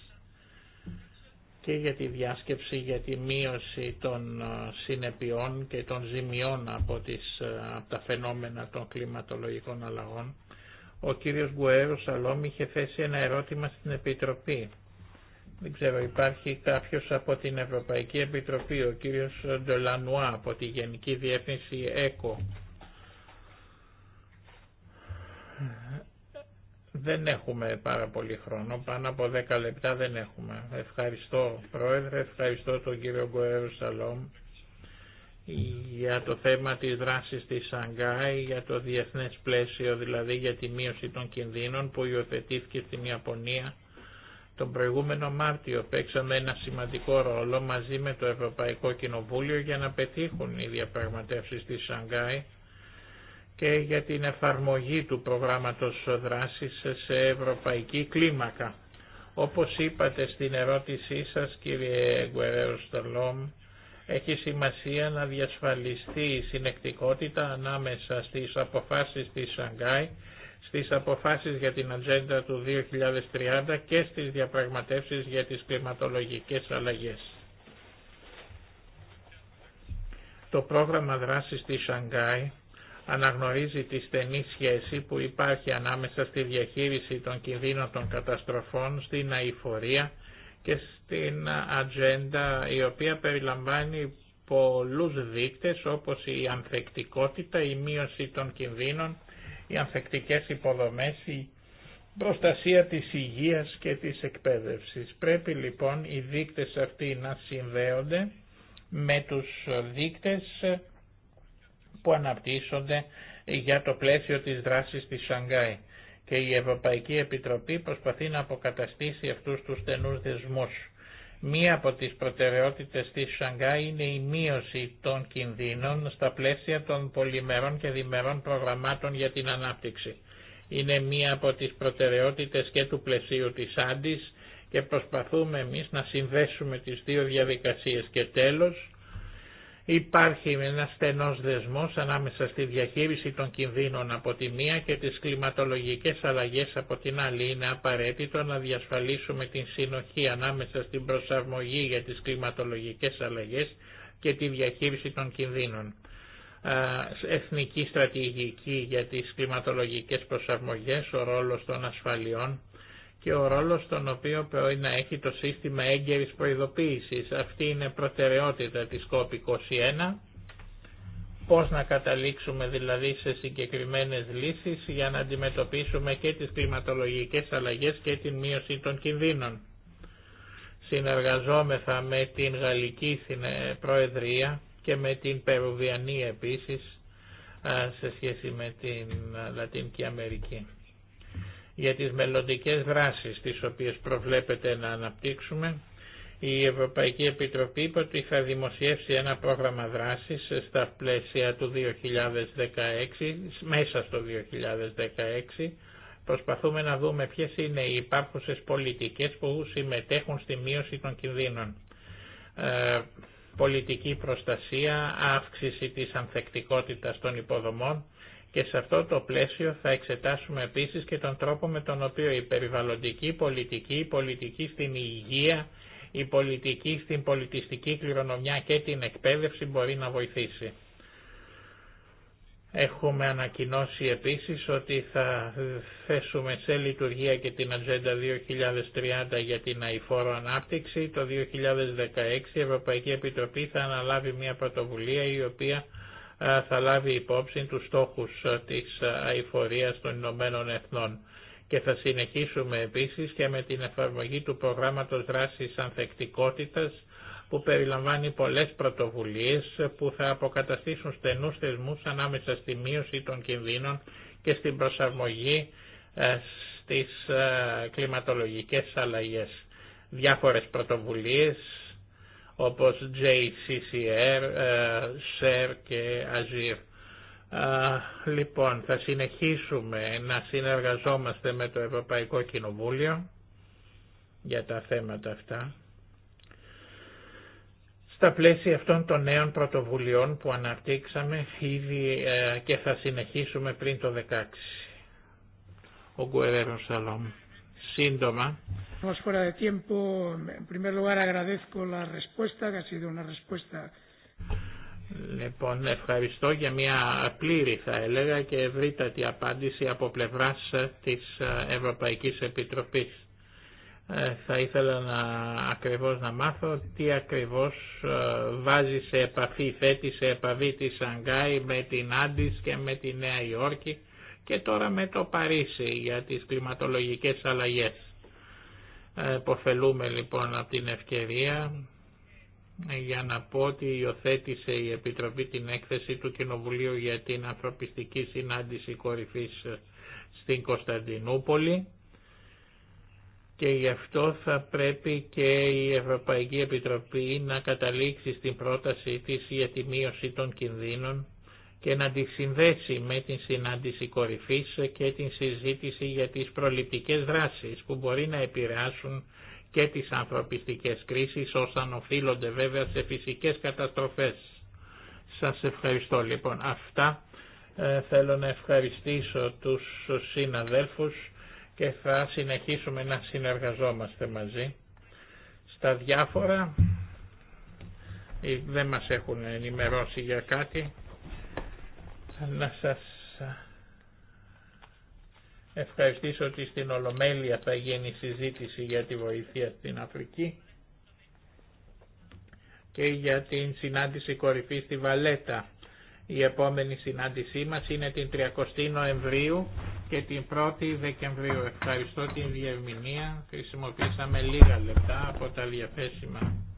και για τη διάσκεψη για τη μείωση των ε, συνεπειών και των ζημιών ε, από, τα φαινόμενα των κλιματολογικών αλλαγών. Ο κύριος Γκουέρο Σαλόμ είχε θέσει ένα ερώτημα στην Επιτροπή. Δεν ξέρω, υπάρχει κάποιος από την Ευρωπαϊκή Επιτροπή, ο κύριος Ντολανουά από τη Γενική Διεύθυνση ΕΚΟ. Δεν έχουμε πάρα πολύ χρόνο, πάνω από 10 λεπτά δεν έχουμε. Ευχαριστώ Πρόεδρε, ευχαριστώ τον κύριο Γκοέρο Σαλόμ για το θέμα της δράσης της Σανγκάη, για το διεθνές πλαίσιο, δηλαδή για τη μείωση των κινδύνων που υιοθετήθηκε στην Ιαπωνία. Τον προηγούμενο Μάρτιο παίξαμε ένα σημαντικό ρόλο μαζί με το Ευρωπαϊκό Κοινοβούλιο για να πετύχουν οι διαπραγματεύσεις της Σανγκάη και για την εφαρμογή του προγράμματος δράσης σε ευρωπαϊκή κλίμακα. Όπως είπατε στην ερώτησή σας κύριε Γκουερέρο Στολόμ, έχει σημασία να διασφαλιστεί η συνεκτικότητα ανάμεσα στις αποφάσεις της Σανγκάη, στις αποφάσεις για την ατζέντα του 2030 και στις διαπραγματεύσεις για τις κλιματολογικές αλλαγές. Το πρόγραμμα δράσης της Σανγκάη αναγνωρίζει τη στενή σχέση που υπάρχει ανάμεσα στη διαχείριση των κινδύνων των καταστροφών, στην αηφορία και στην ατζέντα η οποία περιλαμβάνει πολλούς δείκτες όπως η ανθεκτικότητα, η μείωση των κινδύνων, οι ανθεκτικές υποδομές, η προστασία της υγείας και της εκπαίδευσης. Πρέπει λοιπόν οι δείκτες αυτοί να συνδέονται με τους δείκτες που αναπτύσσονται για το πλαίσιο της δράσης της Σανγκάη και η Ευρωπαϊκή Επιτροπή προσπαθεί να αποκαταστήσει αυτούς τους στενούς δεσμούς. Μία από τις προτεραιότητες της Σανγκάη είναι η μείωση των κινδύνων στα πλαίσια των πολυμερών και διμερών προγραμμάτων για την ανάπτυξη. Είναι μία από τις προτεραιότητες και του πλαισίου της Άντης και προσπαθούμε εμείς να συνδέσουμε τις δύο διαδικασίες. Και τέλος, Υπάρχει ένα στενός δεσμός ανάμεσα στη διαχείριση των κινδύνων από τη μία και τις κλιματολογικές αλλαγές από την άλλη. Είναι απαραίτητο να διασφαλίσουμε την συνοχή ανάμεσα στην προσαρμογή για τις κλιματολογικές αλλαγές και τη διαχείριση των κινδύνων. Εθνική στρατηγική για τις κλιματολογικές προσαρμογές, ο ρόλος των ασφαλιών και ο ρόλος τον οποίο πρέπει να έχει το σύστημα έγκαιρης προειδοποίησης. Αυτή είναι προτεραιότητα της COP21. Πώς να καταλήξουμε δηλαδή σε συγκεκριμένες λύσεις για να αντιμετωπίσουμε και τις κλιματολογικές αλλαγές και την μείωση των κινδύνων. Συνεργαζόμεθα με την Γαλλική Προεδρία και με την Περουβιανή επίσης σε σχέση με την Λατινική Αμερική για τις μελλοντικές δράσεις τις οποίες προβλέπεται να αναπτύξουμε. Η Ευρωπαϊκή Επιτροπή είπε ότι θα δημοσιεύσει ένα πρόγραμμα δράσης στα πλαίσια του 2016, μέσα στο 2016. Προσπαθούμε να δούμε ποιες είναι οι υπάρχουσες πολιτικές που συμμετέχουν στη μείωση των κινδύνων. Ε, πολιτική προστασία, αύξηση της ανθεκτικότητας των υποδομών, και σε αυτό το πλαίσιο θα εξετάσουμε επίσης και τον τρόπο με τον οποίο η περιβαλλοντική πολιτική, η πολιτική στην υγεία, η πολιτική στην πολιτιστική κληρονομιά και την εκπαίδευση μπορεί να βοηθήσει. Έχουμε ανακοινώσει επίσης ότι θα θέσουμε σε λειτουργία και την Ατζέντα 2030 για την αηφόρο ανάπτυξη. Το 2016 η Ευρωπαϊκή Επιτροπή θα αναλάβει μια πρωτοβουλία η οποία ε, θα λάβει υπόψη τους στόχους ε, της ε, αηφορίας των Ηνωμένων Εθνών και θα συνεχίσουμε επίσης και με την εφαρμογή του προγράμματος δράσης ανθεκτικότητας που περιλαμβάνει πολλές πρωτοβουλίες που θα αποκαταστήσουν στενούς θεσμούς ανάμεσα στη μείωση των κινδύνων και στην προσαρμογή στις κλιματολογικές αλλαγές. Διάφορες πρωτοβουλίες όπως JCCR, SHARE ε, και Azure. Λοιπόν, θα συνεχίσουμε να συνεργαζόμαστε με το Ευρωπαϊκό Κοινοβούλιο για τα θέματα αυτά. Στα πλαίσια αυτών των νέων πρωτοβουλειών που αναπτύξαμε ήδη ε, και θα συνεχίσουμε πριν το 16. Ο Γκουερέρος Σαλόμ σύντομα. Λοιπόν, ευχαριστώ για μια πλήρη θα έλεγα και ευρύτατη απάντηση από πλευράς ε, της ε, Ευρωπαϊκής Επιτροπής ε, θα ήθελα να ακριβώς να μάθω τι ακριβώς βάζει σε επαφή, θέτει σε επαφή τη Σανγκάη με την Άντις και με τη Νέα Υόρκη και τώρα με το Παρίσι για τις κλιματολογικές αλλαγές. Εποφελούμε λοιπόν από την ευκαιρία για να πω ότι υιοθέτησε η Επιτροπή την έκθεση του Κοινοβουλίου για την ανθρωπιστική συνάντηση κορυφής στην Κωνσταντινούπολη και γι' αυτό θα πρέπει και η Ευρωπαϊκή Επιτροπή να καταλήξει στην πρόταση της για τη μείωση των κινδύνων και να τη συνδέσει με την συνάντηση κορυφής και την συζήτηση για τις προληπτικές δράσεις που μπορεί να επηρεάσουν και τις ανθρωπιστικές κρίσεις όσαν οφείλονται βέβαια σε φυσικές καταστροφές. Σας ευχαριστώ λοιπόν. Αυτά ε, θέλω να ευχαριστήσω τους συναδέλφους και θα συνεχίσουμε να συνεργαζόμαστε μαζί. Στα διάφορα ε, δεν μας έχουν ενημερώσει για κάτι να σας ευχαριστήσω ότι στην Ολομέλεια θα γίνει συζήτηση για τη βοήθεια στην Αφρική και για την συνάντηση κορυφή στη Βαλέτα. Η επόμενη συνάντησή μας είναι την 30 Νοεμβρίου και την 1η Δεκεμβρίου. Ευχαριστώ την διευμηνία. Χρησιμοποίησαμε λίγα λεπτά από τα διαθέσιμα.